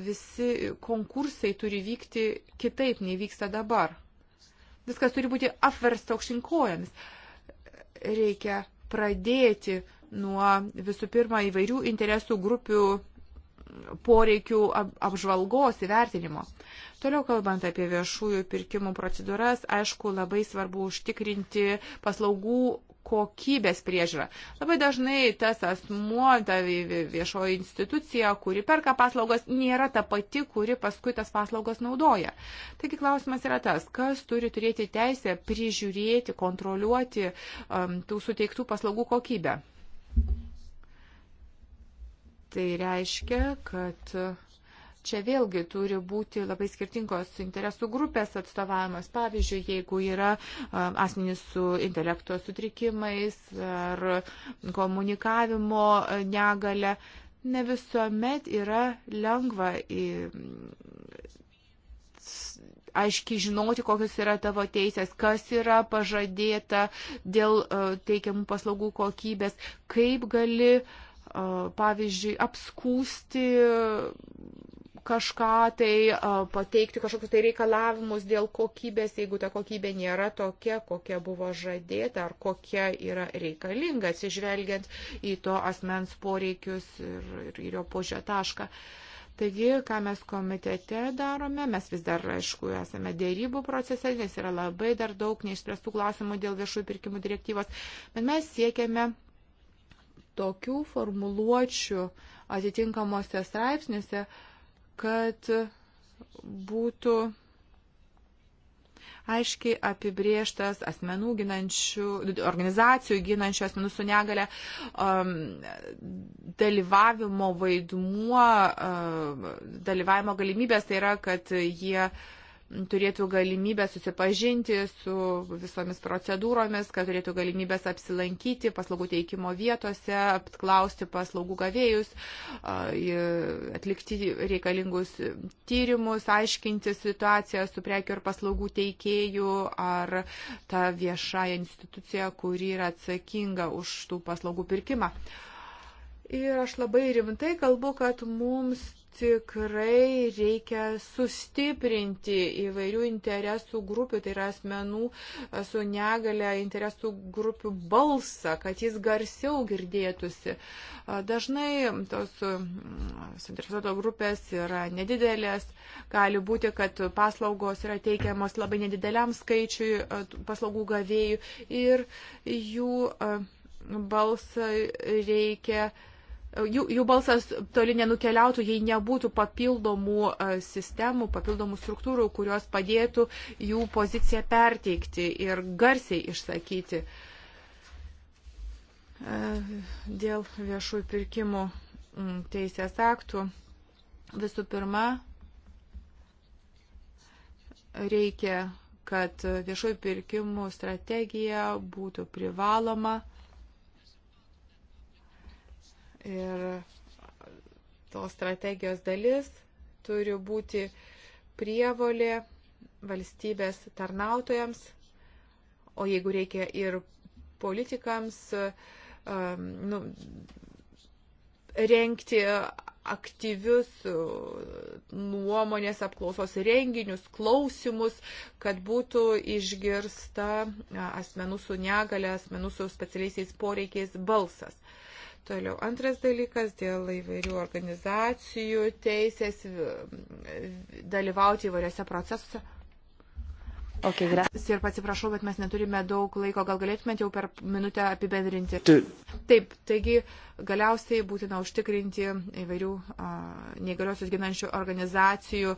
visi konkursai turi vykti kitaip, nei vyksta dabar. Viskas turi būti apversta aukštinkojomis. Reikia pradėti nuo visų pirma įvairių interesų grupių poreikių apžvalgos įvertinimo. Toliau kalbant apie viešųjų pirkimų procedūras, aišku, labai svarbu užtikrinti paslaugų kokybės priežiūra. Labai dažnai tas asmuo, ta viešoji institucija, kuri perka paslaugas, nėra ta pati, kuri paskui tas paslaugas naudoja. Taigi klausimas yra tas, kas turi turėti teisę prižiūrėti, kontroliuoti um, tų suteiktų paslaugų kokybę. Tai reiškia, kad čia vėlgi turi būti labai skirtingos interesų grupės atstovavimas. Pavyzdžiui, jeigu yra asmenys su intelekto sutrikimais ar komunikavimo negale, ne visuomet yra lengva į aiškiai žinoti, kokios yra tavo teisės, kas yra pažadėta dėl teikiamų paslaugų kokybės, kaip gali uh, pavyzdžiui, apskūsti kažką tai, pateikti kažkokius tai reikalavimus dėl kokybės, jeigu ta kokybė nėra tokia, kokia buvo žadėta ar kokia yra reikalinga, atsižvelgiant į to asmens poreikius ir, ir, ir jo požio tašką. Taigi, ką mes komitete darome, mes vis dar, aišku, esame dėrybų procese, nes yra labai dar daug neišspręstų klausimų dėl viešųjų pirkimų direktyvos, bet mes siekiame tokių formuluočių atitinkamuose straipsniuose, kad būtų aiškiai apibrieštas asmenų ginančių, organizacijų ginančių asmenų su negale um, dalyvavimo vaidmuo, um, dalyvavimo galimybės, tai yra, kad jie uh, turėtų galimybę susipažinti su visomis procedūromis, kad turėtų galimybės apsilankyti paslaugų teikimo vietose, apklausti paslaugų gavėjus, atlikti reikalingus tyrimus, aiškinti situaciją su prekių ir paslaugų teikėjų ar ta vieša institucija, kuri yra atsakinga už tų paslaugų pirkimą. Ir aš labai rimtai kalbu, kad mums tikrai reikia sustiprinti įvairių interesų grupių, tai yra asmenų su negale interesų grupių balsą, kad jis garsiau girdėtųsi. Dažnai tos suinteresuoto grupės yra nedidelės, gali būti, kad paslaugos yra teikiamas labai nedideliam skaičiui paslaugų gavėjų ir jų balsą reikia jų, jų balsas toli nenukeliautų, jei nebūtų papildomų e, sistemų, papildomų struktūrų, kurios padėtų jų poziciją perteikti ir garsiai išsakyti e, dėl viešųjų pirkimų teisės aktų. Visų pirma, reikia, kad viešųjų pirkimų strategija būtų privaloma Ir tos strategijos dalis turi būti prievolė valstybės tarnautojams, o jeigu reikia ir politikams um, nu, renkti aktyvius uh, nuomonės apklausos renginius, klausimus, kad būtų išgirsta uh, asmenų su negale, asmenų su specialiaisiais poreikiais balsas. Toliau antras dalykas dėl įvairių organizacijų teisės dalyvauti įvairiose procesuose. Okay, gracias. ir atsiprašau, bet mes neturime daug laiko, gal galėtumėte jau per minutę apibendrinti. Tu. Taip, taigi galiausiai būtina užtikrinti įvairių a, negaliosius ginančių organizacijų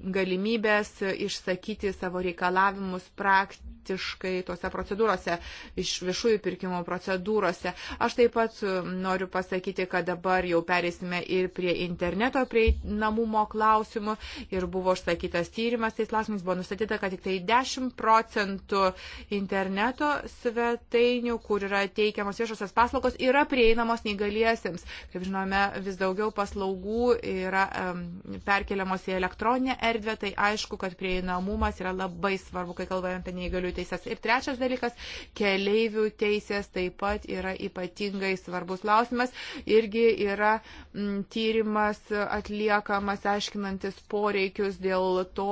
galimybės išsakyti savo reikalavimus praktiškai tose procedūrose, iš viešųjų pirkimų procedūrose. Aš taip pat um, noriu pasakyti, kad dabar jau perėsime ir prie interneto prieinamumo klausimų ir buvo užsakytas tyrimas, tais klausimais buvo nustatyta, kad tik tai 10 procentų interneto svetainių, kur yra teikiamos viešosios paslaugos, yra prieinamos neįgaliesiems. Kaip žinome, vis daugiau paslaugų yra um, perkeliamos į elektroninę erdvę, tai aišku, kad prieinamumas yra labai svarbu, kai kalbame apie neįgalių teisės. Ir trečias dalykas - keleivių teisės taip pat yra ypatingai svarbus klausimas. Irgi yra m, mm, tyrimas atliekamas, aiškinantis poreikius dėl to,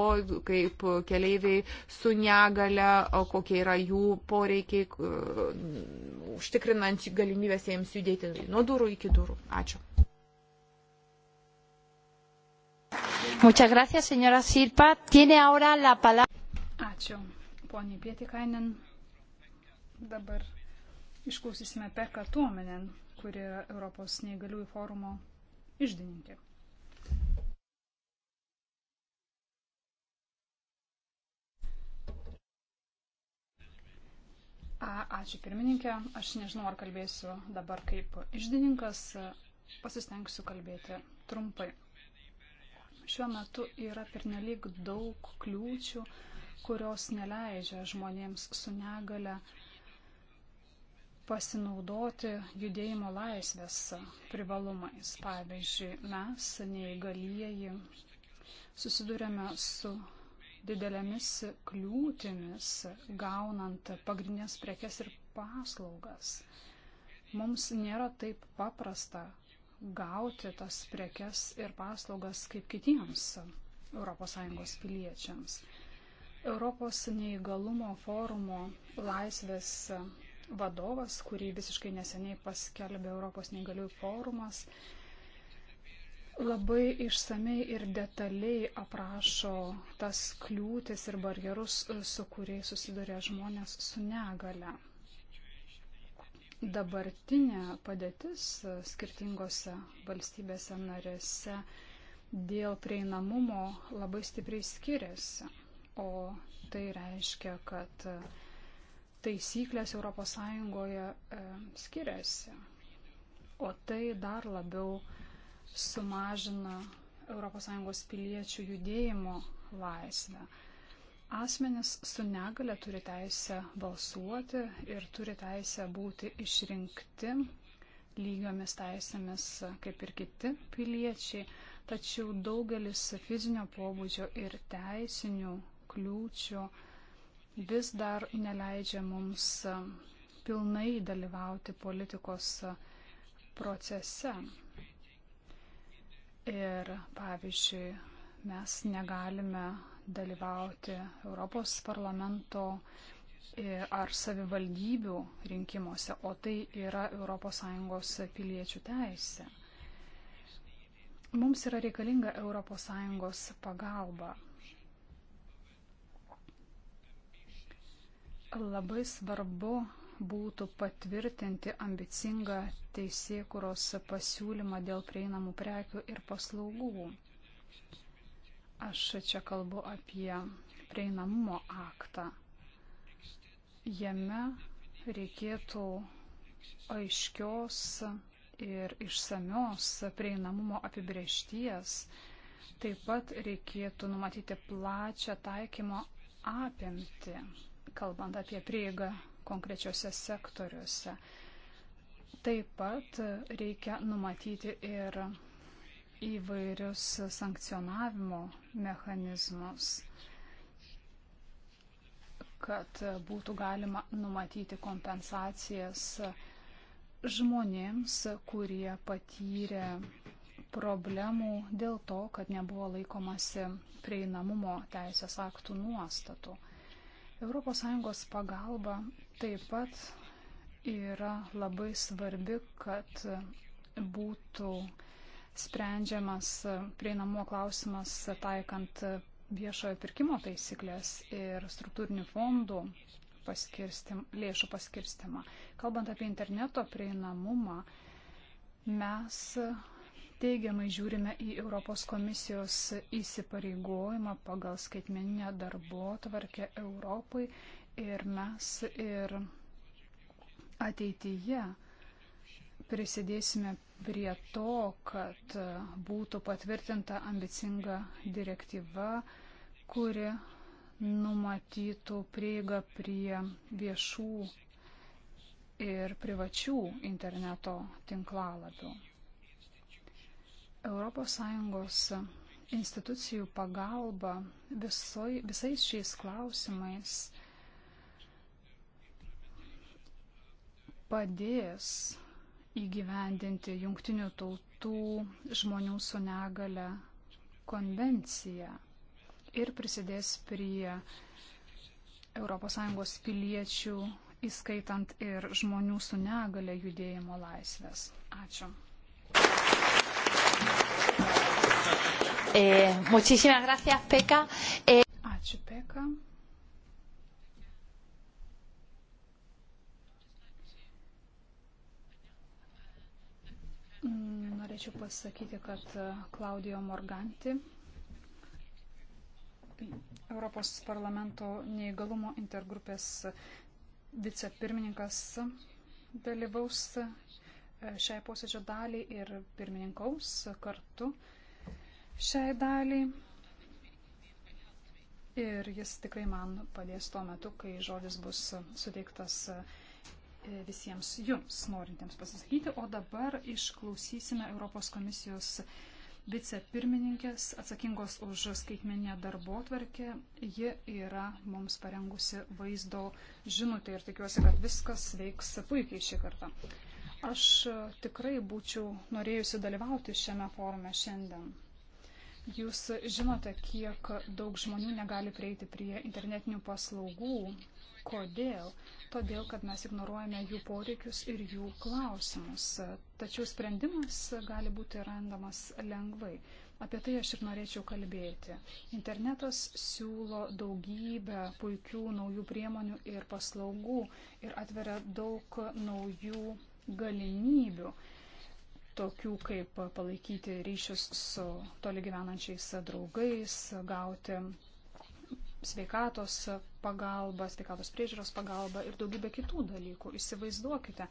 kaip keleiviai su negale, kokie yra jų poreikiai, užtikrinant galimybės jiems judėti nuo durų iki durų. Ačiū. Muchas gracias, señora Sirpa. Tiene ahora la palabra. Ačiū, poniai Pietikainen. Dabar išklausysime Pekka Tuomenen, kuri yra Europos neįgaliųjų forumo išdininkė. A, ačiū pirmininkė. Aš nežinau, ar kalbėsiu dabar kaip išdininkas. Pasistengsiu kalbėti trumpai. Šiuo metu yra pernelyg daug kliūčių, kurios neleidžia žmonėms su negale pasinaudoti judėjimo laisvės privalumais. Pavyzdžiui, mes, neįgalieji, susidurėme su didelėmis kliūtimis gaunant pagrindinės prekes ir paslaugas. Mums nėra taip paprasta gauti tas prekes ir paslaugas kaip kitiems ES piliečiams. Europos neįgalumo forumo laisvės vadovas, kurį visiškai neseniai paskelbė Europos neįgaliųjų forumas, labai išsamei ir detaliai aprašo tas kliūtis ir barjerus, su kuriais susiduria žmonės su negale dabartinė padėtis e, skirtingose valstybėse narėse dėl prieinamumo labai stipriai skiriasi. O tai reiškia, kad e, taisyklės ES e, skiriasi. O tai dar labiau sumažina ES piliečių judėjimo laisvę. Asmenis su negale turi teisę balsuoti ir turi teisę būti išrinkti lygiomis teisėmis kaip ir kiti piliečiai, tačiau daugelis fizinio pobūdžio ir teisinių kliūčių vis dar neleidžia mums pilnai dalyvauti politikos procese. Ir pavyzdžiui, mes negalime dalyvauti Europos parlamento ar savivaldybių rinkimuose, o tai yra ES piliečių teisė. Mums yra reikalinga ES pagalba. Labai svarbu būtų patvirtinti ambicingą teisėkuros pasiūlymą dėl prieinamų prekių ir paslaugų. Aš čia kalbu apie prieinamumo aktą. Jame reikėtų aiškios ir išsamios prieinamumo apibriešties. Taip pat reikėtų numatyti plačią taikymo apimti, kalbant apie prieigą konkrečiose sektoriuose. Taip pat reikia numatyti ir įvairius sankcionavimo mechanizmus, kad būtų galima numatyti kompensacijas žmonėms, kurie patyrė problemų dėl to, kad nebuvo laikomasi prieinamumo teisės aktų nuostatų. ES pagalba taip pat yra labai svarbi, kad būtų uh, sprendžiamas prieinamumo klausimas taikant viešojo pirkimo taisyklės ir struktūrinių fondų paskirstim, lėšų paskirstimą. Kalbant apie interneto prieinamumą, mes teigiamai žiūrime į Europos komisijos įsipareigojimą pagal skaitmeninę darbo tvarkę Europai ir mes ir ateityje prisidėsime prie to, kad būtų patvirtinta ambicinga direktyva, kuri numatytų prieigą prie viešų ir privačių interneto tinklalapių. ES institucijų pagalba visoj, visais šiais klausimais padės įgyvendinti jungtinių tautų žmonių su negale konvenciją ir prisidės prie ES piliečių, įskaitant ir žmonių su negale judėjimo laisvės. Ačiū. Eh, muchísimas gracias, Peka. Eh... Ačiū, Peka. Mm, norėčiau pasakyti, kad Klaudijo e, Morganti, Europos parlamento neįgalumo intergrupės e, vicepirmininkas, dalyvaus e, šiai posėdžio daliai ir pirmininkaus kartu šiai daliai. Ir jis tikrai man padės tuo metu, kai žodis bus suteiktas E, visiems jums, norintiems pasisakyti. O dabar išklausysime Europos komisijos vicepirmininkės atsakingos už skaitmenę darbo tvarkę. Ji yra mums parengusi vaizdo žinutę ir tikiuosi, kad viskas veiks puikiai šį kartą. Aš tikrai būčiau norėjusi dalyvauti šiame forume šiandien. Jūs žinote, kiek daug žmonių negali prieiti prie internetinių paslaugų, Kodėl? Todėl, kad mes ignoruojame jų poreikius ir jų klausimus. Tačiau sprendimas gali būti randamas lengvai. Apie tai aš ir norėčiau kalbėti. Internetas siūlo daugybę puikių naujų priemonių ir paslaugų ir atveria daug naujų galimybių. Tokių kaip palaikyti ryšius su toli gyvenančiais draugais, gauti sveikatos pagalba, sveikatos priežiūros pagalba ir daugybė kitų dalykų. Įsivaizduokite,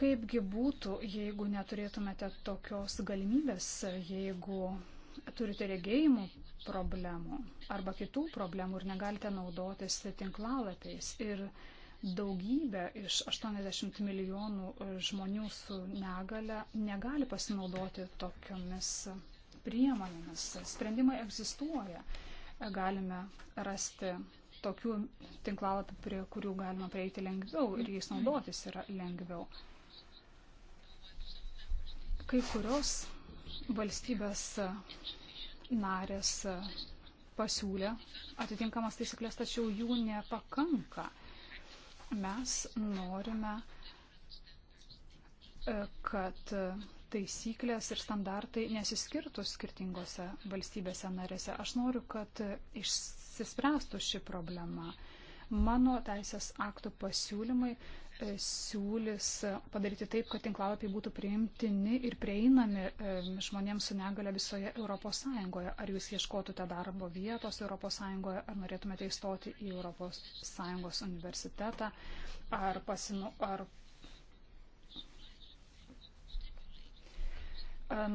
kaipgi būtų, jeigu neturėtumėte tokios galimybės, jeigu turite regėjimų problemų arba kitų problemų ir negalite naudotis tinklalapiais. Ir daugybė iš 80 milijonų žmonių su negale negali pasinaudoti tokiomis priemonėmis. Sprendimai egzistuoja galime rasti tokių tinklalapių, prie kurių galima prieiti lengviau ir jais naudotis yra lengviau. Kai kurios valstybės narės pasiūlė atitinkamas taisyklės, tačiau jų nepakanka. Mes norime, kad taisyklės ir standartai nesiskirtų skirtingose valstybėse narėse. Aš noriu, kad išsispręstų ši problema. Mano teisės aktų pasiūlymai e, siūlis padaryti taip, kad tinklalapiai būtų priimtini ir prieinami e, žmonėms su negale visoje ES. Ar jūs ieškotumėte darbo vietos ES, ar norėtumėte įstoti į ES universitetą, ar, pasinu, ar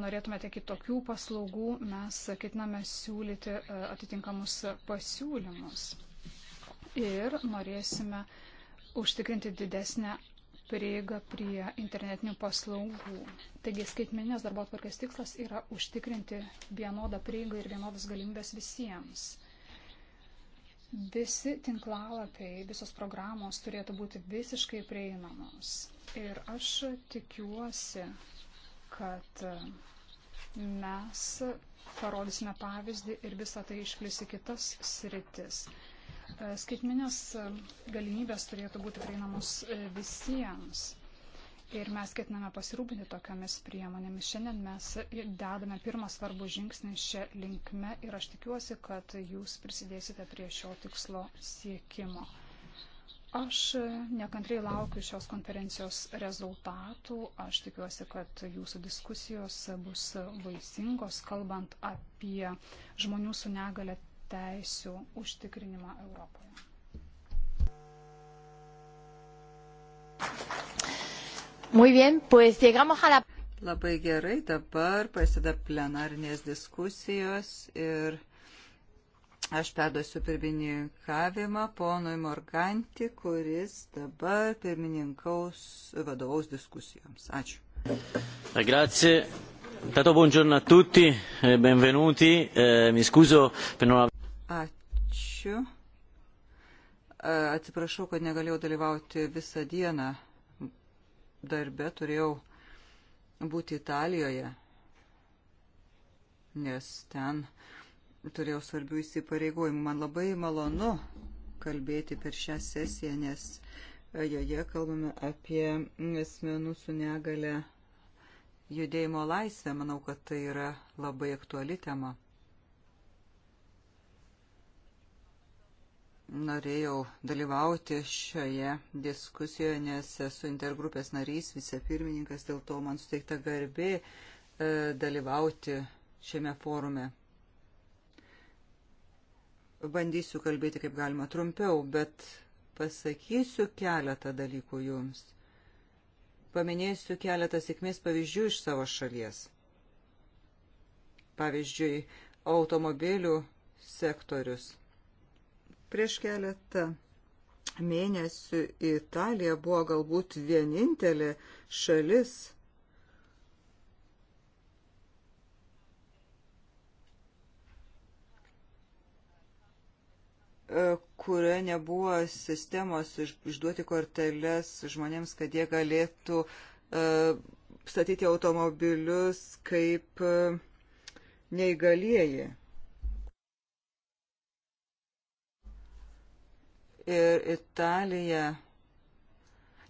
norėtumėte kitokių paslaugų, mes ketiname siūlyti atitinkamus pasiūlymus. Ir norėsime užtikrinti didesnę prieigą prie internetinių paslaugų. Taigi skaitmeninės darbo atvarkės tikslas yra užtikrinti vienodą prieigą ir vienodas galimybės visiems. Visi tinklalapiai, visos programos turėtų būti visiškai prieinamos. Ir aš tikiuosi, kad e, mes parodysime pavyzdį ir visą tai išplis į kitas sritis. E, skaitminės e, galimybės turėtų būti prieinamos visiems. Ir mes ketiname pasirūpinti tokiamis priemonėmis. Šiandien mes dedame pirmą svarbų žingsnį šią linkmę ir aš tikiuosi, kad jūs prisidėsite prie šio tikslo siekimo. Aš nekantrai laukiu šios konferencijos rezultatų. Aš tikiuosi, kad jūsų diskusijos bus vaisingos, kalbant apie žmonių su negale teisų užtikrinimą Europoje. Muy bien, pues llegamos a la... Labai gerai, dabar prasideda plenarnės diskusijos ir Aš perduosiu pirmininkavimą ponui Morganti, kuris dabar pirmininkaus vadovaus diskusijoms. Ačiū. Eh, grazie. Tato buongiorno a tutti, eh, benvenuti. Eh, mi scuso per non aver. Ačiū. Eh, atsiprašau, kad negalėjau dalyvauti visą dieną darbe, turėjau būti Italijoje, nes ten turėjau svarbių įsipareigojimų. Man labai malonu kalbėti per šią sesiją, nes e, joje kalbame apie asmenų su negale judėjimo laisvę. Manau, kad tai yra labai aktuali tema. Norėjau dalyvauti šioje diskusijoje, nes esu intergrupės narys, vicepirmininkas, dėl to man suteikta garbė e, dalyvauti šiame forume. Bandysiu kalbėti kaip galima trumpiau, bet pasakysiu keletą dalykų jums. Paminėsiu keletą sėkmės pavyzdžių iš savo šalies. Pavyzdžiui, automobilių sektorius. Prieš keletą mėnesių Italija buvo galbūt vienintelė šalis E, kurioje nebuvo sistemos išduoti korteles žmonėms, kad jie galėtų e, statyti automobilius kaip e, neįgalieji. Ir Italija.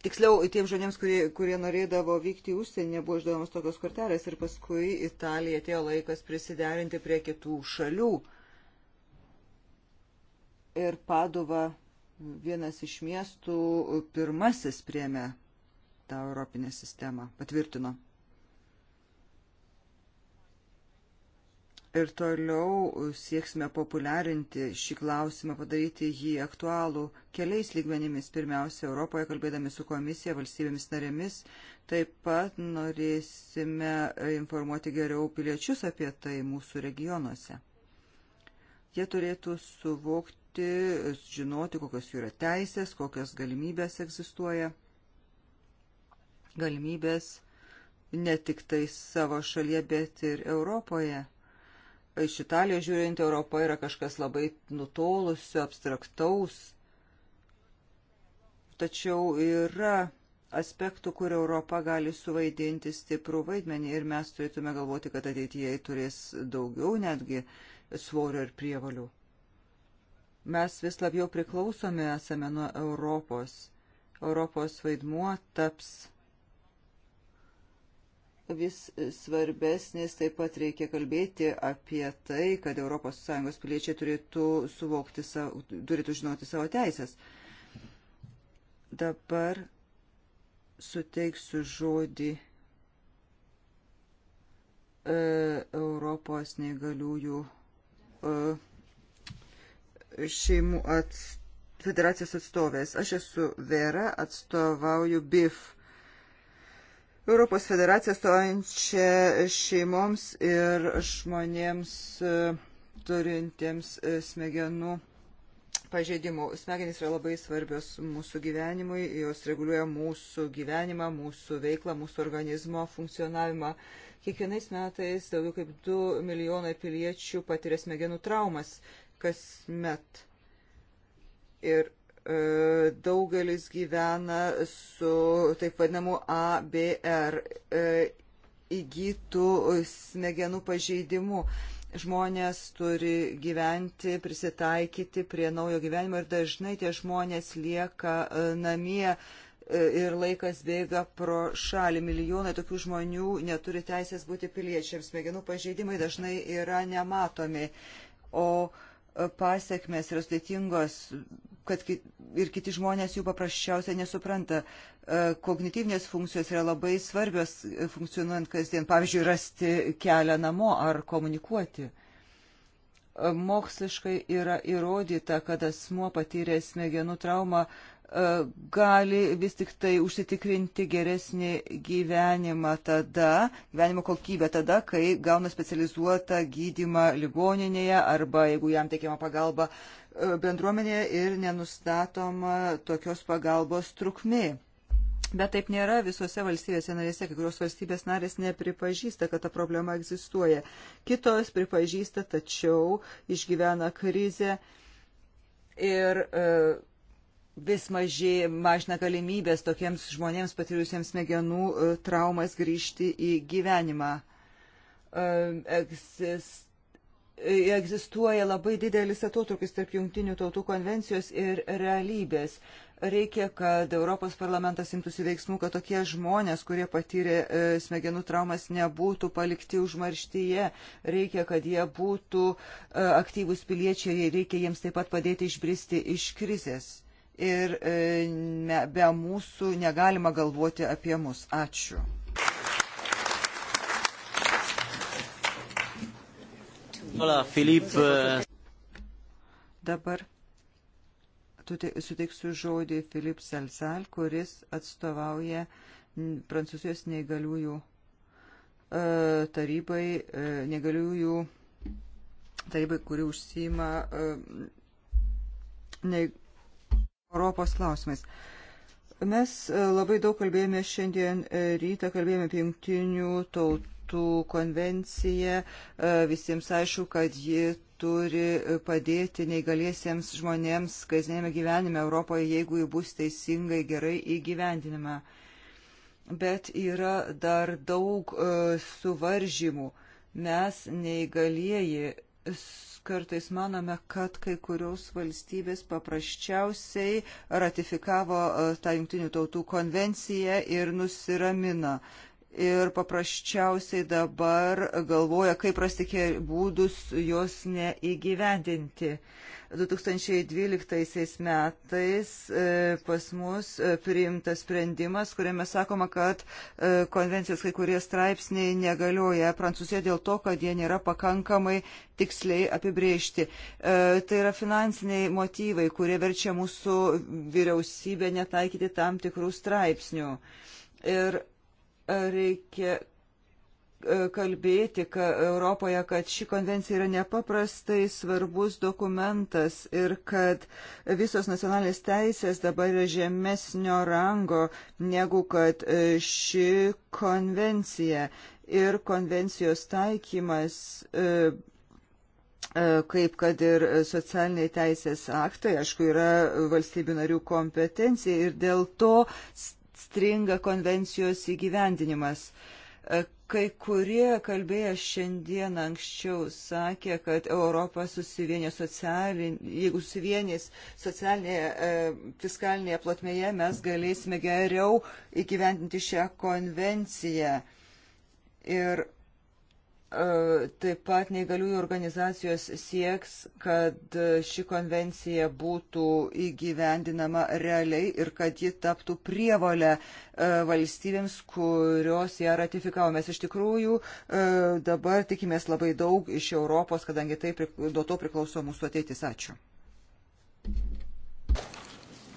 Tiksliau, tiems žmonėms, kurie, kurie norėdavo vykti į užsienį, nebuvo išduodamos tokios kortelės ir paskui Italija atėjo laikas prisiderinti prie kitų šalių. Uh, ir Paduva, vienas iš miestų, pirmasis priemė tą europinę sistemą, patvirtino. Ir toliau sieksime populiarinti šį klausimą, padaryti jį aktualų keliais lygmenimis, pirmiausia, Europoje, kalbėdami su komisija, valstybėmis narėmis. Taip pat norėsime informuoti geriau piliečius apie tai mūsų regionuose. Jie turėtų suvokti dirbti, žinoti, kokios jų yra teisės, kokios galimybės egzistuoja. Galimybės ne tik tai savo šalyje, bet ir Europoje. Iš Italijos žiūrint, Europa yra kažkas labai nutolusio, abstraktaus. Tačiau yra aspektų, kur Europa gali suvaidinti stiprų vaidmenį ir mes turėtume galvoti, kad ateityje turės daugiau netgi svorio ir prievalių. Mes vis labiau priklausomi esame nuo Europos. Europos vaidmuo taps vis svarbesnis, taip pat reikia kalbėti apie tai, kad ES piliečiai turėtų, suvokti, savo, turėtų žinoti savo teisės. Dabar suteiksiu žodį e, Europos negaliųjų e, šeimų atstovų federacijos atstovės. Aš esu Vera, atstovauju BIF. Europos federaciją atstovaujančią šeimoms ir žmonėms e, turintiems e, smegenų pažeidimų. Smegenys yra labai svarbios mūsų gyvenimui, jos reguliuoja mūsų gyvenimą, mūsų veiklą, mūsų organizmo funkcionavimą. Kiekvienais metais daugiau kaip 2 milijonai piliečių patiria smegenų traumas kasmet. Ir e, daugelis gyvena su taip vadinamu ABR e, įgytų smegenų pažeidimu. Žmonės turi gyventi, prisitaikyti prie naujo gyvenimo ir dažnai tie žmonės lieka e, namie e, ir laikas bėga pro šalį. Milijonai tokių žmonių neturi teisės būti piliečiams. Smegenų pažeidimai dažnai yra nematomi. O uh, pasiekmes yra sudėtingos, kad ir kiti žmonės jų paprasčiausiai nesupranta. E, kognityvinės funkcijos yra labai svarbios e, funkcionuojant kasdien, pavyzdžiui, rasti kelią namo ar komunikuoti. E, moksliškai yra įrodyta, kad asmuo patyrė smegenų traumą gali vis tik tai užsitikrinti geresnį gyvenimą tada, gyvenimo kokybę tada, kai gauna specializuotą gydimą ligoninėje arba jeigu jam teikiama pagalba e, bendruomenėje ir nenustatoma tokios pagalbos trukmė. Bet taip nėra visose valstybėse narėse, kai kurios valstybės narės nepripažįsta, kad ta problema egzistuoja. Kitos pripažįsta, tačiau išgyvena krizę ir e, vis mažiai mažina galimybės tokiems žmonėms patyrusiems smegenų e, traumas grįžti į gyvenimą. E, Egzist, e, egzistuoja labai didelis atotrukis tarp jungtinių tautų konvencijos ir realybės. Reikia, kad Europos parlamentas imtųsi veiksmų, kad tokie žmonės, kurie patyrė smegenų traumas, nebūtų palikti užmarštyje. Reikia, kad jie būtų aktyvūs piliečiai ir reikia jiems taip pat padėti išbristi iš krizės ir e, ne, be mūsų negalima galvoti apie mus. Ačiū. Hola, Filip. Dabar euh, suteiksiu žodį Filip Selsal, kuris atstovauja Prancūzijos neįgaliųjų e, tarybai, e, neįgaliųjų tarybai, kuri užsima neįgaliųjų Europos klausimais. Mes e, labai daug kalbėjome šiandien e, rytą, kalbėjome apie jungtinių tautų konvenciją. E, visiems aišku, kad ji turi padėti neįgaliesiems žmonėms kasdienėme gyvenime Europoje, jeigu ji bus teisingai gerai įgyvendinama. Bet yra dar daug suvaržymų. Mes neįgalieji kartais manome, kad kai kurios valstybės paprasčiausiai ratifikavo e, tą jungtinių tautų konvenciją ir nusiramina ir paprasčiausiai dabar galvoja, kaip rasti būdus jos neįgyvendinti. 2012 metais e, pas mus e, priimtas sprendimas, kuriame sakoma, kad e, konvencijos kai kurie straipsniai negalioja Prancūzija dėl to, kad jie nėra pakankamai tiksliai apibriežti. Tai yra finansiniai motyvai, kurie verčia mūsų vyriausybę netaikyti tam tikrų straipsnių. Ir reikia e, kalbėti ka Europoje, kad ši konvencija yra nepaprastai svarbus dokumentas ir kad visos nacionalinės teisės dabar yra žemesnio rango negu kad e, ši konvencija. Ir konvencijos taikymas, e, kaip kad ir socialiniai teisės aktai, aišku, yra valstybių narių kompetencija ir dėl to stringa konvencijos įgyvendinimas. E, kai kurie kalbėję šiandien anksčiau sakė, kad Europa susivienė socialin, jeigu susivienys socialinėje, e, fiskalinėje plotmėje, mes galėsime geriau įgyvendinti šią konvenciją. Ir E, taip pat neįgaliųjų organizacijos sieks, kad ši konvencija būtų įgyvendinama realiai ir kad ji taptų prievolę e, valstybėms, kurios ją ratifikavo. Mes iš tikrųjų e, dabar tikimės labai daug iš Europos, kadangi tai nuo to priklauso mūsų ateitis. Ačiū.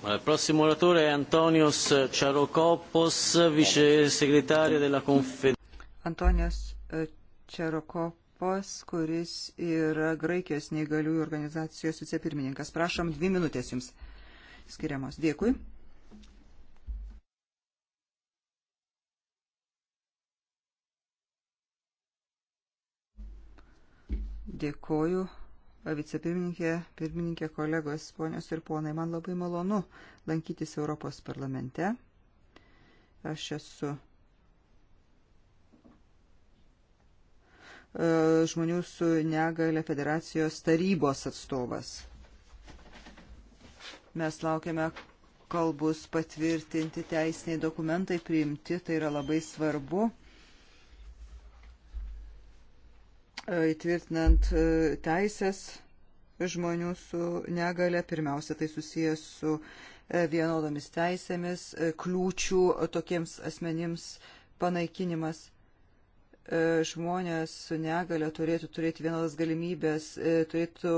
Il prossimo oratore è Antonios Ciarocopos, vice segretario della Confederazione. Antonios Čerokopos, kuris yra Graikijos neįgaliųjų organizacijos vicepirmininkas. Prašom, dvi minutės jums skiriamos. Dėkui. Dėkoju, vicepirmininkė, pirmininkė, kolegos, ponios ir ponai. Man labai malonu lankytis Europos parlamente. Aš esu E, žmonių su negale federacijos tarybos atstovas. Mes laukiame, kol bus patvirtinti teisiniai dokumentai priimti, tai yra labai svarbu. E, įtvirtinant e, teisės žmonių su negale, pirmiausia, tai susijęs su vienodomis teisėmis, kliūčių tokiems asmenims panaikinimas E, žmonės su negale turėtų turėti vienodas galimybės, e, turėtų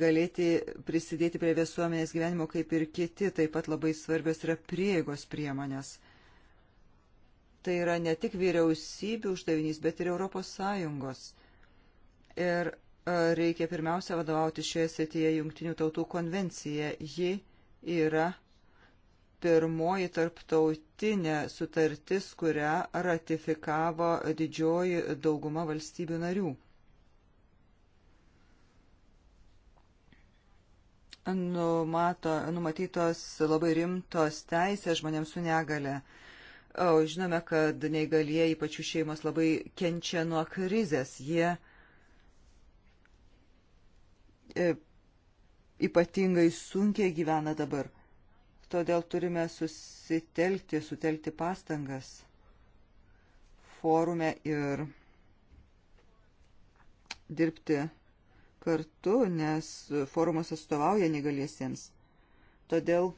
galėti prisidėti prie visuomenės gyvenimo kaip ir kiti, taip pat labai svarbios yra prieigos priemonės. Tai yra ne tik vyriausybių uždavinys, bet ir Europos Sąjungos. Ir e, reikia pirmiausia vadovauti šioje srityje Junktinių tautų konvencija. Ji yra pirmoji tarptautinė sutartis, kurią ratifikavo didžioji dauguma valstybių narių. Numato, numatytos labai rimtos teisės žmonėms su negale. O, žinome, kad neįgalieji pačių šeimos labai kenčia nuo krizės. Jie e, ypatingai sunkiai gyvena dabar todėl turime susitelkti, sutelkti pastangas forume ir dirbti kartu, nes forumas atstovauja negaliesiems. Todėl e,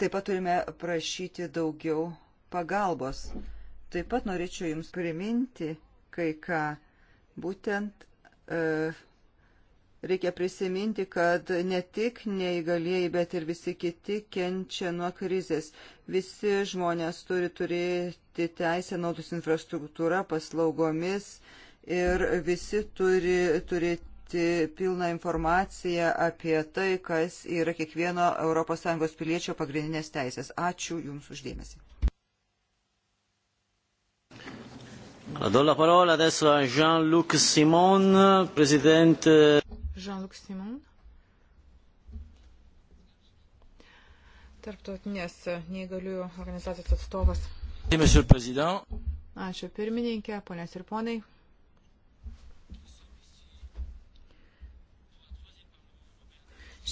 taip pat turime prašyti daugiau pagalbos. Taip pat norėčiau Jums priminti kai ką, būtent e, Reikia prisiminti, kad ne tik neįgalieji, bet ir visi kiti kenčia nuo krizės. Visi žmonės turi turėti teisę naudotis infrastruktūra, paslaugomis ir visi turi turėti pilną informaciją apie tai, kas yra kiekvieno ES piliečio pagrindinės teisės. Ačiū Jums uždėmesi. Do la parola adesso a Jean-Luc Simon, presidente Jean-Luc Simon. Tarptautinės neįgaliųjų organizacijos atstovas. Ačiū pirmininkė, ponės ir ponai.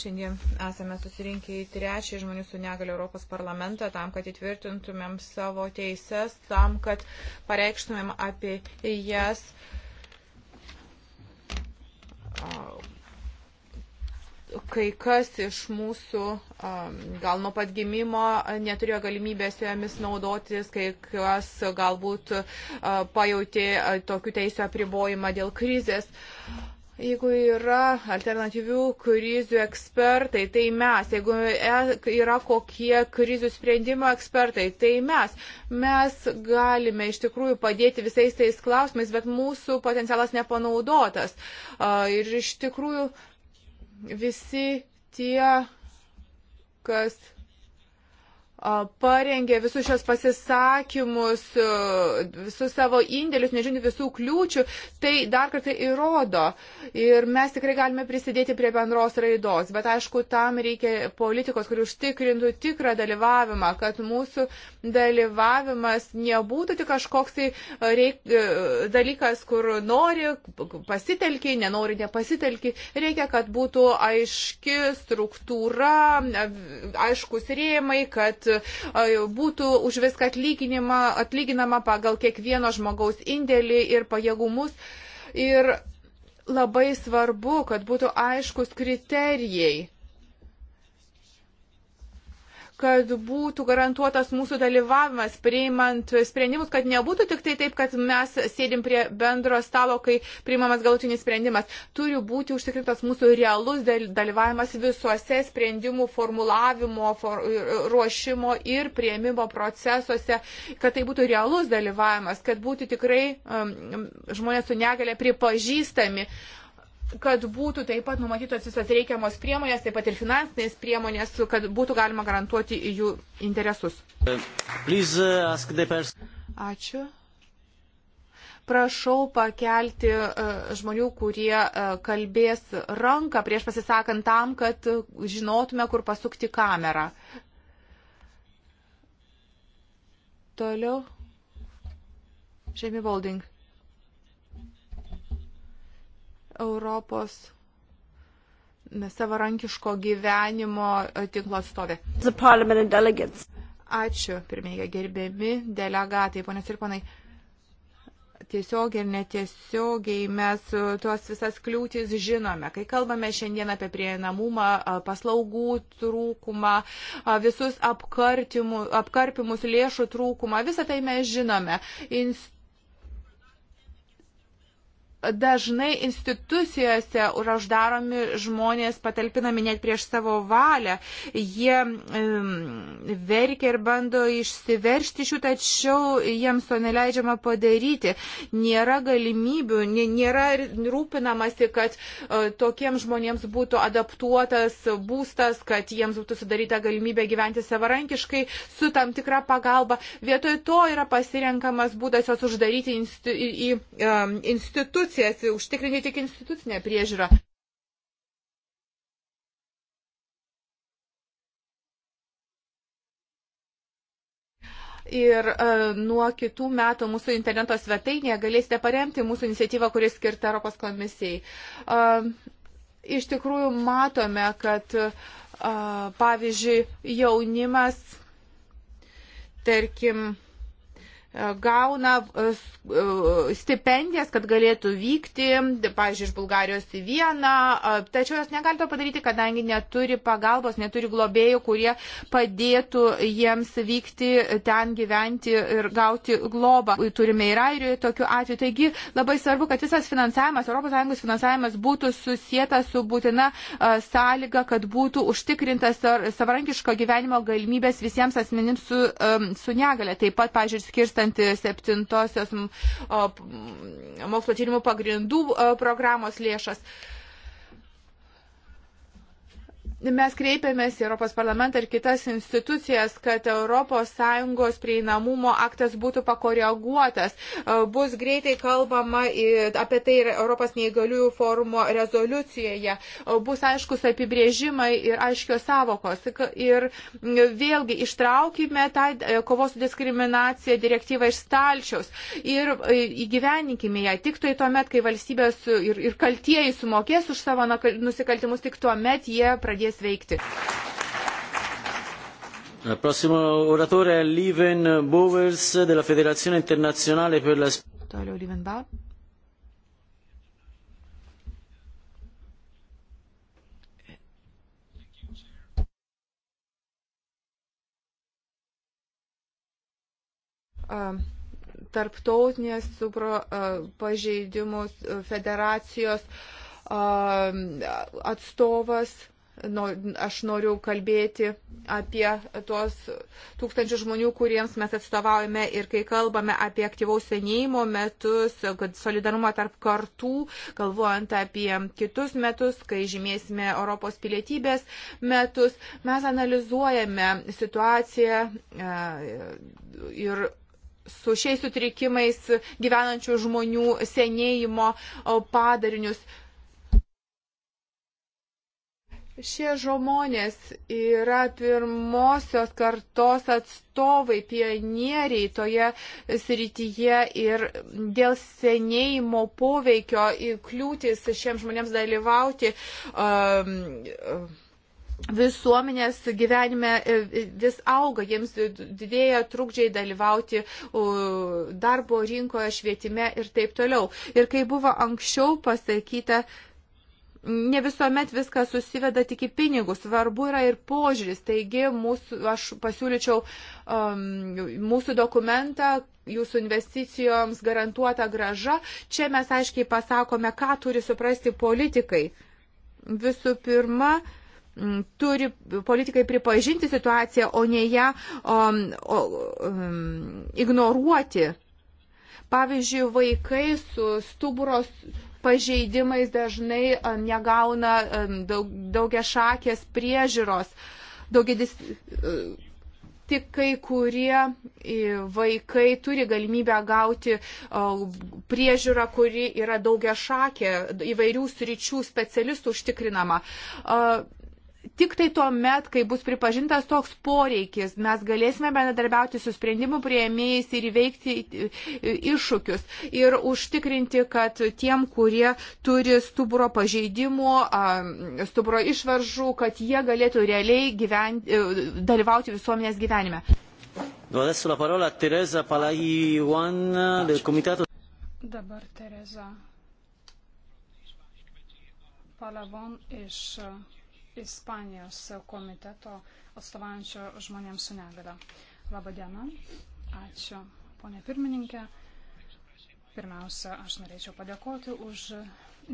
Šiandien esame susirinkę į trečią žmonių su negaliu Europos parlamentą tam, kad įtvirtintumėm savo teises, tam, kad pareikštumėm apie jas kai kas iš mūsų gal nuo pat gimimo neturėjo galimybės jomis naudotis, kai kas galbūt pajautė tokių teisų apribojimą dėl krizės. Jeigu yra alternatyvių krizių ekspertai, tai mes. Jeigu e, yra kokie krizių sprendimo ekspertai, tai mes. Mes galime iš tikrųjų padėti visais tais klausimais, bet mūsų potencialas nepanaudotas. Ir iš tikrųjų visi tie, kas parengė visus šios pasisakymus, visus savo indėlius, nežinau, visų kliūčių, tai dar kartą įrodo. Ir mes tikrai galime prisidėti prie bendros raidos. Bet aišku, tam reikia politikos, kuri užtikrintų tikrą dalyvavimą, kad mūsų dalyvavimas nebūtų tik kažkoks tai reik, dalykas, kur nori, pasitelki, nenori, nepasitelki. Reikia, kad būtų aiški struktūra, aiškus rėmai, kad būtų už viską atlyginama pagal kiekvieno žmogaus indėlį ir pajėgumus. Ir labai svarbu, kad būtų aiškus kriterijai kad būtų garantuotas mūsų dalyvavimas, priimant sprendimus, kad nebūtų tik tai taip, kad mes sėdim prie bendro stalo, kai priimamas galutinis sprendimas. Turi būti užtikrintas mūsų realus dalyvavimas visuose sprendimų formulavimo, for, ruošimo ir prieimimo procesuose, kad tai būtų realus dalyvavimas, kad būtų tikrai um, žmonės su negale pripažįstami. Uh, kad būtų taip pat numatytos visos reikiamos priemonės, taip pat ir finansinės priemonės, kad būtų galima garantuoti jų interesus. Uh, Ačiū. Prašau pakelti uh, žmonių, kurie uh, kalbės ranką prieš pasisakant tam, kad žinotume, kur pasukti kamerą. Toliau. Žemi Bolding. Europos savarankiško gyvenimo e, tinklo atstovė. Ačiū, pirmieji gerbiami delegatai, ponės ir ponai tiesiog ir netiesiogiai mes e, tuos visas kliūtis žinome. Kai kalbame šiandien apie prieinamumą, e, paslaugų trūkumą, visus apkarpimus, lėšų trūkumą, visą tai mes žinome. Inst dažnai institucijose yra uždaromi žmonės, patalpinami net prieš savo valią. Jie um, verkia ir bando išsiveršti iš jų, tačiau jiems to neleidžiama padaryti. Nėra galimybių, nėra rūpinamasi, kad uh, tokiems žmonėms būtų adaptuotas būstas, kad jiems būtų sudaryta galimybė gyventi savarankiškai su tam tikra pagalba. Vietoj to yra pasirenkamas būdas jos uždaryti insti, į, į, um, instituciją institucijas, tai užtikrinti tik institucinę priežiūrą. Ir uh, nuo kitų metų mūsų interneto svetainėje galėsite paremti mūsų iniciatyvą, kuris skirta Europos komisijai. Uh, iš tikrųjų matome, kad uh, pavyzdžiui jaunimas, tarkim, uh, gauna e, e, stipendijas, kad galėtų vykti, pavyzdžiui, iš Bulgarijos į vieną, e, tačiau jos negali to padaryti, kadangi neturi pagalbos, neturi globėjų, kurie padėtų jiems vykti ten gyventi ir gauti globą. Turime ir Airijoje tokių atvejų. Taigi labai svarbu, kad visas finansavimas, ES finansavimas būtų susijęta su būtina sąlyga, kad būtų užtikrintas savarankiško gyvenimo galimybės visiems asmenims su, su negale. Taip pat, pavyzdžiui, skirsta 2007 mokslo tyrimų pagrindų programos lėšas. Uh, mes kreipiamės į Europos parlamentą ir kitas institucijas, kad ES prieinamumo aktas būtų pakoreguotas. E, bus greitai kalbama apie tai ir Europos neįgaliųjų forumo rezoliucijoje. E, bus aiškus apibrėžimai ir aiškios savokos. Ir vėlgi ištraukime tą e, kovos su diskriminacija direktyvą iš stalčiaus ir įgyveninkime ją tik tai tuomet, kai valstybės ir, ir kaltieji sumokės už savo nusikaltimus, tik tuomet jie pradės pradės veikti. Il prossimo oratore è Liven Bowers della Federazione Internazionale per la Toliau Liven Bowers. Tarptautinės supro pažeidimus federacijos atstovas no, aš noriu kalbėti apie tuos tūkstančius žmonių, kuriems mes atstovaujame ir kai kalbame apie aktyvaus senėjimo metus, kad solidarumą tarp kartų, galvojant apie kitus metus, kai žymėsime Europos pilietybės metus, mes analizuojame situaciją e, ir su šiais sutrikimais gyvenančių žmonių senėjimo e, padarinius. Šie žmonės yra pirmosios kartos atstovai, pionieriai toje srityje ir dėl senėjimo poveikio įkliūtis šiems žmonėms dalyvauti. Um, Visuomenės gyvenime e, vis auga, jiems didėja trukdžiai dalyvauti darbo rinkoje, švietime ir taip toliau. Ir kai buvo anksčiau pasakyta, uh, ne visuomet viskas susiveda tik į pinigus, svarbu yra ir požiūris. Taigi, mūsų, aš pasiūlyčiau um, mūsų dokumentą, jūsų investicijoms garantuota graža. Čia mes aiškiai pasakome, ką turi suprasti politikai. Visų pirma, turi politikai pripažinti situaciją, o ne ją um, um, ignoruoti. Pavyzdžiui, vaikai su stuburos pažeidimais dažnai um, negauna um, daug, daugia šakės priežiūros. Daugedis, uh, tik kai kurie vaikai turi galimybę gauti uh, priežiūrą, kuri yra daugia šakė, įvairių sričių specialistų užtikrinama. Uh, Tik tai tuo met, kai bus pripažintas toks poreikis, mes galėsime bendradarbiauti su sprendimų prieėmėjais ir įveikti iššūkius ir užtikrinti, kad tiem, kurie turi stuburo pažeidimų, stuburo išvaržų, kad jie galėtų realiai gyventi, e, dalyvauti visuomenės gyvenime. Dabar Tereza Palavon iš Ispanijos komiteto atstovaujančio žmonėms su negada. Labadiena, ačiū ponė pirmininkė. Pirmiausia, aš norėčiau padėkoti už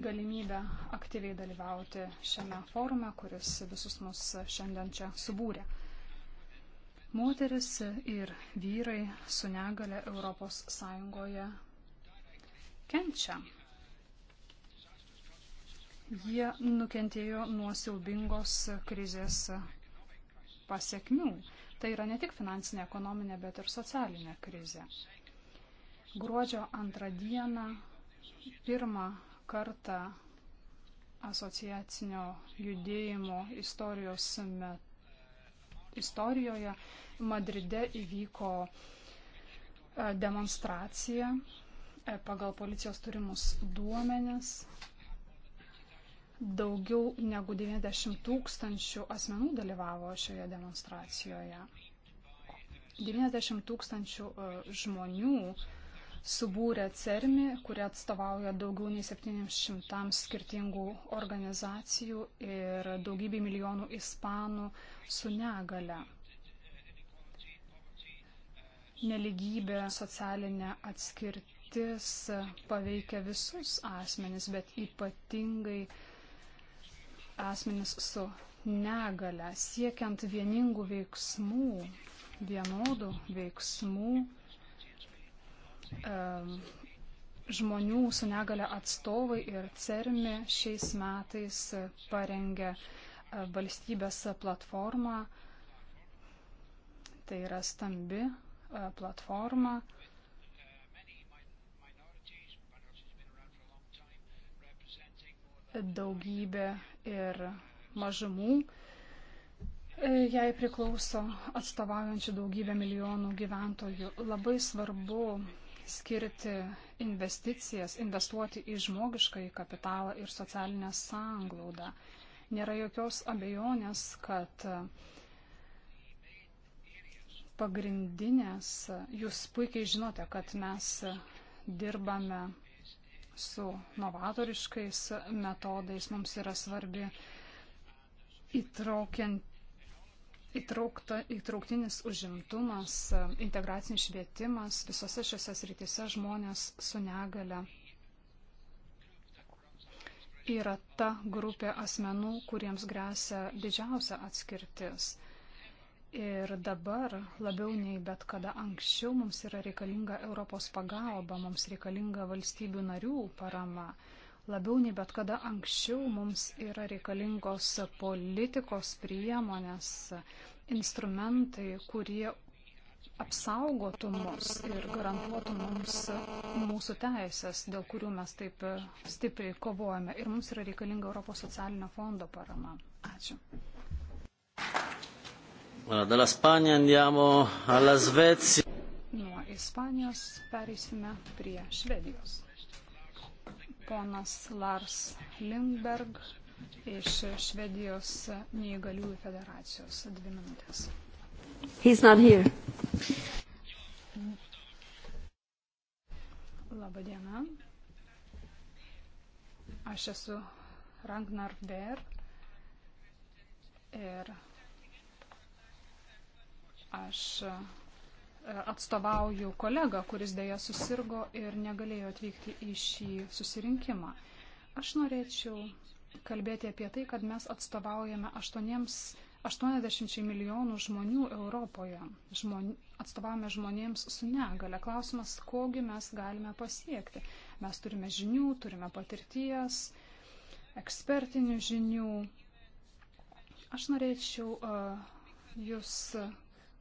galimybę aktyviai dalyvauti šiame forume, kuris visus mus šiandien čia subūrė. Moteris ir vyrai su negale ES kenčia Jie nukentėjo nuo siaubingos krizės pasiekmių. Tai yra ne tik finansinė, ekonominė, bet ir socialinė krizė. Gruodžio antrą dieną pirmą kartą asociacinio judėjimo istorijos metu istorijoje Madride įvyko e, demonstracija e, pagal policijos turimus duomenis Daugiau negu 90 tūkstančių asmenų dalyvavo šioje demonstracijoje. 90 tūkstančių e, žmonių subūrė CERMI, kurie atstovauja daugiau nei 700 skirtingų organizacijų ir daugybė milijonų ispanų su negale. Neligybė, socialinė atskirtis paveikia visus asmenis, bet ypatingai uh, asmenys su negale, siekiant vieningų veiksmų, vienodų veiksmų žmonių su negale atstovai ir CERMI šiais metais parengė e, valstybės platformą. Tai yra stambi e, platforma. daugybė ir mažumų. E, jai priklauso atstovaujančių daugybę milijonų gyventojų. Labai svarbu skirti investicijas, investuoti į žmogišką į kapitalą ir socialinę sąnglaudą. Nėra jokios abejonės, kad pagrindinės, jūs puikiai žinote, kad mes dirbame su novatoriškais metodais mums yra svarbi įtraukiant, įtraukta, įtrauktinis užimtumas, integracinis švietimas, visose šiose srityse žmonės su negale yra ta grupė asmenų, kuriems grėsia didžiausia atskirtis. Ir dabar labiau nei bet kada anksčiau mums yra reikalinga Europos pagalba, mums reikalinga valstybių narių parama. Labiau nei bet kada anksčiau mums yra reikalingos politikos priemonės, instrumentai, kurie apsaugotų mus ir garantuotų mums mūsų teisės, dėl kurių mes taip stipriai kovojame. Ir mums yra reikalinga Europos socialinio fondo parama. Ačiū. Allora, dalla Spagna andiamo alla Svezia. Nuo Ispanijos pereisime prie Švedijos. Ponas Lars Lindberg iš Švedijos neįgaliųjų federacijos. Dvi minutės. He's not here. Labadiena. Aš esu Ragnar Ver ir Aš e, atstovauju kolegą, kuris dėja susirgo ir negalėjo atvykti į šį susirinkimą. Aš norėčiau kalbėti apie tai, kad mes atstovaujame 8, 80 milijonų žmonių Europoje. Žmon, atstovaujame žmonėms su negale. Klausimas, kogi mes galime pasiekti. Mes turime žinių, turime patirties, ekspertinių žinių. Aš norėčiau uh, jūs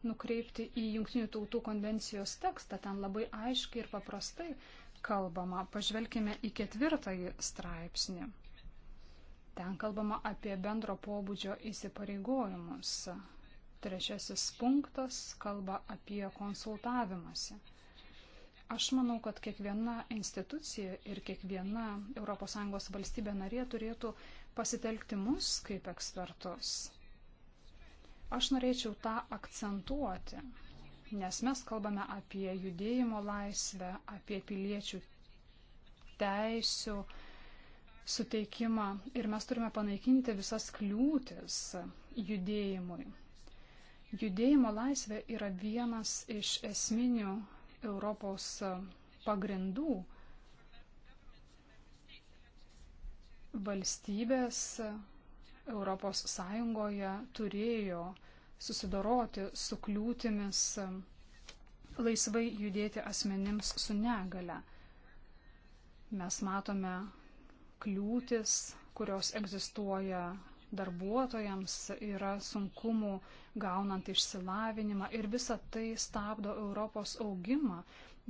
nukreipti į Junktinių tautų konvencijos tekstą. Ten labai aiškiai ir paprastai kalbama. Pažvelkime į ketvirtąjį straipsnį. Ten kalbama apie bendro pobūdžio įsipareigojimus. Trečiasis punktas kalba apie konsultavimąsi. Aš manau, kad kiekviena institucija ir kiekviena ES valstybė narė turėtų pasitelkti mus kaip ekspertus. Aš norėčiau tą akcentuoti, nes mes kalbame apie judėjimo laisvę, apie piliečių teisių suteikimą ir mes turime panaikinti visas kliūtis judėjimui. Judėjimo laisvė yra vienas iš esminių Europos pagrindų. Valstybės ES turėjo susidoroti su kliūtimis um, laisvai judėti asmenims su negale. Mes matome kliūtis, kurios egzistuoja darbuotojams, yra sunkumų gaunant išsilavinimą ir visa tai stabdo Europos augimą,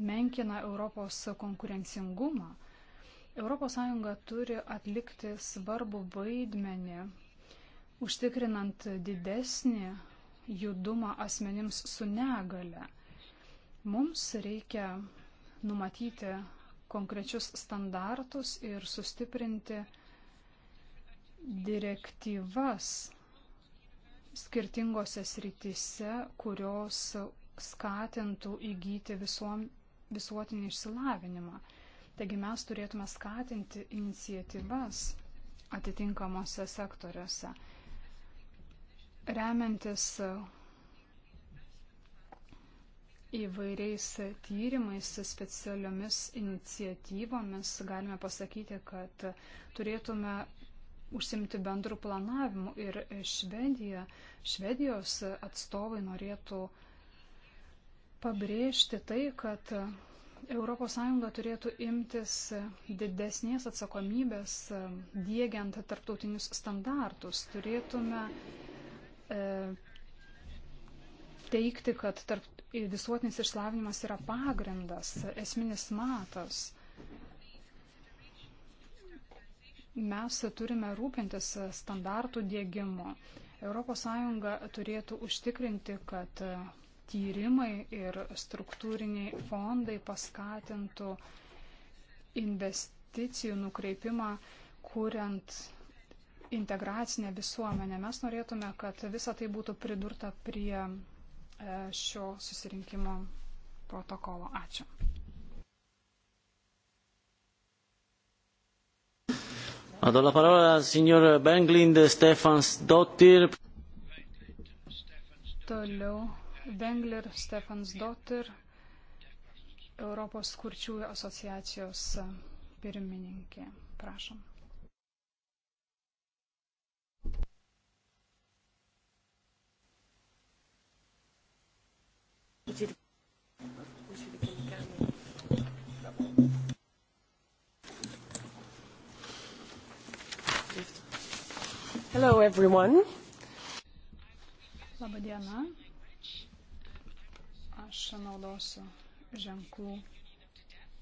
menkina Europos konkurencingumą. ES turi atlikti svarbų vaidmenį užtikrinant didesnį judumą asmenims su negale. Mums reikia numatyti konkrečius standartus ir sustiprinti direktyvas skirtingose srityse, kurios skatintų įgyti visuom, visuotinį išsilavinimą. Taigi mes turėtume skatinti iniciatyvas atitinkamuose sektoriuose. Remiantis įvairiais tyrimais, specialiomis iniciatyvomis galime pasakyti, kad turėtume užsimti bendrų planavimų ir Švedija, Švedijos atstovai norėtų pabrėžti tai, kad ES turėtų imtis didesnės atsakomybės dėgiant tarptautinius standartus. Turėtume E, teikti, kad tarp, visuotinis išslavinimas yra pagrindas, esminis matas. Mes turime rūpintis standartų dėgymu. ES turėtų užtikrinti, kad tyrimai ir struktūriniai fondai paskatintų investicijų nukreipimą, kuriant integracinę visuomenę. Mes norėtume, kad visa tai būtų pridurta prie e, šio susirinkimo protokolo. Ačiū. Do la parola signor Benglind Stefans Dottir. Toliau Bengler Stefans Dottir, Europos kurčiųjų asociacijos pirmininkė. Prašom. Giro. Hello everyone. Labą dieną. Aš naudosiu ženklų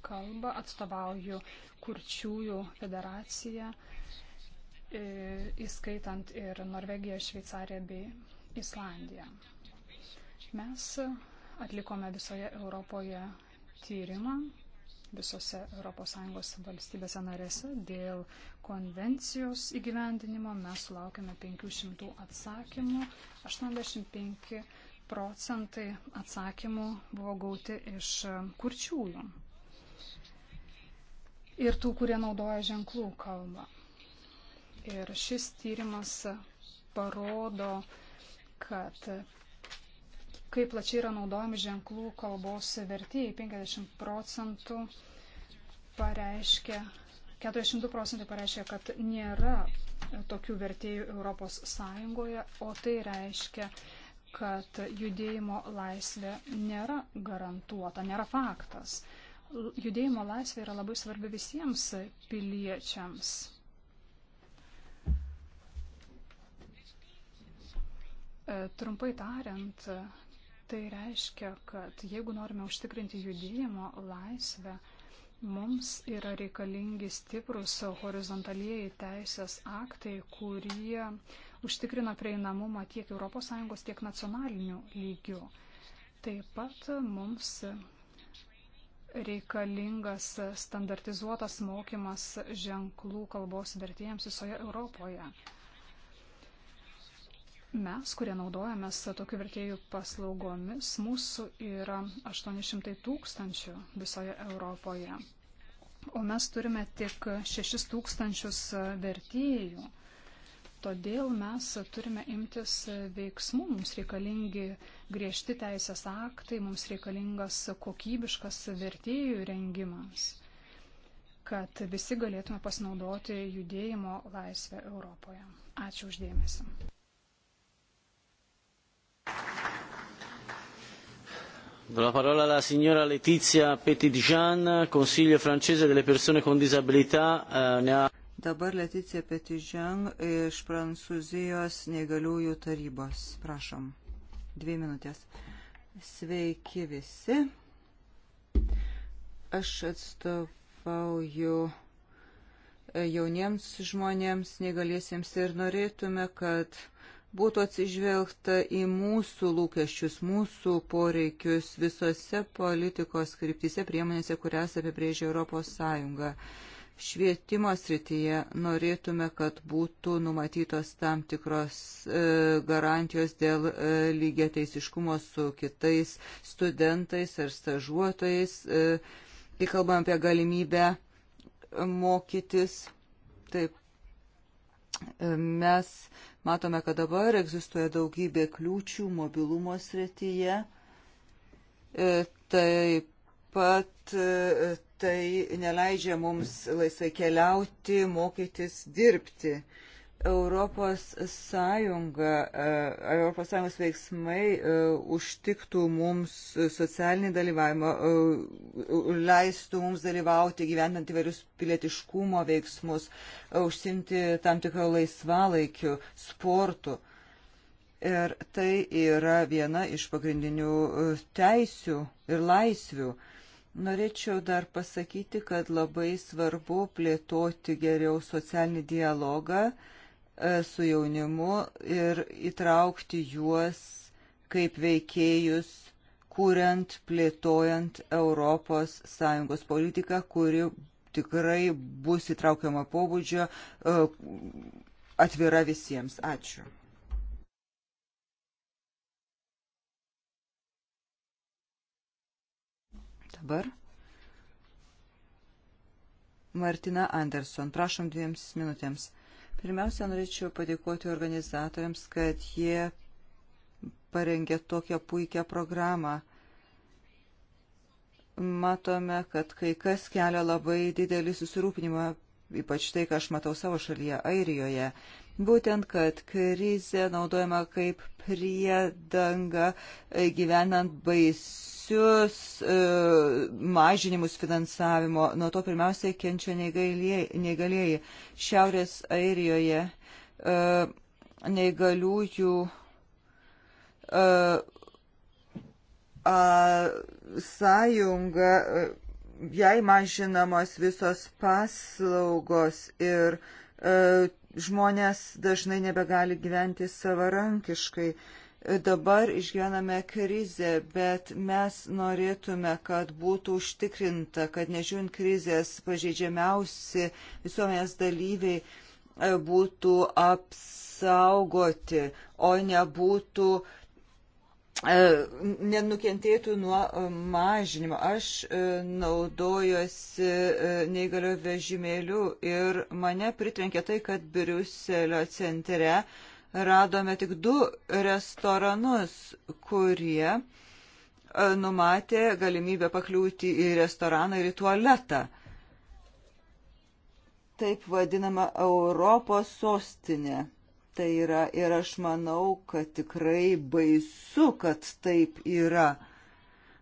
kalbą, atstovauju Kurčiųjų federaciją, e, įskaitant ir Norvegiją, Šveicariją bei Islandiją. Mes Atlikome visoje Europoje tyrimą visose ES valstybėse narėse dėl konvencijos įgyvendinimo. Mes sulaukėme 500 atsakymų. 85 procentai atsakymų buvo gauti iš kurčiųjų ir tų, kurie naudoja ženklų kalbą. Ir šis tyrimas parodo, kad kaip plačiai yra naudojami ženklų kalbos vertėjai. 50 procentų pareiškia, 42 procentai pareiškia, kad nėra tokių vertėjų Europos Sąjungoje, o tai reiškia, kad judėjimo laisvė nėra garantuota, nėra faktas. Judėjimo laisvė yra labai svarbi visiems piliečiams. Trumpai tariant, Tai reiškia, kad jeigu norime užtikrinti judėjimo laisvę, mums yra reikalingi stiprus horizontalieji teisės aktai, kurie užtikrina prieinamumą tiek ES, tiek nacionalinių lygių. Taip pat mums reikalingas standartizuotas mokymas ženklų kalbos vertėjams visoje Europoje. Mes, kurie naudojamės tokių vertėjų paslaugomis, mūsų yra 800 tūkstančių visoje Europoje. O mes turime tik 6 tūkstančius vertėjų. Todėl mes turime imtis veiksmų. Mums reikalingi griežti teisės aktai, mums reikalingas kokybiškas vertėjų rengimas, kad visi galėtume pasinaudoti judėjimo laisvę Europoje. Ačiū uždėmesi. Do la parola alla signora Letizia Petitjean, Consiglio francese delle persone con disabilità. Eh, ne ha... Dabar Leticija Petitjean iš Prancūzijos neįgaliųjų tarybos. Prašom. Dvi minutės. Sveiki visi. Aš atstovauju eh, jauniems žmonėms, negaliesiems ir norėtume, kad būtų atsižvelgta į mūsų lūkesčius, mūsų poreikius visose politikos kryptise priemonėse, kurias apibrėžia Europos Sąjunga. Švietimo srityje norėtume, kad būtų numatytos tam tikros e, garantijos dėl e, lygiai teisiškumo su kitais studentais ar stažuotojais, e, kai kalbam apie galimybę e, mokytis. Taip, e, mes Matome, kad dabar egzistuoja daugybė kliūčių mobilumo srityje. E, taip pat e, tai neleidžia mums laisvai keliauti, mokytis, dirbti. Europos Sąjunga, e, Europos Sąjungos veiksmai e, užtiktų mums socialinį dalyvavimą, e, leistų mums dalyvauti gyventant įvairius pilietiškumo veiksmus, užsimti tam tikrą laisvalaikių, sportų. Ir tai yra viena iš pagrindinių teisių ir laisvių. Norėčiau dar pasakyti, kad labai svarbu plėtoti geriau socialinį dialogą, uh, E, su jaunimu ir įtraukti juos kaip veikėjus, kuriant, plėtojant ES politiką, kuri tikrai bus įtraukiama pobūdžio, e, atvira visiems. Ačiū. Dabar. Martina Anderson, prašom dviems minutėms. Pirmiausia, norėčiau padėkoti organizatoriams, kad jie parengė tokią puikią programą. Matome, kad kai kas kelia labai didelį susirūpinimą, ypač tai, ką aš matau savo šalyje, Airijoje būtent, kad krizė naudojama kaip priedanga e, gyvenant baisius e, mažinimus finansavimo. Nuo to pirmiausiai kenčia neįgalieji. Šiaurės Airijoje e, neįgaliųjų e, a, sąjunga. E, jai mažinamos visos paslaugos ir e, Žmonės dažnai nebegali gyventi savarankiškai. Dabar išgyvename krizę, bet mes norėtume, kad būtų užtikrinta, kad nežiūrint krizės pažeidžiamiausi visuomenės dalyviai e, būtų apsaugoti, o nebūtų uh, E, nenukentėtų nuo e, mažinimo. Aš e, naudojosi neįgalio vežimėliu ir mane pritrenkė tai, kad Briuselio centre radome tik du restoranus, kurie numatė galimybę pakliūti į restoraną ir į tualetą. Taip vadinama Europos sostinė tai yra ir aš manau, kad tikrai baisu, kad taip yra.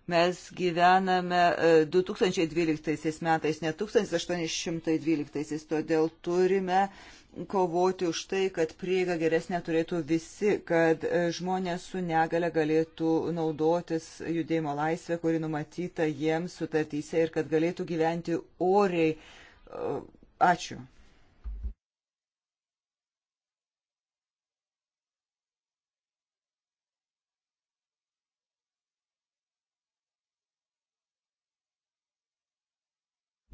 Mes gyvename 2012 e, metais, ne 1812, todėl turime kovoti už tai, kad prieiga geresnė turėtų visi, kad e, žmonės su negale galėtų naudotis judėjimo laisvę, kuri numatyta jiems sutartyse ir kad galėtų gyventi oriai. E, ačiū.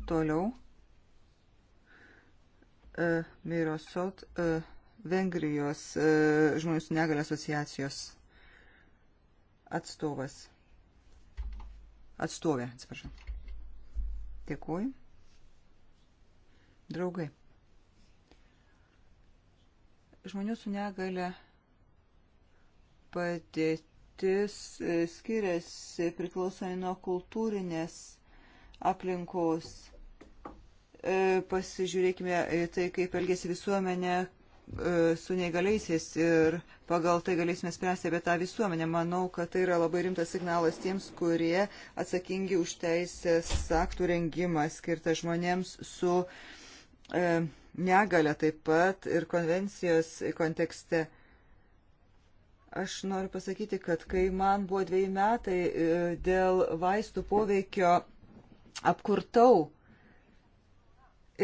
Toliau. E, Mirosot e, Vengrijos e, žmonių su negalė asociacijos atstovas. Atstovė, atsiprašau. Dėkuoju. Draugai. Žmonių su negale padėtis skiriasi priklausomai nuo kultūrinės aplinkos E, pasižiūrėkime tai, kaip elgėsi visuomenė e, su neįgaliaisiais ir pagal tai galėsime spręsti apie tą visuomenę. Manau, kad tai yra labai rimtas signalas tiems, kurie atsakingi už teisės aktų rengimą skirtą žmonėms su e, negale taip pat ir konvencijos kontekste. Aš noriu pasakyti, kad kai man buvo dviejai metai e, dėl vaistų poveikio apkurtau,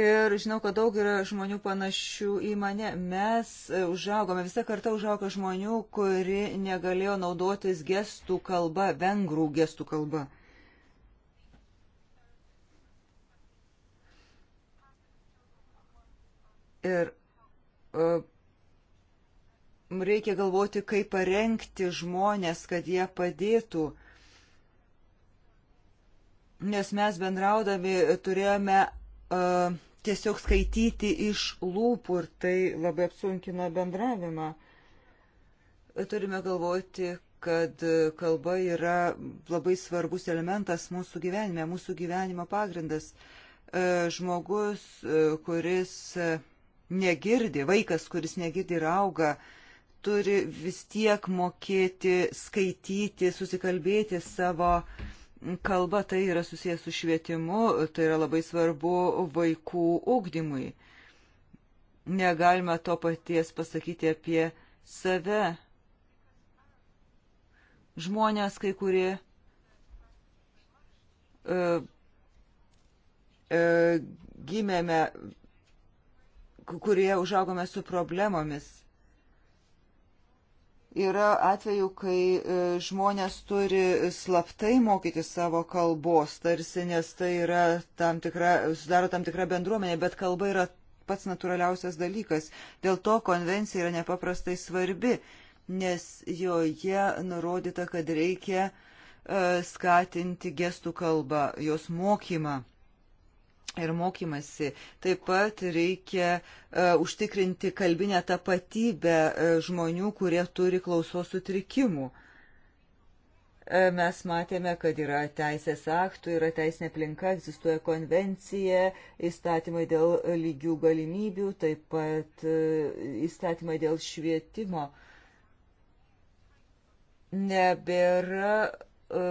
Ir žinau, kad daug yra žmonių panašių į mane. Mes e, užaugome, visa karta užaugo žmonių, kuri negalėjo naudotis gestų kalba, vengrų gestų kalba. Ir uh, reikia galvoti, kaip parengti žmonės, kad jie padėtų nes mes bendraudami turėjome uh, tiesiog skaityti iš lūpų ir tai labai apsunkina bendravimą. Turime galvoti, kad kalba yra labai svarbus elementas mūsų gyvenime, mūsų gyvenimo pagrindas. Žmogus, kuris negirdi, vaikas, kuris negirdi ir auga, turi vis tiek mokėti skaityti, susikalbėti savo uh, kalba tai yra susijęs su švietimu, tai yra labai svarbu vaikų ūkdymui. Negalime to paties pasakyti apie save. Žmonės kai kurie e, e, gimėme, kurie užaugome su problemomis Yra atveju, kai e, žmonės turi slaptai mokyti savo kalbos, tarsi, nes tai yra tam tikra, sudaro tam tikrą bendruomenę, bet kalba yra pats natūraliausias dalykas. Dėl to konvencija yra nepaprastai svarbi, nes joje nurodyta, kad reikia e, skatinti gestų kalbą, jos mokymą ir mokymasi. Taip pat reikia uh, užtikrinti kalbinę tapatybę uh, žmonių, kurie turi klausos sutrikimų. Uh, mes matėme, kad yra teisės aktų, yra teisinė aplinka, egzistuoja konvencija, įstatymai dėl lygių galimybių, taip pat uh, įstatymai dėl švietimo. Nebėra E,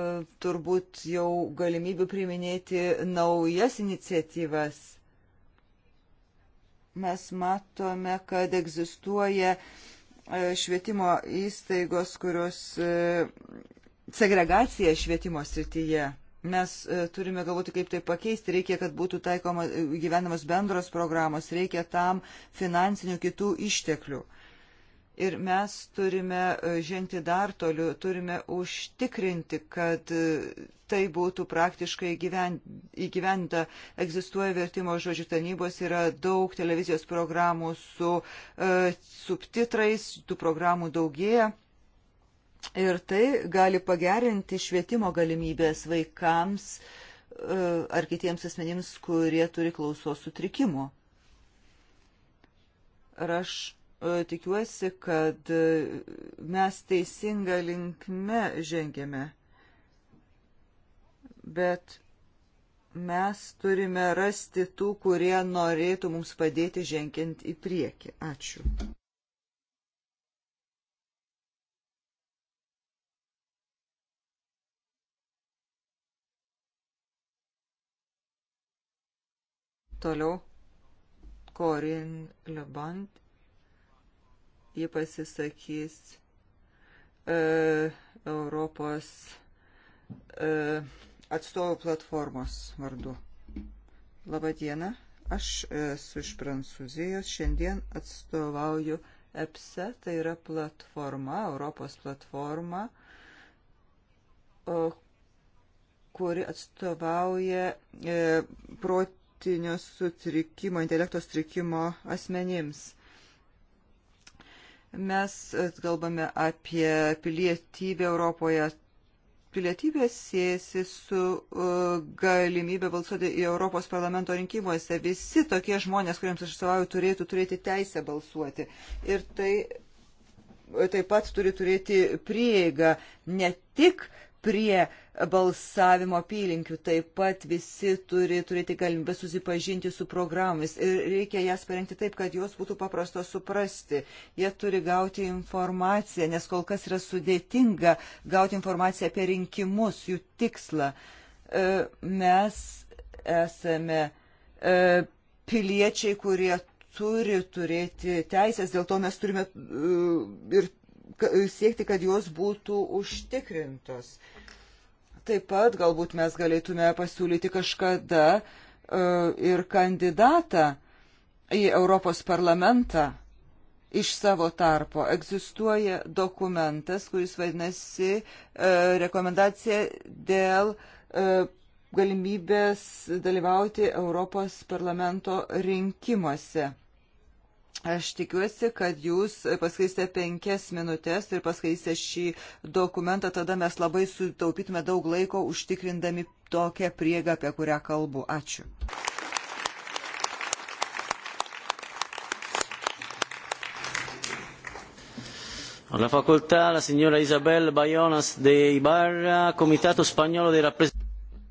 turbūt jau galimybių priminėti naujas iniciatyvas. Mes matome, kad egzistuoja e, švietimo įstaigos, kurios e, segregacija švietimo srityje. Mes turime galvoti, kaip tai pakeisti. Reikia, kad būtų taikoma gyvenamos bendros programos, reikia tam finansinių kitų išteklių. Uh, Ir mes turime e, žengti dar toliau, turime užtikrinti, kad e, tai būtų praktiškai įgyventa. Egzistuoja vertimo žodžių tarnybos, yra daug televizijos programų su e, subtitrais, tų programų daugėja. Ir tai gali pagerinti švietimo galimybės vaikams e, ar kitiems asmenims, kurie turi klausos sutrikimų. Ar aš E, tikiuosi, kad e, mes teisinga linkme žengėme. Bet mes turime rasti tų, kurie norėtų mums padėti žengiant į priekį. Ačiū. Toliau Korin Lebant Ji pasisakys e, Europos e, atstovų platformos vardu. Labadiena, aš esu iš Prancūzijos, šiandien atstovauju EPSE, tai yra platforma, Europos platforma, kuri atstovauja e, protinio sutrikimo, intelekto sutrikimo asmenims. Mes e, kalbame apie pilietybę Europoje. Pilietybė siejasi su e, galimybė balsuoti į Europos parlamento rinkimuose. Visi tokie žmonės, kuriems aš atstovauju, turėtų turėti teisę balsuoti. Ir tai e, taip pat turi turėti prieigą ne tik uh, prie balsavimo apylinkių. Taip pat visi turi turėti galimybę susipažinti su programomis ir reikia jas parengti taip, kad jos būtų paprastos suprasti. Jie turi gauti informaciją, nes kol kas yra sudėtinga gauti informaciją apie rinkimus, jų tikslą. E, mes esame e, piliečiai, kurie turi turėti teisės, dėl to mes turime e, ir siekti, kad jos būtų užtikrintos. Taip pat galbūt mes galėtume pasiūlyti kažkada e, ir kandidatą į Europos parlamentą iš savo tarpo. Egzistuoja dokumentas, kuris vadinasi e, rekomendacija dėl e, galimybės dalyvauti Europos parlamento rinkimuose. Aš tikiuosi, kad jūs paskaisite penkias minutės ir paskaisite šį dokumentą, tada mes labai sutaupytume daug laiko užtikrindami tokią priegą, apie kurią kalbu. Ačiū. La facoltà la signora Isabel Bayonas de Ibarra, Comitato Spagnolo dei rappresentanti.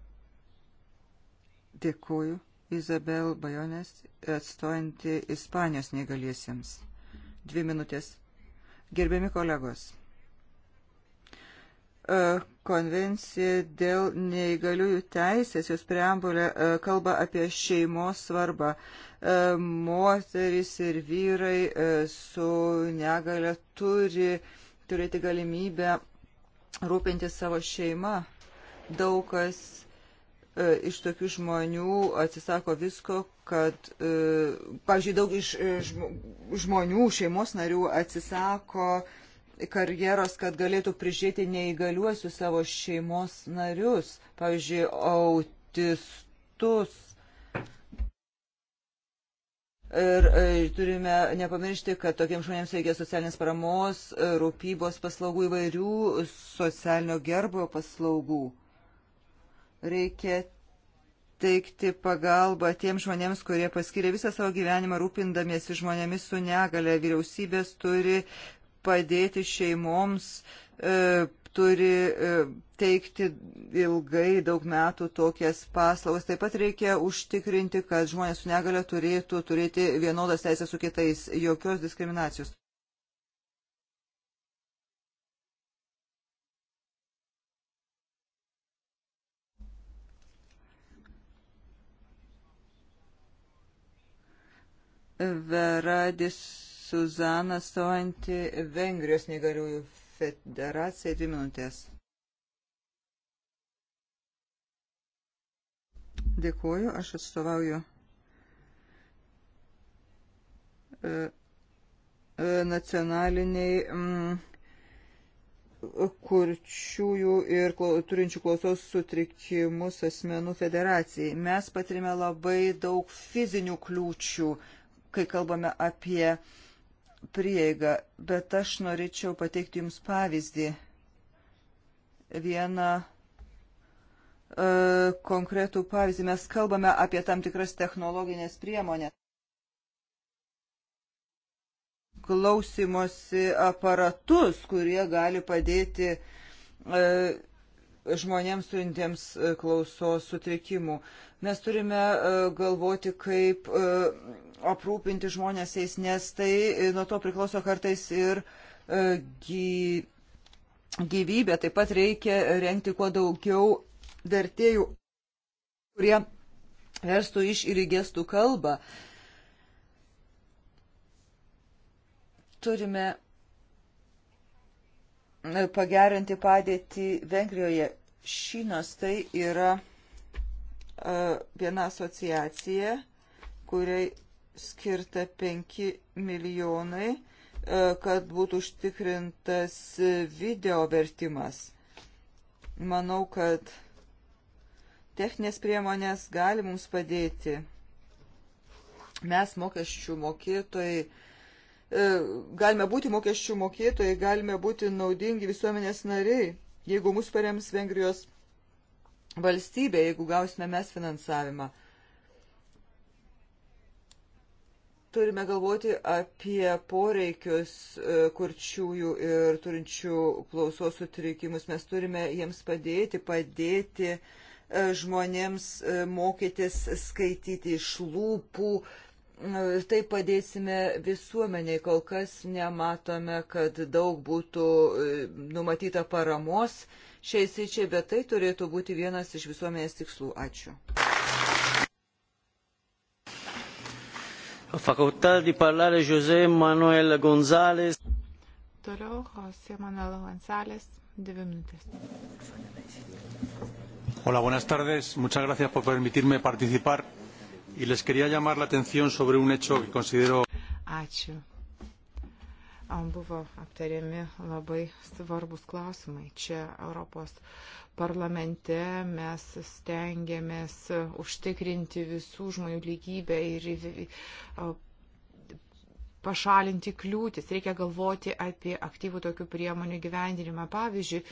Dėkuoju. Izabel Bajonės, atstojanti Ispanijos negaliesiems. Dvi minutės. Gerbiami kolegos. E, konvencija dėl neįgaliųjų teisės, jos preambulė e, kalba apie šeimos svarbą. E, Moteris ir vyrai su negale turi turėti galimybę rūpinti savo šeimą. Daug kas E, iš tokių žmonių atsisako visko, kad, e, pažiūrėjau, daug iš e, žmonių, šeimos narių atsisako karjeros, kad galėtų prižiūrėti neįgaliuosius savo šeimos narius, pavyzdžiui, autistus. Ir turime nepamiršti, kad tokiems žmonėms reikia socialinės paramos, rūpybos paslaugų įvairių, socialinio gerbo paslaugų Reikia teikti pagalbą tiems žmonėms, kurie paskiria visą savo gyvenimą rūpindamiesi žmonėmis su negale. Vyriausybės turi padėti šeimoms, e, turi e, teikti ilgai, daug metų tokias paslaugas. Taip pat reikia užtikrinti, kad žmonės su negale turėtų turėti vienodas teisės su kitais, jokios diskriminacijos. Veradis Suzana, stovanti Vengrijos negaliųjų federacija, dvi minutės. Dėkuoju, aš atstovauju e, e, nacionaliniai mm, kurčiųjų ir turinčių klausos sutrikimus asmenų federacijai. Mes patirime labai daug fizinių kliūčių kai kalbame apie prieigą, bet aš norėčiau pateikti Jums pavyzdį. Vieną e, konkretų pavyzdį. Mes kalbame apie tam tikras technologinės priemonės. Klausimosi aparatus, kurie gali padėti e, žmonėms turintiems e, klausos sutrikimų. Mes turime e, galvoti, kaip e, aprūpinti žmonės jais, nes tai nuo to priklauso kartais ir gy... gyvybė. Taip pat reikia renkti kuo daugiau vertėjų, kurie verstų iš ir į gestų kalbą. Turime pagerinti padėtį Vengrijoje. Šinos tai yra e, viena asociacija, kuriai skirta 5 milijonai, e, kad būtų užtikrintas video vertimas. Manau, kad techninės priemonės gali mums padėti. Mes mokesčių mokėtojai E, galime būti mokesčių mokėtojai, galime būti naudingi visuomenės nariai, jeigu mus parems Vengrijos valstybė, jeigu gausime mes finansavimą. Turime galvoti apie poreikius e, kurčiųjų ir turinčių klausos sutrikimus. Mes turime jiems padėti, padėti e, žmonėms mokytis skaityti iš lūpų, Tai padėsime visuomeniai, kol kas nematome, kad daug būtų e, numatyta paramos šiai sričiai, bet tai turėtų būti vienas iš visuomenės tikslų. Ačiū. Facultad di parlare José Manuel González. Toliau José Manuel González, dvi minutės. Hola, buenas tardes. Muchas gracias por permitirme participar y les quería llamar la atención sobre un hecho que considero. Ačiū. Am buvo aptariami labai svarbus klausimai. Čia Europos parlamente mes stengiamės užtikrinti visų žmonių lygybę ir pašalinti kliūtis. Reikia galvoti apie aktyvų tokių priemonių gyvendinimą. Pavyzdžiui,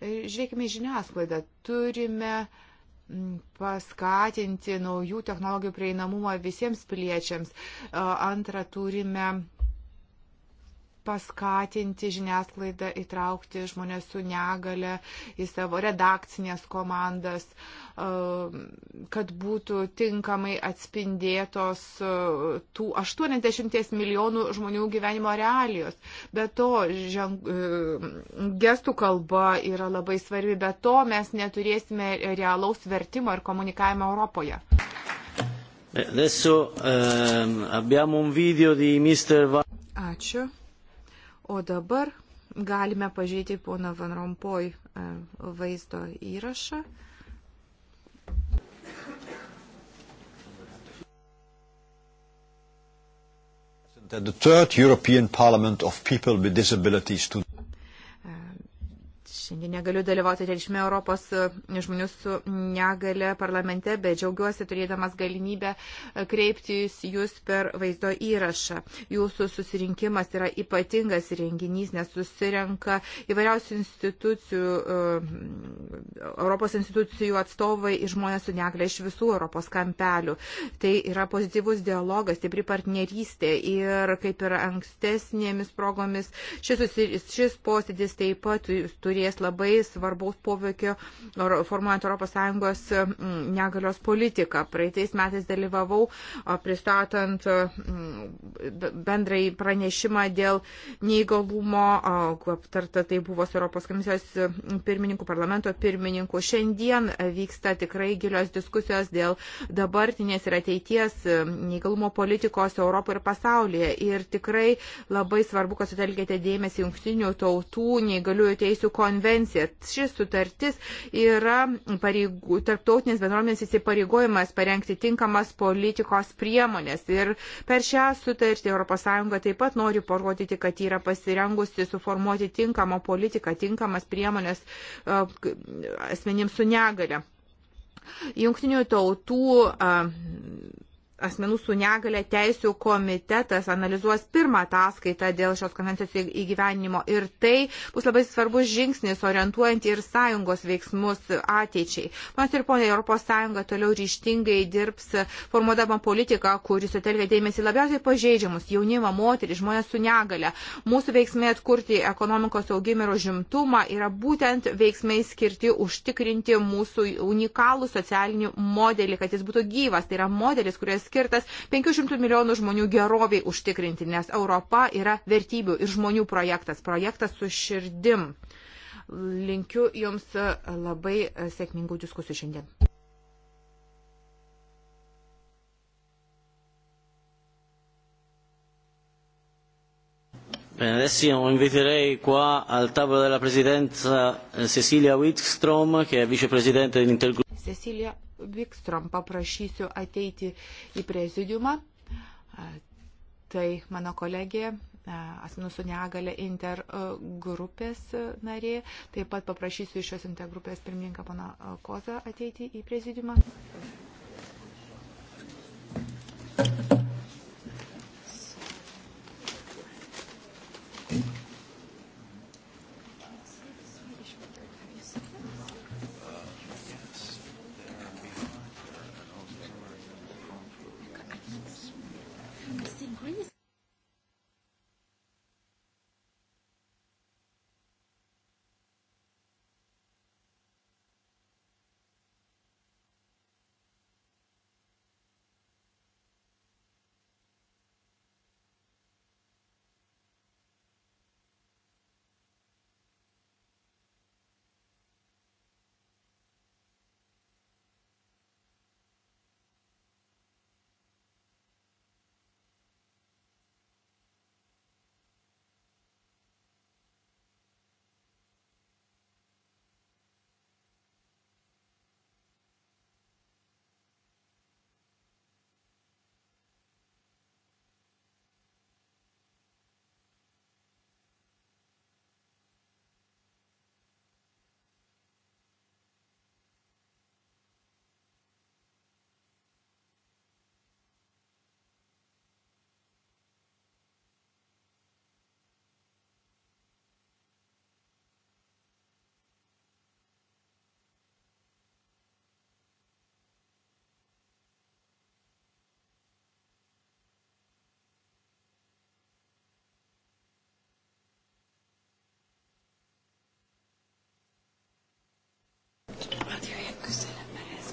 e, žiūrėkime žiniasklaidą. Turime uh, paskatinti naujų technologijų prieinamumą visiems piliečiams. Antra, turime paskatinti žiniasklaidą įtraukti žmonės su negale į savo redakcinės komandas, um, kad būtų tinkamai atspindėtos uh, tų 80 milijonų žmonių gyvenimo realijos. Be to, ženg, um, gestų kalba yra labai svarbi, be to mes neturėsime realaus vertimo ir komunikavimo Europoje. Adesso ehm, abbiamo un video di Mr. Va- Ačiū. O dabar galime pažiūrėti pono Van Rompoj e, vaizdo įrašą. That the third European Parliament of people with disabilities to Šiandien negaliu dalyvauti reikšmė Europos e, žmonių su negale parlamente, bet džiaugiuosi turėdamas galimybę e, kreiptis jūs per vaizdo įrašą. Jūsų susirinkimas yra ypatingas renginys, nes susirenka įvairiausių institucijų, e, Europos institucijų atstovai ir žmonės su negale iš visų Europos kampelių. Tai yra pozityvus dialogas, stipri partnerystė ir kaip ir ankstesnėmis progomis šis, šis posėdis taip pat turės vaidmens labai svarbaus poveikio formuojant ES negalios politiką. Praeitais metais dalyvavau pristatant bendrai pranešimą dėl neįgalumo, aptarta tai buvo su Europos komisijos pirmininku, parlamento pirmininku. Šiandien vyksta tikrai gilios diskusijos dėl dabartinės ir ateities neįgalumo politikos Europoje ir pasaulyje. Ir tikrai labai svarbu, kad sutelkėte dėmesį jungtinių tautų neįgaliųjų teisų konvencijų konvencija. Šis sutartis yra pareigų, tarptautinės bendruomenės įsipareigojimas parengti tinkamas politikos priemonės. Ir per šią sutartį ES taip pat nori parodyti, kad yra pasirengusi suformuoti tinkamą politiką, tinkamas priemonės e, asmenims su negale. Junktinių tautų e, asmenų su negale teisų komitetas analizuos pirmą ataskaitą dėl šios konvencijos įgyvenimo ir tai bus labai svarbus žingsnis orientuojant ir sąjungos veiksmus ateičiai. Panas ir ponai, ES toliau ryštingai dirbs formuodama politiką, kuris sutelkia dėmesį labiausiai pažeidžiamus - jaunimą, moterį, žmonės su negale. Mūsų veiksmai atkurti ekonomikos augimą ir užimtumą yra būtent veiksmai skirti užtikrinti mūsų unikalų socialinį modelį, kad jis būtų gyvas. Tai yra modelis, kuris skirtas 500 milijonų žmonių geroviai užtikrinti, nes Europa yra vertybių ir žmonių projektas, projektas su širdim. Linkiu Jums labai sėkmingų diskusijų šiandien. E adesso inviterei qua al tavolo della presidenza eh, Cecilia Wittstrom, che è vicepresidente dell'intergruppo. Cecilia Wittstrom, paprašysiu ateiti į prezidiumą. E, tai mano kolegė, e, asmenų su negale intergrupės narė. Taip pat paprašysiu iš šios intergrupės pirmininką pana Kozą ateiti į prezidiumą. Thank you.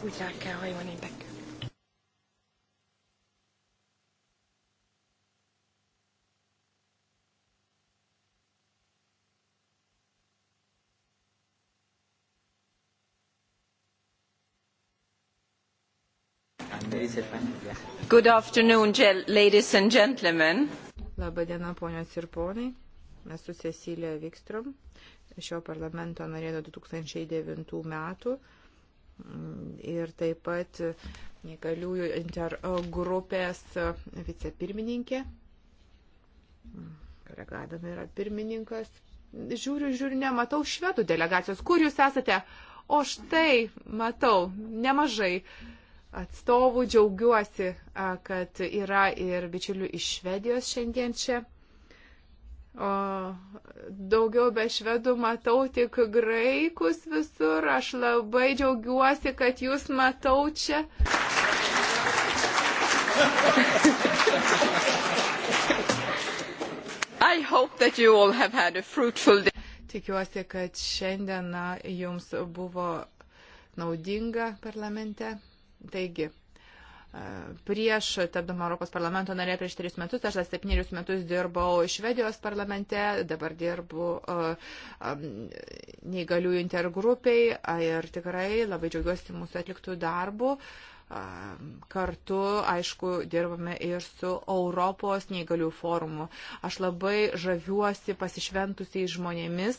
Uitakää Oivanen Pekka. Good afternoon, ladies and gentlemen. Labadiena, ponios ir ponai. Esu Cecilija Vikstrom, šio parlamento narė nuo 2009 metų ir taip pat neįgaliųjų intergrupės vicepirmininkė. Regadame yra pirmininkas. Žiūriu, žiūriu, nematau švedų delegacijos. Kur jūs esate? O štai, matau, nemažai atstovų. Džiaugiuosi, kad yra ir bičiulių iš Švedijos šiandien čia. O daugiau be švedų matau tik graikus visur. Aš labai džiaugiuosi, kad jūs matau čia. Tikiuosi, kad šiandieną jums buvo naudinga parlamente. Taigi, prieš tapdama Europos parlamento narė prieš tris metus, aš tas septynerius metus dirbau Švedijos parlamente, dabar dirbu uh, um, neįgaliųjų intergrupiai ir tikrai labai džiaugiuosi mūsų atliktų darbų. Kartu, aišku, dirbame ir su Europos neįgalių forumu. Aš labai žaviuosi pasišventusiai žmonėmis,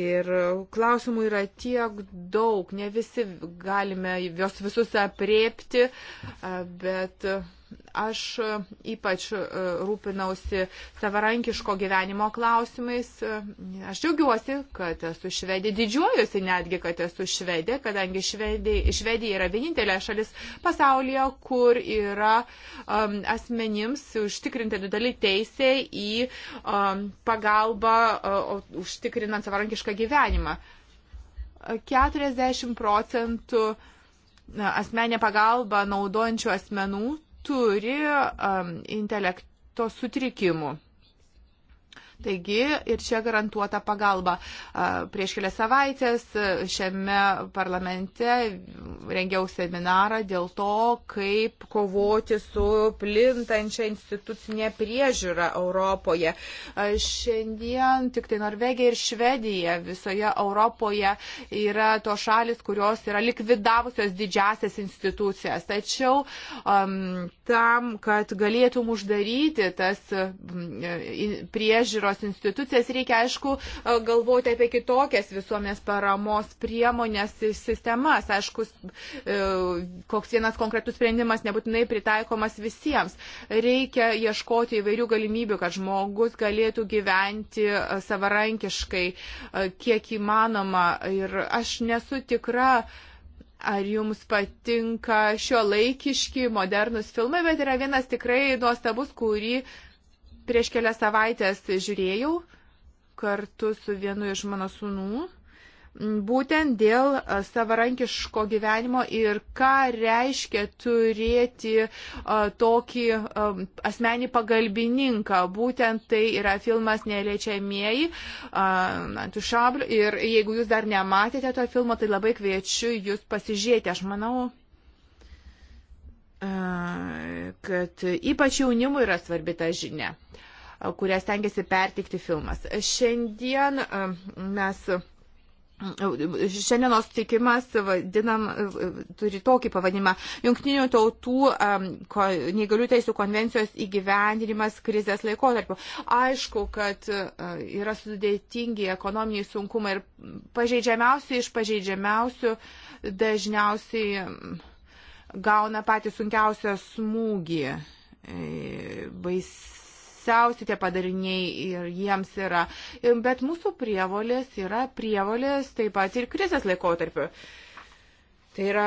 Ir klausimų yra tiek daug, ne visi galime juos visus apriepti, bet. Uh, Aš e, ypač e, rūpinausi savarankiško gyvenimo klausimais. E, aš džiaugiuosi, kad esu švedė, didžiuojuosi netgi, kad esu švedė, kadangi švedė, Švedija yra vienintelė šalis pasaulyje, kur yra um, asmenims užtikrinti didelį teisę į um, pagalbą uh, užtikrinant savarankišką gyvenimą. 40 procentų asmenė pagalba naudojančių asmenų turi um, intelekto sutrikimų. Taigi ir čia garantuota pagalba. Prieš kelias savaitės šiame parlamente rengiau seminarą dėl to, kaip kovoti su plintančia institucinė priežiūra Europoje. Šiandien tik tai Norvegija ir Švedija visoje Europoje yra to šalis, kurios yra likvidavusios didžiasias institucijas. Tačiau um, tam, kad galėtum uždaryti tas mm, priežiūros institucijas, reikia, aišku, e, galvoti apie kitokias visuomenės paramos priemonės ir sistemas. Aišku, e, koks vienas konkretus sprendimas nebūtinai pritaikomas visiems. Reikia ieškoti įvairių galimybių, kad žmogus galėtų gyventi e, savarankiškai, kiek įmanoma. Ir aš nesu tikra, ar jums patinka šio laikiški, modernus filmai, bet yra vienas tikrai nuostabus, kurį prieš kelias savaitės žiūrėjau kartu su vienu iš mano sunų būtent dėl savarankiško gyvenimo ir ką reiškia turėti tokį asmenį pagalbininką. Būtent tai yra filmas Neliečiamieji ant užšablių ir jeigu jūs dar nematėte to filmo, tai labai kviečiu jūs pasižiūrėti. Aš manau, kad ypač jaunimui yra svarbi ta žinia kurią stengiasi pertikti filmas. Šiandien mes Šiandienos tikimas vadinam, turi tokį pavadinimą - Junktinių tautų ko, neįgalių teisų konvencijos įgyvendinimas krizės laikotarpiu. Aišku, kad e, yra sudėtingi ekonominiai sunkumai ir pažeidžiamiausi iš pažeidžiamiausių dažniausiai gauna patį sunkiausią smūgį. E, bais baisiausi tie padariniai ir jiems yra. Bet mūsų prievolės yra prievolės taip pat ir krizės laikotarpiu. Tai yra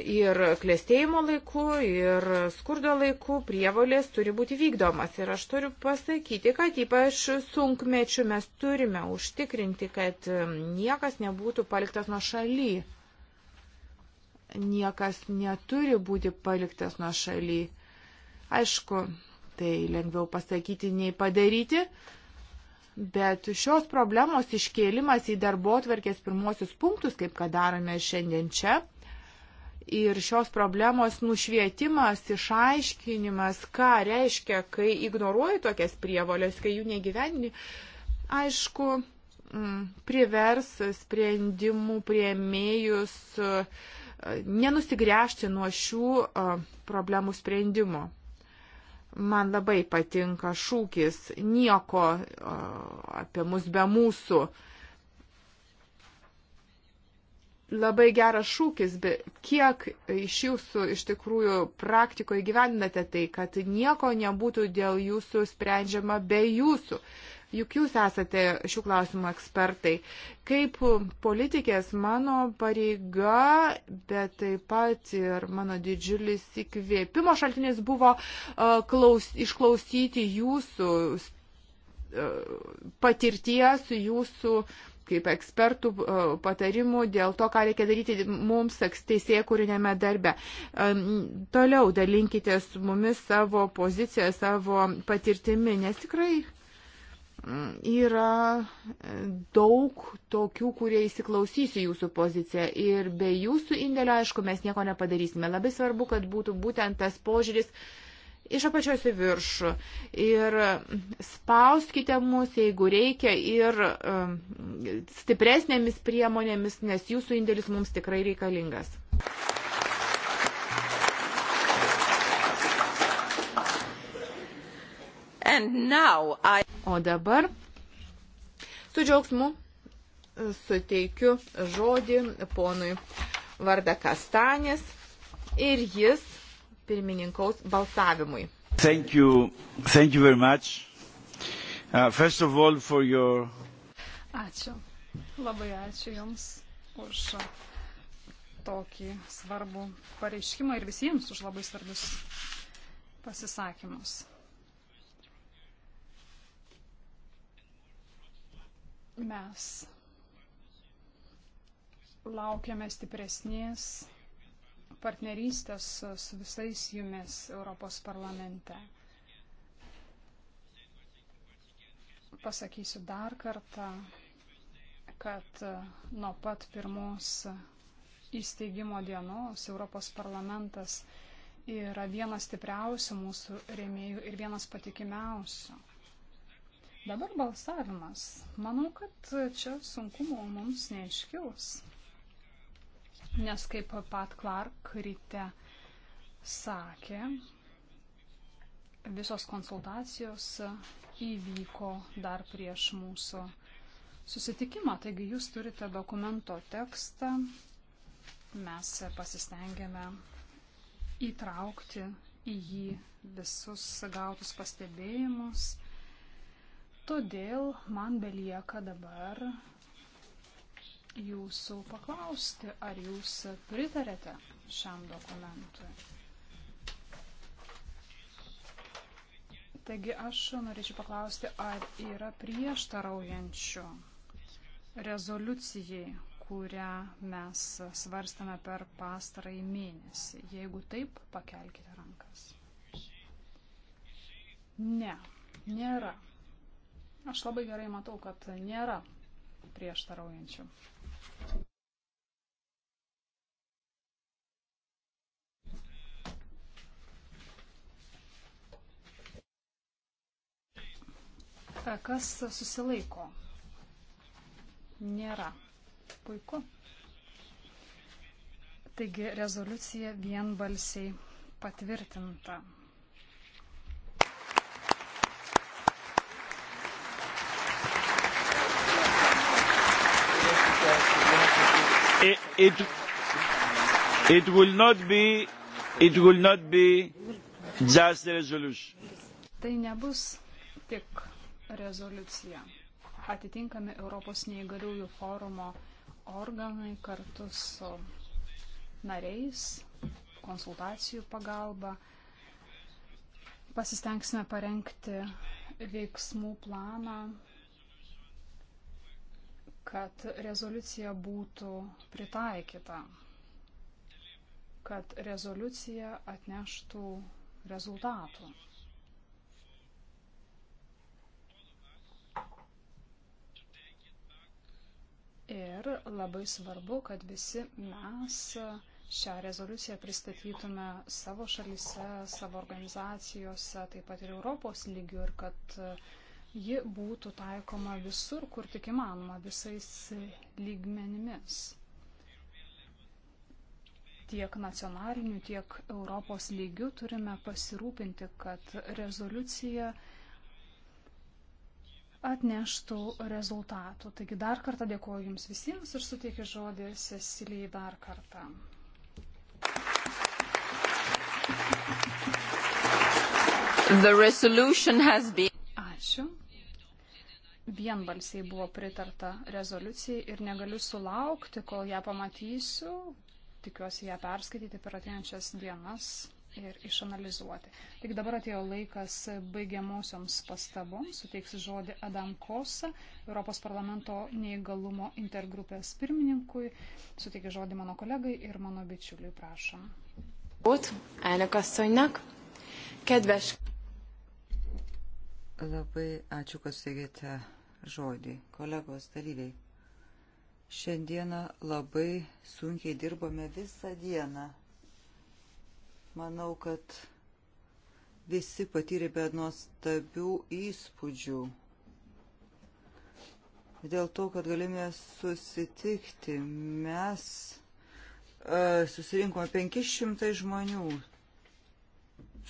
ir klėstėjimo laiku, ir skurdo laiku prievolės turi būti vykdomas. Ir aš turiu pasakyti, kad ypač sunkmečių mes turime užtikrinti, kad niekas nebūtų paliktas nuo šaly. Niekas neturi būti paliktas nuo šaly. Aišku, tai lengviau pasakyti nei padaryti. Bet šios problemos iškėlimas į darbo atverkės pirmosius punktus, kaip kad darome šiandien čia, ir šios problemos nušvietimas, išaiškinimas, ką reiškia, kai ignoruoji tokias prievolės, kai jų negyveni, aišku, mm, privers sprendimų prieimėjus mm, nenusigręžti nuo šių mm, problemų sprendimo. Man labai patinka šūkis nieko apie mus be mūsų. Labai geras šūkis, bet kiek iš jūsų iš tikrųjų praktikoje gyvendate tai, kad nieko nebūtų dėl jūsų sprendžiama be jūsų juk jūs esate šių klausimų ekspertai. Kaip politikės mano pareiga, bet taip pat ir mano didžiulis įkvėpimo šaltinis buvo uh, klaus, išklausyti jūsų uh, patirties, jūsų kaip ekspertų patarimų dėl to, ką reikia daryti mums teisėje kūrinėme darbe. Toliau dalinkite su mumis savo poziciją, savo patirtimi, nes tikrai yra daug tokių, kurie įsiklausys į jūsų poziciją ir be jūsų indėlio, aišku, mes nieko nepadarysime. Labai svarbu, kad būtų būtent tas požiūris iš apačios į viršų. Ir spauskite mus, jeigu reikia, ir um, stipresnėmis priemonėmis, nes jūsų indėlis mums tikrai reikalingas. I... O dabar su džiaugsmu suteikiu žodį ponui Varda Kastanės ir jis pirmininkaus balsavimui. Thank you. Thank you very much. Uh, first of all for your. Ačiū. Labai ačiū Jums už tokį svarbų pareiškimą ir visiems už labai svarbus pasisakymus. Mes laukiame stipresnės partnerystės su visais jumis Europos parlamente. Pasakysiu dar kartą, kad nuo pat pirmos įsteigimo dienos Europos parlamentas yra vienas stipriausių mūsų rėmėjų ir vienas patikimiausių. Dabar balsavimas. Manau, kad čia sunkumų mums neiškils. Nes kaip pat Clark ryte sakė, visos konsultacijos įvyko dar prieš mūsų susitikimą. Taigi jūs turite dokumento tekstą, mes pasistengėme įtraukti į jį visus gautus pastebėjimus. Todėl man belieka dabar jūsų paklausti, ar jūs pritarėte šiam dokumentui. Taigi aš norėčiau paklausti, ar yra prieštaraujančių rezoliucijai, kurią mes svarstame per pastarąjį mėnesį. Jeigu taip, pakelkite rankas. Ne, nėra Aš labai gerai matau, kad nėra prieštaraujančių. E, kas susilaiko? Nėra. Puiku. Taigi rezoliucija vienbalsiai patvirtinta. it, it, it will not be, it will not be just a resolution. Tai nebus tik rezoliucija. Atitinkami Europos neįgaliųjų forumo organai kartu su nariais, konsultacijų pagalba. Pasistengsime parengti veiksmų planą kad rezoliucija būtų pritaikyta, kad rezoliucija atneštų rezultatų. Ir labai svarbu, kad visi mes šią rezoliuciją pristatytume savo šalise, savo organizacijose, taip pat ir Europos lygių ir kad uh, ji būtų taikoma visur, kur tik įmanoma, visais lygmenimis. Tiek nacionaliniu, tiek Europos lygiu turime pasirūpinti, kad rezoliucija atneštų rezultatų. Taigi dar kartą dėkuoju Jums visiems ir suteikiu žodį Cecilijai dar kartą. The resolution has been. Ačiū vienbalsiai buvo pritarta rezoliucijai ir negaliu sulaukti, kol ją pamatysiu. Tikiuosi ją perskaityti per ateinančias dienas ir išanalizuoti. Tik dabar atėjo laikas baigiamosioms pastaboms. Suteiksiu žodį Adam Kosa, Europos parlamento neįgalumo intergrupės pirmininkui. Suteikiu žodį mano kolegai ir mano bičiuliui, prašom. Út, elnök asszonynak, kedves Labai ačiū, kad steigėte žodį, kolegos dalyviai. Šiandieną labai sunkiai dirbome visą dieną. Manau, kad visi patyrė be nuostabių įspūdžių. Dėl to, kad galime susitikti, mes e, susirinkome 500 žmonių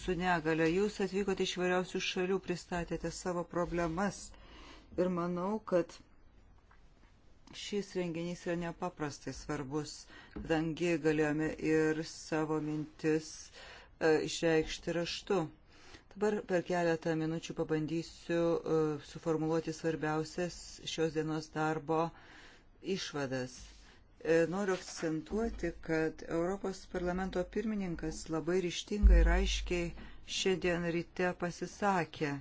su negale. Jūs atvykote iš vairiausių šalių, pristatėte savo problemas. Ir manau, kad šis renginys yra nepaprastai svarbus, kadangi galėjome ir savo mintis e, išreikšti raštu. Dabar per keletą minučių pabandysiu e, suformuluoti svarbiausias šios dienos darbo išvadas. E, noriu akcentuoti, kad Europos parlamento pirmininkas labai ryštingai ir aiškiai šiandien ryte pasisakė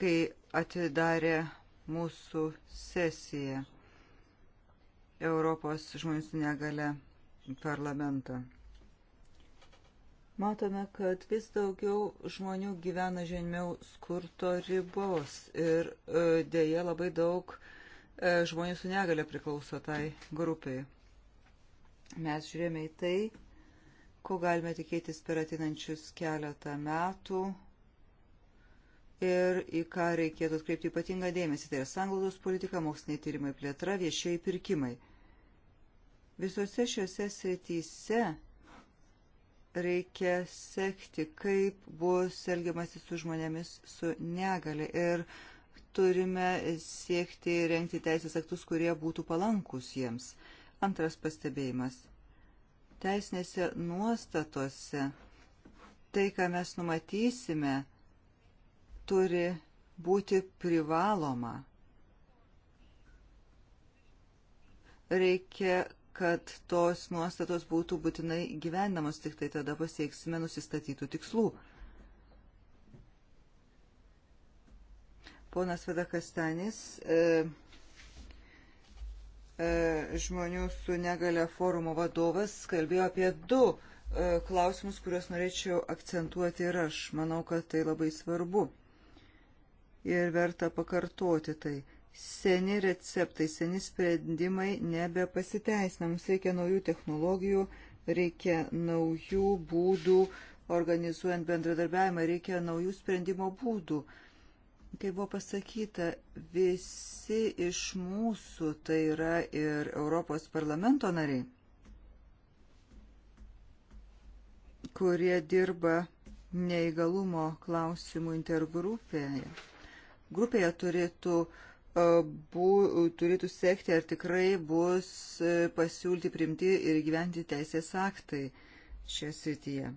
kai atidarė mūsų sesiją Europos žmonių su negale parlamentą. Matome, kad vis daugiau žmonių gyvena žemiau skurto ribos ir e, dėja labai daug e, žmonių su negale priklauso tai grupiai. Mes žiūrėjome į tai, ko galime tikėtis per atinančius keletą metų ir į ką reikėtų atkreipti ypatingą dėmesį. Tai yra sanglaudos politika, moksliniai tyrimai plėtra, viešieji pirkimai. Visose šiuose srityse reikia sekti, kaip bus elgiamasi su žmonėmis su negali. Ir turime siekti renkti teisės aktus, kurie būtų palankus jiems. Antras pastebėjimas. Teisinėse nuostatose tai, ką mes numatysime, turi būti privaloma. Reikia, kad tos nuostatos būtų būtinai gyvenamos, tik tai tada pasieksime nusistatytų tikslų. Ponas Vedakastanis, e, e, žmonių su negale forumo vadovas, kalbėjo apie du e, klausimus, kuriuos norėčiau akcentuoti ir aš. Manau, kad tai labai svarbu ir verta pakartoti tai. Seni receptai, seni sprendimai nebepasiteisina, mums reikia naujų technologijų, reikia naujų būdų, organizuojant bendradarbiavimą, reikia naujų sprendimo būdų. Kaip buvo pasakyta, visi iš mūsų, tai yra ir Europos parlamento nariai, kurie dirba neįgalumo klausimų intergrupėje grupėje turėtų, bu, turėtų sekti, ar tikrai bus e, pasiūlyti primti ir gyventi teisės aktai šioje srityje.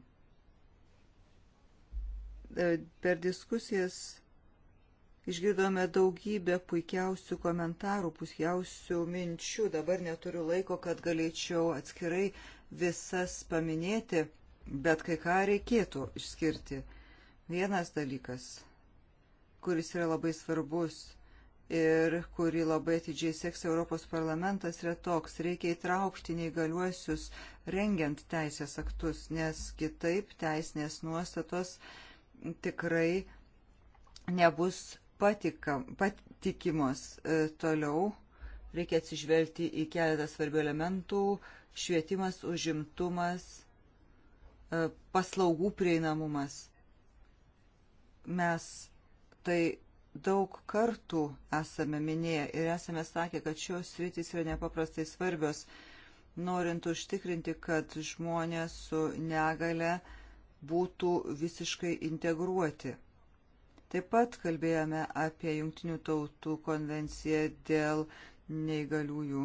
E, per diskusijas Išgirdome daugybę puikiausių komentarų, puikiausių minčių. Dabar neturiu laiko, kad galėčiau atskirai visas paminėti, bet kai ką reikėtų išskirti. Vienas dalykas kuris yra labai svarbus ir kurį labai atidžiai seks Europos parlamentas, yra toks. Reikia įtraukti neįgaliuosius rengiant teisės aktus, nes kitaip teisinės nuostatos tikrai nebus patikam, patikimos e, toliau. Reikia atsižvelgti į keletą svarbių elementų - švietimas, užimtumas, e, paslaugų prieinamumas. Mes tai daug kartų esame minėję ir esame sakę, kad šios sritys yra nepaprastai svarbios, norint užtikrinti, kad žmonės su negale būtų visiškai integruoti. Taip pat kalbėjome apie Junktinių tautų konvenciją dėl neįgaliųjų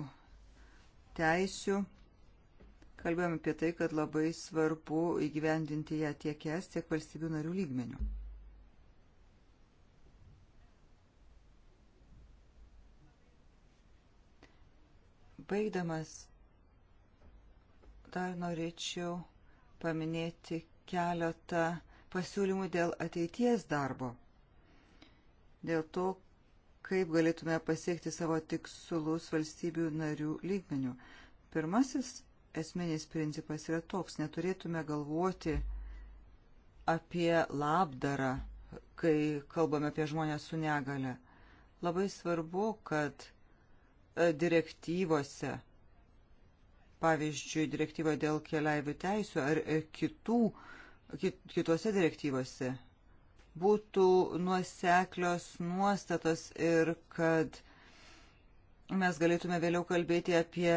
teisių. Kalbėjome apie tai, kad labai svarbu įgyvendinti ją tiek es, tiek valstybių narių lygmenių. Baigdamas, dar norėčiau paminėti keletą pasiūlymų dėl ateities darbo. Dėl to, kaip galėtume pasiekti savo tikslus valstybių narių lygmenių. Pirmasis esminis principas yra toks, neturėtume galvoti apie labdarą, kai kalbame apie žmonės su negale. Labai svarbu, kad E, direktyvose, pavyzdžiui, direktyvoje dėl keliaivių teisų ar e, kitų, kitose direktyvose, būtų nuoseklios nuostatos ir kad mes galėtume vėliau kalbėti apie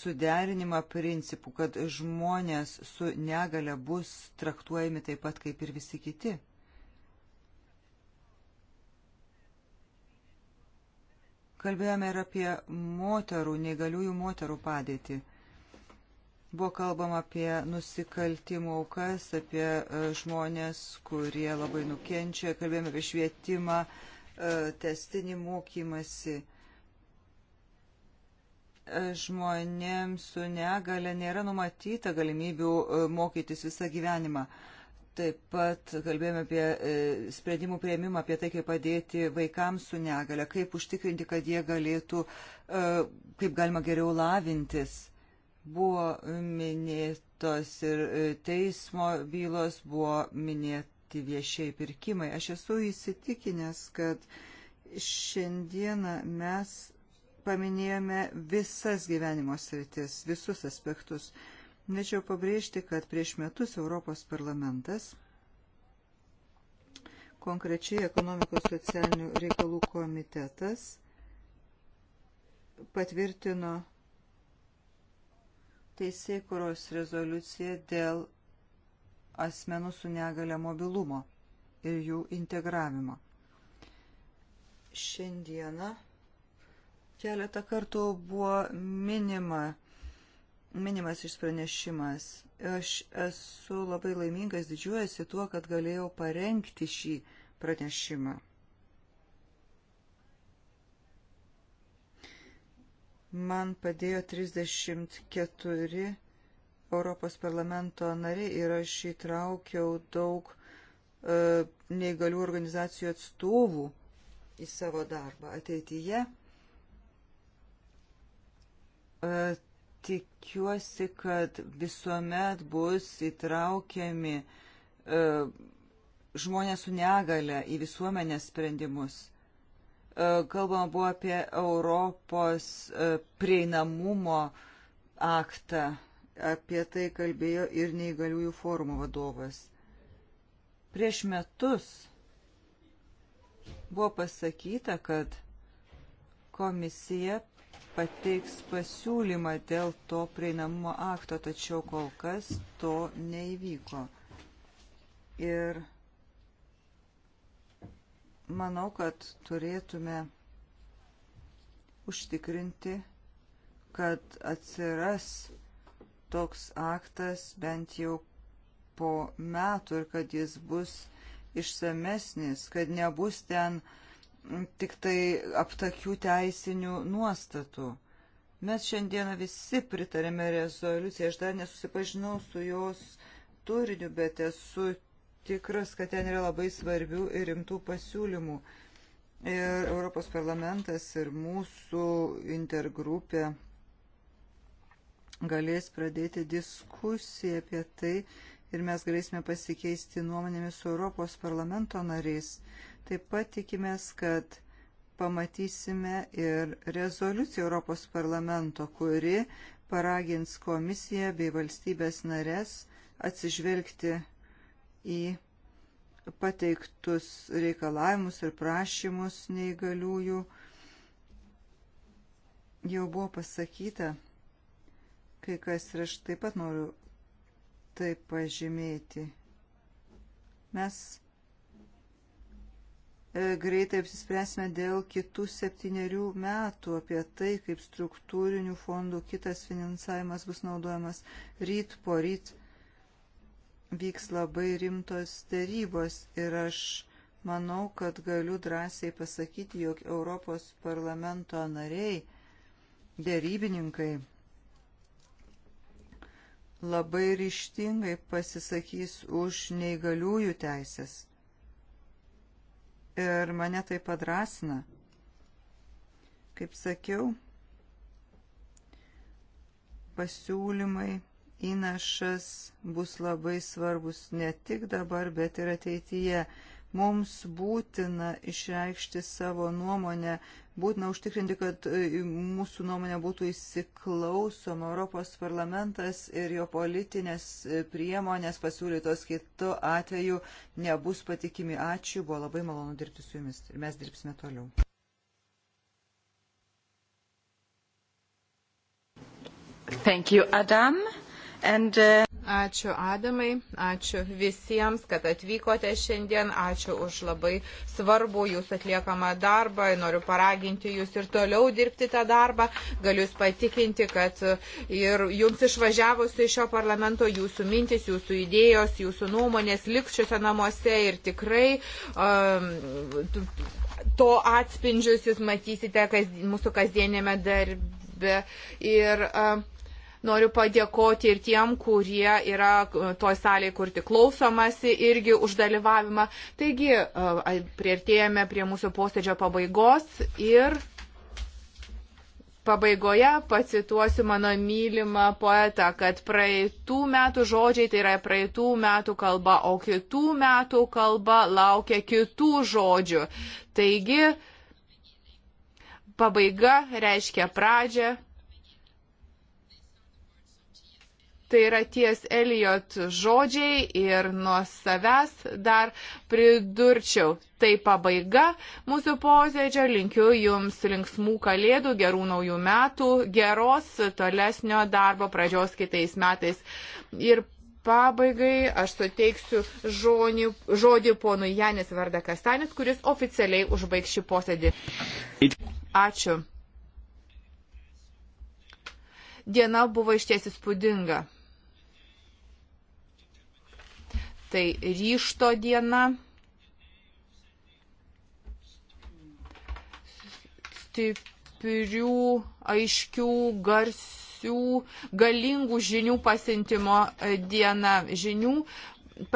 suderinimą principų, kad žmonės su negale bus traktuojami taip pat kaip ir visi kiti. Kalbėjome ir apie moterų, neįgaliųjų moterų padėtį. Buvo kalbama apie nusikaltimų aukas, apie e, žmonės, kurie labai nukenčia, kalbėjome apie švietimą, e, testinį mokymasi e, žmonėms su negale nėra numatyta galimybių mokytis visą gyvenimą. Taip pat kalbėjome apie e, sprendimų prieimimą, apie tai, kaip padėti vaikams su negale, kaip užtikrinti, kad jie galėtų, e, kaip galima geriau lavintis. Buvo minėtos ir e, teismo bylos, buvo minėti viešiai pirkimai. Aš esu įsitikinęs, kad šiandieną mes paminėjome visas gyvenimo sritis, visus aspektus. Uh, Norėčiau pabrėžti, kad prieš metus Europos parlamentas, konkrečiai ekonomikos socialinių reikalų komitetas, patvirtino teisėkuros rezoliuciją dėl asmenų su negale mobilumo ir jų integravimo. Šiandieną keletą kartų buvo minima minimas šis pranešimas. Aš esu labai laimingas, didžiuojasi tuo, kad galėjau parengti šį pranešimą. Man padėjo 34 Europos parlamento nariai ir aš įtraukiau daug e, neįgalių organizacijų atstovų į savo darbą ateityje. E, tikiuosi, kad visuomet bus įtraukiami e, žmonės su negale į visuomenės sprendimus. E, kalbama buvo apie Europos e, prieinamumo aktą. Apie tai kalbėjo ir neįgaliųjų forumo vadovas. Prieš metus buvo pasakyta, kad komisija pateiks pasiūlymą dėl to prieinamumo akto, tačiau kol kas to neįvyko. Ir manau, kad turėtume užtikrinti, kad atsiras toks aktas bent jau po metų ir kad jis bus išsamesnis, kad nebus ten uh, tik tai aptakių teisinių nuostatų. Mes šiandieną visi pritarėme rezoliuciją, aš dar nesusipažinau su jos turiniu, bet esu tikras, kad ten yra labai svarbių ir rimtų pasiūlymų. Ir Europos parlamentas ir mūsų intergrupė galės pradėti diskusiją apie tai ir mes galėsime pasikeisti nuomonėmis su Europos parlamento nariais. Taip pat tikimės, kad pamatysime ir rezoliuciją Europos parlamento, kuri paragins komisiją bei valstybės narės atsižvelgti į pateiktus reikalavimus ir prašymus neįgaliųjų. Jau buvo pasakyta, kai kas ir aš taip pat noriu tai pažymėti. Mes E, greitai apsispręsime dėl kitų septyniarių metų apie tai, kaip struktūrinių fondų kitas finansavimas bus naudojamas. Ryt po ryt vyks labai rimtos dėrybos ir aš manau, kad galiu drąsiai pasakyti, jog Europos parlamento nariai, dėrybininkai labai ryštingai pasisakys už neįgaliųjų teisės ir mane tai padrasina. Kaip sakiau, pasiūlymai, įnašas bus labai svarbus ne tik dabar, bet ir ateityje. Mums būtina išreikšti savo nuomonę, būtina užtikrinti, kad e, mūsų nuomonė būtų įsiklausoma Europos parlamentas ir jo politinės e, priemonės pasiūlytos kitu atveju nebus patikimi. Ačiū, buvo labai malonu dirbti su jumis ir mes dirbsime toliau. Thank you, Adam. And, uh... Ačiū Adamai, ačiū visiems, kad atvykote šiandien, ačiū už labai svarbu jūs atliekamą darbą, noriu paraginti jūs ir toliau dirbti tą darbą, galiu jūs patikinti, kad ir jums išvažiavus iš šio parlamento jūsų mintis, jūsų idėjos, jūsų nuomonės likščiuose namuose ir tikrai. Um, To atspindžius jūs matysite kas, mūsų kasdienėme darbe. Ir, uh, um, Noriu padėkoti ir tiem, kurie yra e, toj salėje, kur tik klausomasi, irgi už dalyvavimą. Taigi, e, prieartėjame prie mūsų posėdžio pabaigos ir pabaigoje pacituosiu mano mylimą poetą, kad praeitų metų žodžiai tai yra praeitų metų kalba, o kitų metų kalba laukia kitų žodžių. Taigi, pabaiga reiškia pradžią, Tai yra ties Elijot žodžiai ir nuo savęs dar pridurčiau. Tai pabaiga mūsų posėdžio. Linkiu Jums linksmų kalėdų, gerų naujų metų, geros tolesnio darbo pradžios kitais metais. Ir pabaigai aš suteiksiu žodį, žodį ponui Janis Varda Kastanis, kuris oficialiai užbaigs šį posėdį. Ačiū. Diena buvo išties įspūdinga. Tai ryšto diena. Stiprių, aiškių, garsių, galingų žinių pasintimo diena. Žinių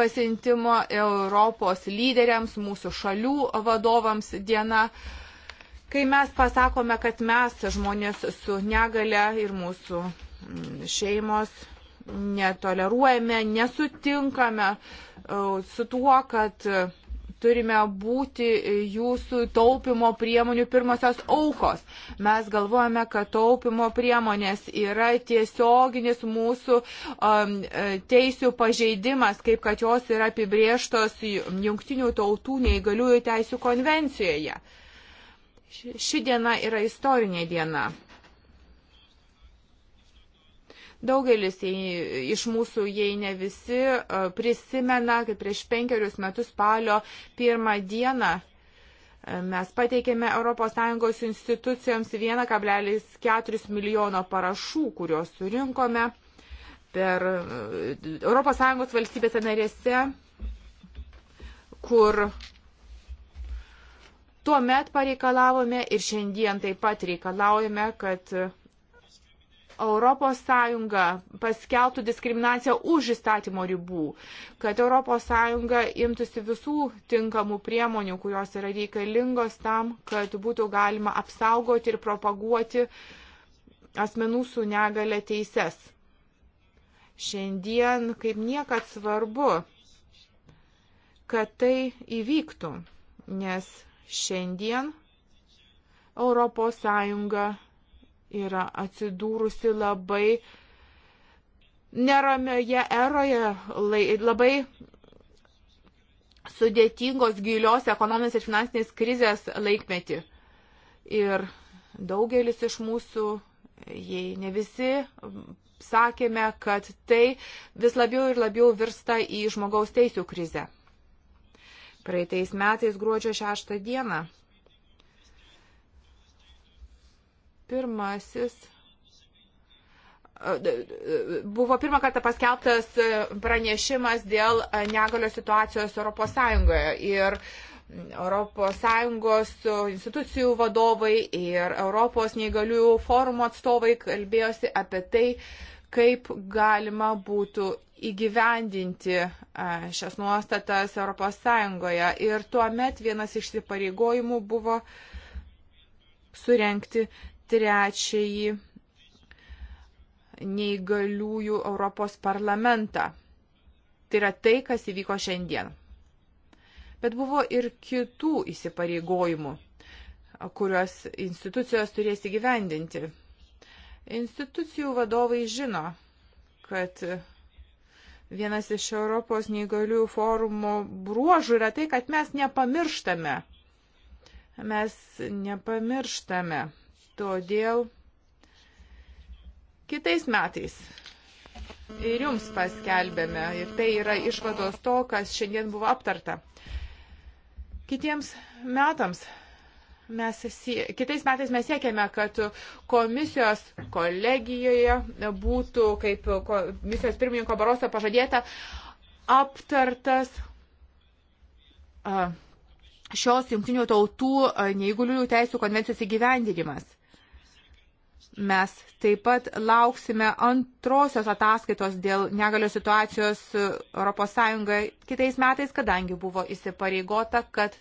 pasintimo Europos lyderiams, mūsų šalių vadovams diena kai mes pasakome, kad mes žmonės su negale ir mūsų šeimos netoleruojame, nesutinkame e, su tuo, kad turime būti jūsų taupimo priemonių pirmosios aukos. Mes galvojame, kad taupimo priemonės yra tiesioginis mūsų um, e, teisių pažeidimas, kaip kad jos yra apibrieštos jungtinių tautų neįgaliųjų teisų konvencijoje. Ši diena yra istorinė diena. Daugelis jei, iš mūsų, jei ne visi, e, prisimena, kad prieš penkerius metus spalio pirmą dieną e, mes pateikėme ES institucijoms 1,4 milijono parašų, kuriuos surinkome per ES valstybėse narėse, kur tuo met pareikalavome ir šiandien taip pat reikalaujame, kad ES paskeltų diskriminaciją už įstatymo ribų, kad ES imtųsi visų tinkamų priemonių, kurios yra reikalingos tam, kad būtų galima apsaugoti ir propaguoti asmenų su negale teises. Šiandien kaip niekad svarbu, kad tai įvyktų, nes šiandien ES yra atsidūrusi labai neramioje eroje, labai sudėtingos gilios ekonominės ir finansinės krizės laikmetį. Ir daugelis iš mūsų, jei ne visi, sakėme, kad tai vis labiau ir labiau virsta į žmogaus teisų krizę. Praeitais metais gruodžio 6 dieną pirmasis e, buvo pirmą kartą paskelbtas pranešimas dėl negalio situacijos ES ir ES institucijų vadovai ir Europos neįgaliųjų forumo atstovai kalbėjosi apie tai, kaip galima būtų įgyvendinti e, šias nuostatas ES. Ir tuomet vienas iš įsipareigojimų buvo surenkti trečiąjį neįgaliųjų Europos parlamentą. Tai yra tai, kas įvyko šiandien. Bet buvo ir kitų įsipareigojimų, kuriuos institucijos turės įgyvendinti. Institucijų vadovai žino, kad vienas iš Europos neįgaliųjų forumo bruožų yra tai, kad mes nepamirštame. Mes nepamirštame Todėl kitais metais ir jums paskelbėme. Ir tai yra išvados to, kas šiandien buvo aptarta. Kitiems metams. Mes sie... Kitais metais mes siekiame, kad komisijos kolegijoje būtų, kaip komisijos pirmininko Baroso pažadėta, aptartas šios jungtinių tautų neįguliųjų teisų konvencijos įgyvendinimas. Mes taip pat lauksime antrosios ataskaitos dėl negalio situacijos ES kitais metais, kadangi buvo įsipareigota, kad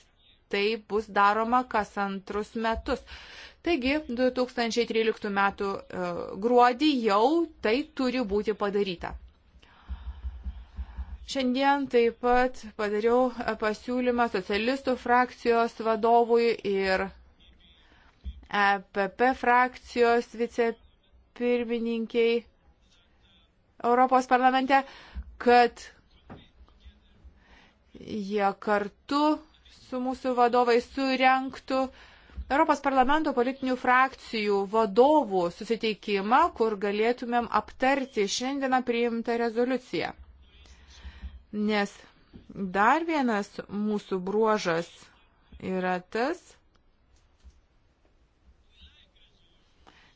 tai bus daroma kas antrus metus. Taigi 2013 m. E, gruodį jau tai turi būti padaryta. Šiandien taip pat padariau e, pasiūlymą socialistų frakcijos vadovui ir EPP frakcijos vicepirmininkiai Europos parlamente, kad jie kartu su mūsų vadovai surenktų Europos parlamento politinių frakcijų vadovų susitikimą, kur galėtumėm aptarti šiandieną priimtą rezoliuciją. Nes dar vienas mūsų bruožas yra tas,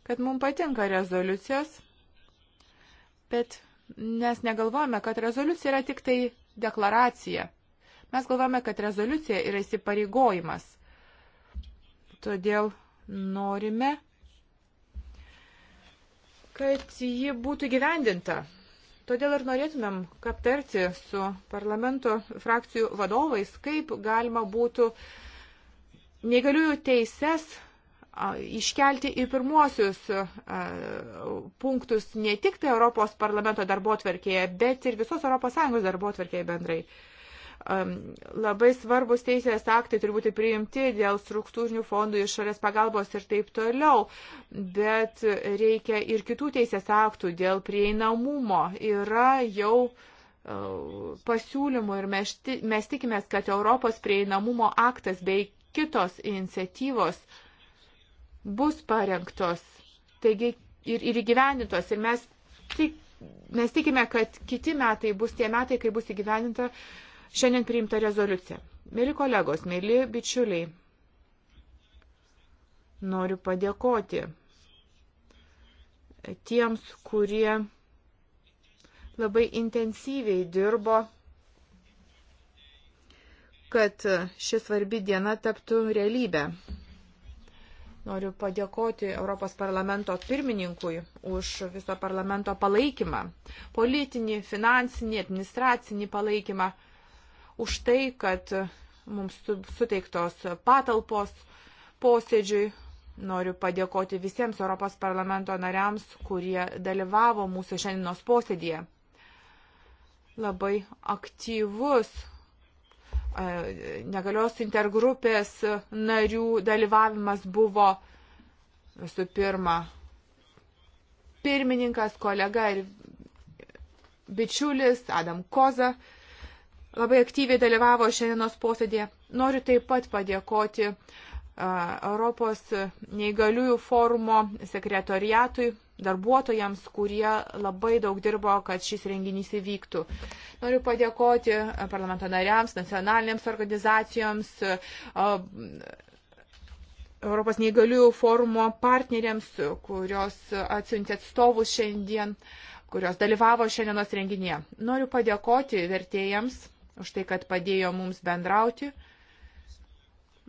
kad mums patinka rezoliucijos, bet mes negalvojame, kad rezoliucija yra tik tai deklaracija. Mes galvojame, kad rezoliucija yra įsipareigojimas. Todėl norime, kad ji būtų gyvendinta. Todėl ir norėtumėm aptarti su parlamento frakcijų vadovais, kaip galima būtų neįgaliųjų teises iškelti į pirmuosius punktus ne tik tai Europos parlamento darbo atverkėje, bet ir visos ES darbo atverkėje bendrai. Labai svarbus teisės aktai turi būti priimti dėl struktūrinių fondų išorės pagalbos ir taip toliau, bet reikia ir kitų teisės aktų dėl prieinamumo. Yra jau pasiūlymų ir mes tikimės, kad Europos prieinamumo aktas bei kitos iniciatyvos uh, bus parengtos taigi, ir, ir įgyvenintos. Ir mes, tik, mes tikime, kad kiti metai bus tie metai, kai bus įgyveninta šiandien priimta rezoliucija. Mėly kolegos, mėly bičiuliai, noriu padėkoti tiems, kurie labai intensyviai dirbo, kad ši svarbi diena taptų realybę. Noriu padėkoti Europos parlamento pirmininkui už viso parlamento palaikymą. Politinį, finansinį, administracinį palaikymą. Už tai, kad mums suteiktos patalpos posėdžiui. Noriu padėkoti visiems Europos parlamento nariams, kurie dalyvavo mūsų šiandienos posėdėje. Labai aktyvus negalios intergrupės narių dalyvavimas buvo visų pirma pirmininkas, kolega ir bičiulis Adam Koza labai aktyviai dalyvavo šiandienos posėdėje. Noriu taip pat padėkoti Europos neįgaliųjų forumo sekretoriatui darbuotojams, kurie labai daug dirbo, kad šis renginys įvyktų. Noriu padėkoti parlamento nariams, nacionalinėms organizacijoms, Europos neįgaliųjų forumo partneriams, kurios atsiuntė atstovus šiandien, kurios dalyvavo šiandienos renginėje. Noriu padėkoti vertėjams už tai, kad padėjo mums bendrauti.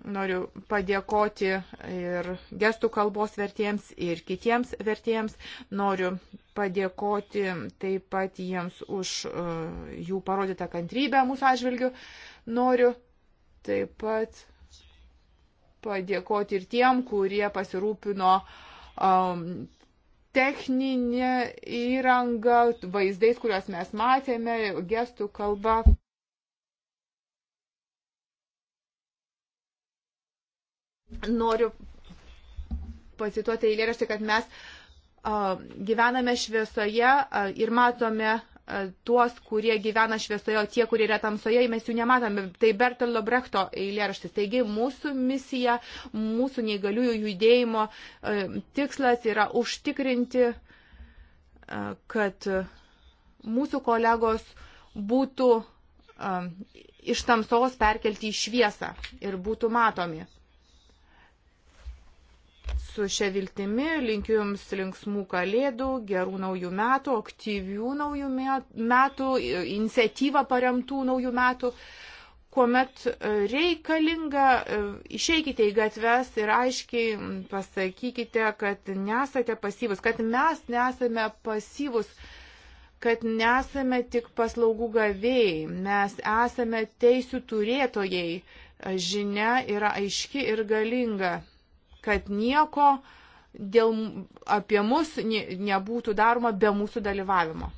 Noriu padėkoti ir gestų kalbos vertėjams, ir kitiems vertėjams. Noriu padėkoti taip pat jiems už e, jų parodytą kantrybę mūsų atžvilgių. Noriu taip pat padėkoti ir tiem, kurie pasirūpino um, techninė įranga, vaizdais, kuriuos mes matėme, gestų kalba. noriu pasituoti eilėraštį, kad mes a, gyvename šviesoje a, ir matome tuos, kurie gyvena šviesoje, o tie, kurie yra tamsoje, mes jų nematome. Tai Bertolo Brechto eilėraštis. Taigi mūsų misija, mūsų neįgaliųjų judėjimo tikslas yra užtikrinti, kad mūsų kolegos būtų iš tamsos perkelti į šviesą ir būtų matomi su šia viltimi linkiu Jums linksmų kalėdų, gerų naujų metų, aktyvių naujų metų, iniciatyvą paremtų naujų metų, kuomet e, reikalinga, e, išeikite į gatves ir aiškiai pasakykite, kad nesate pasyvus, kad mes nesame pasyvus kad nesame tik paslaugų gavėjai, mes esame teisų turėtojai. Žinia yra aiški ir galinga kad nieko dėl, apie mus ne, nebūtų daroma be mūsų dalyvavimo.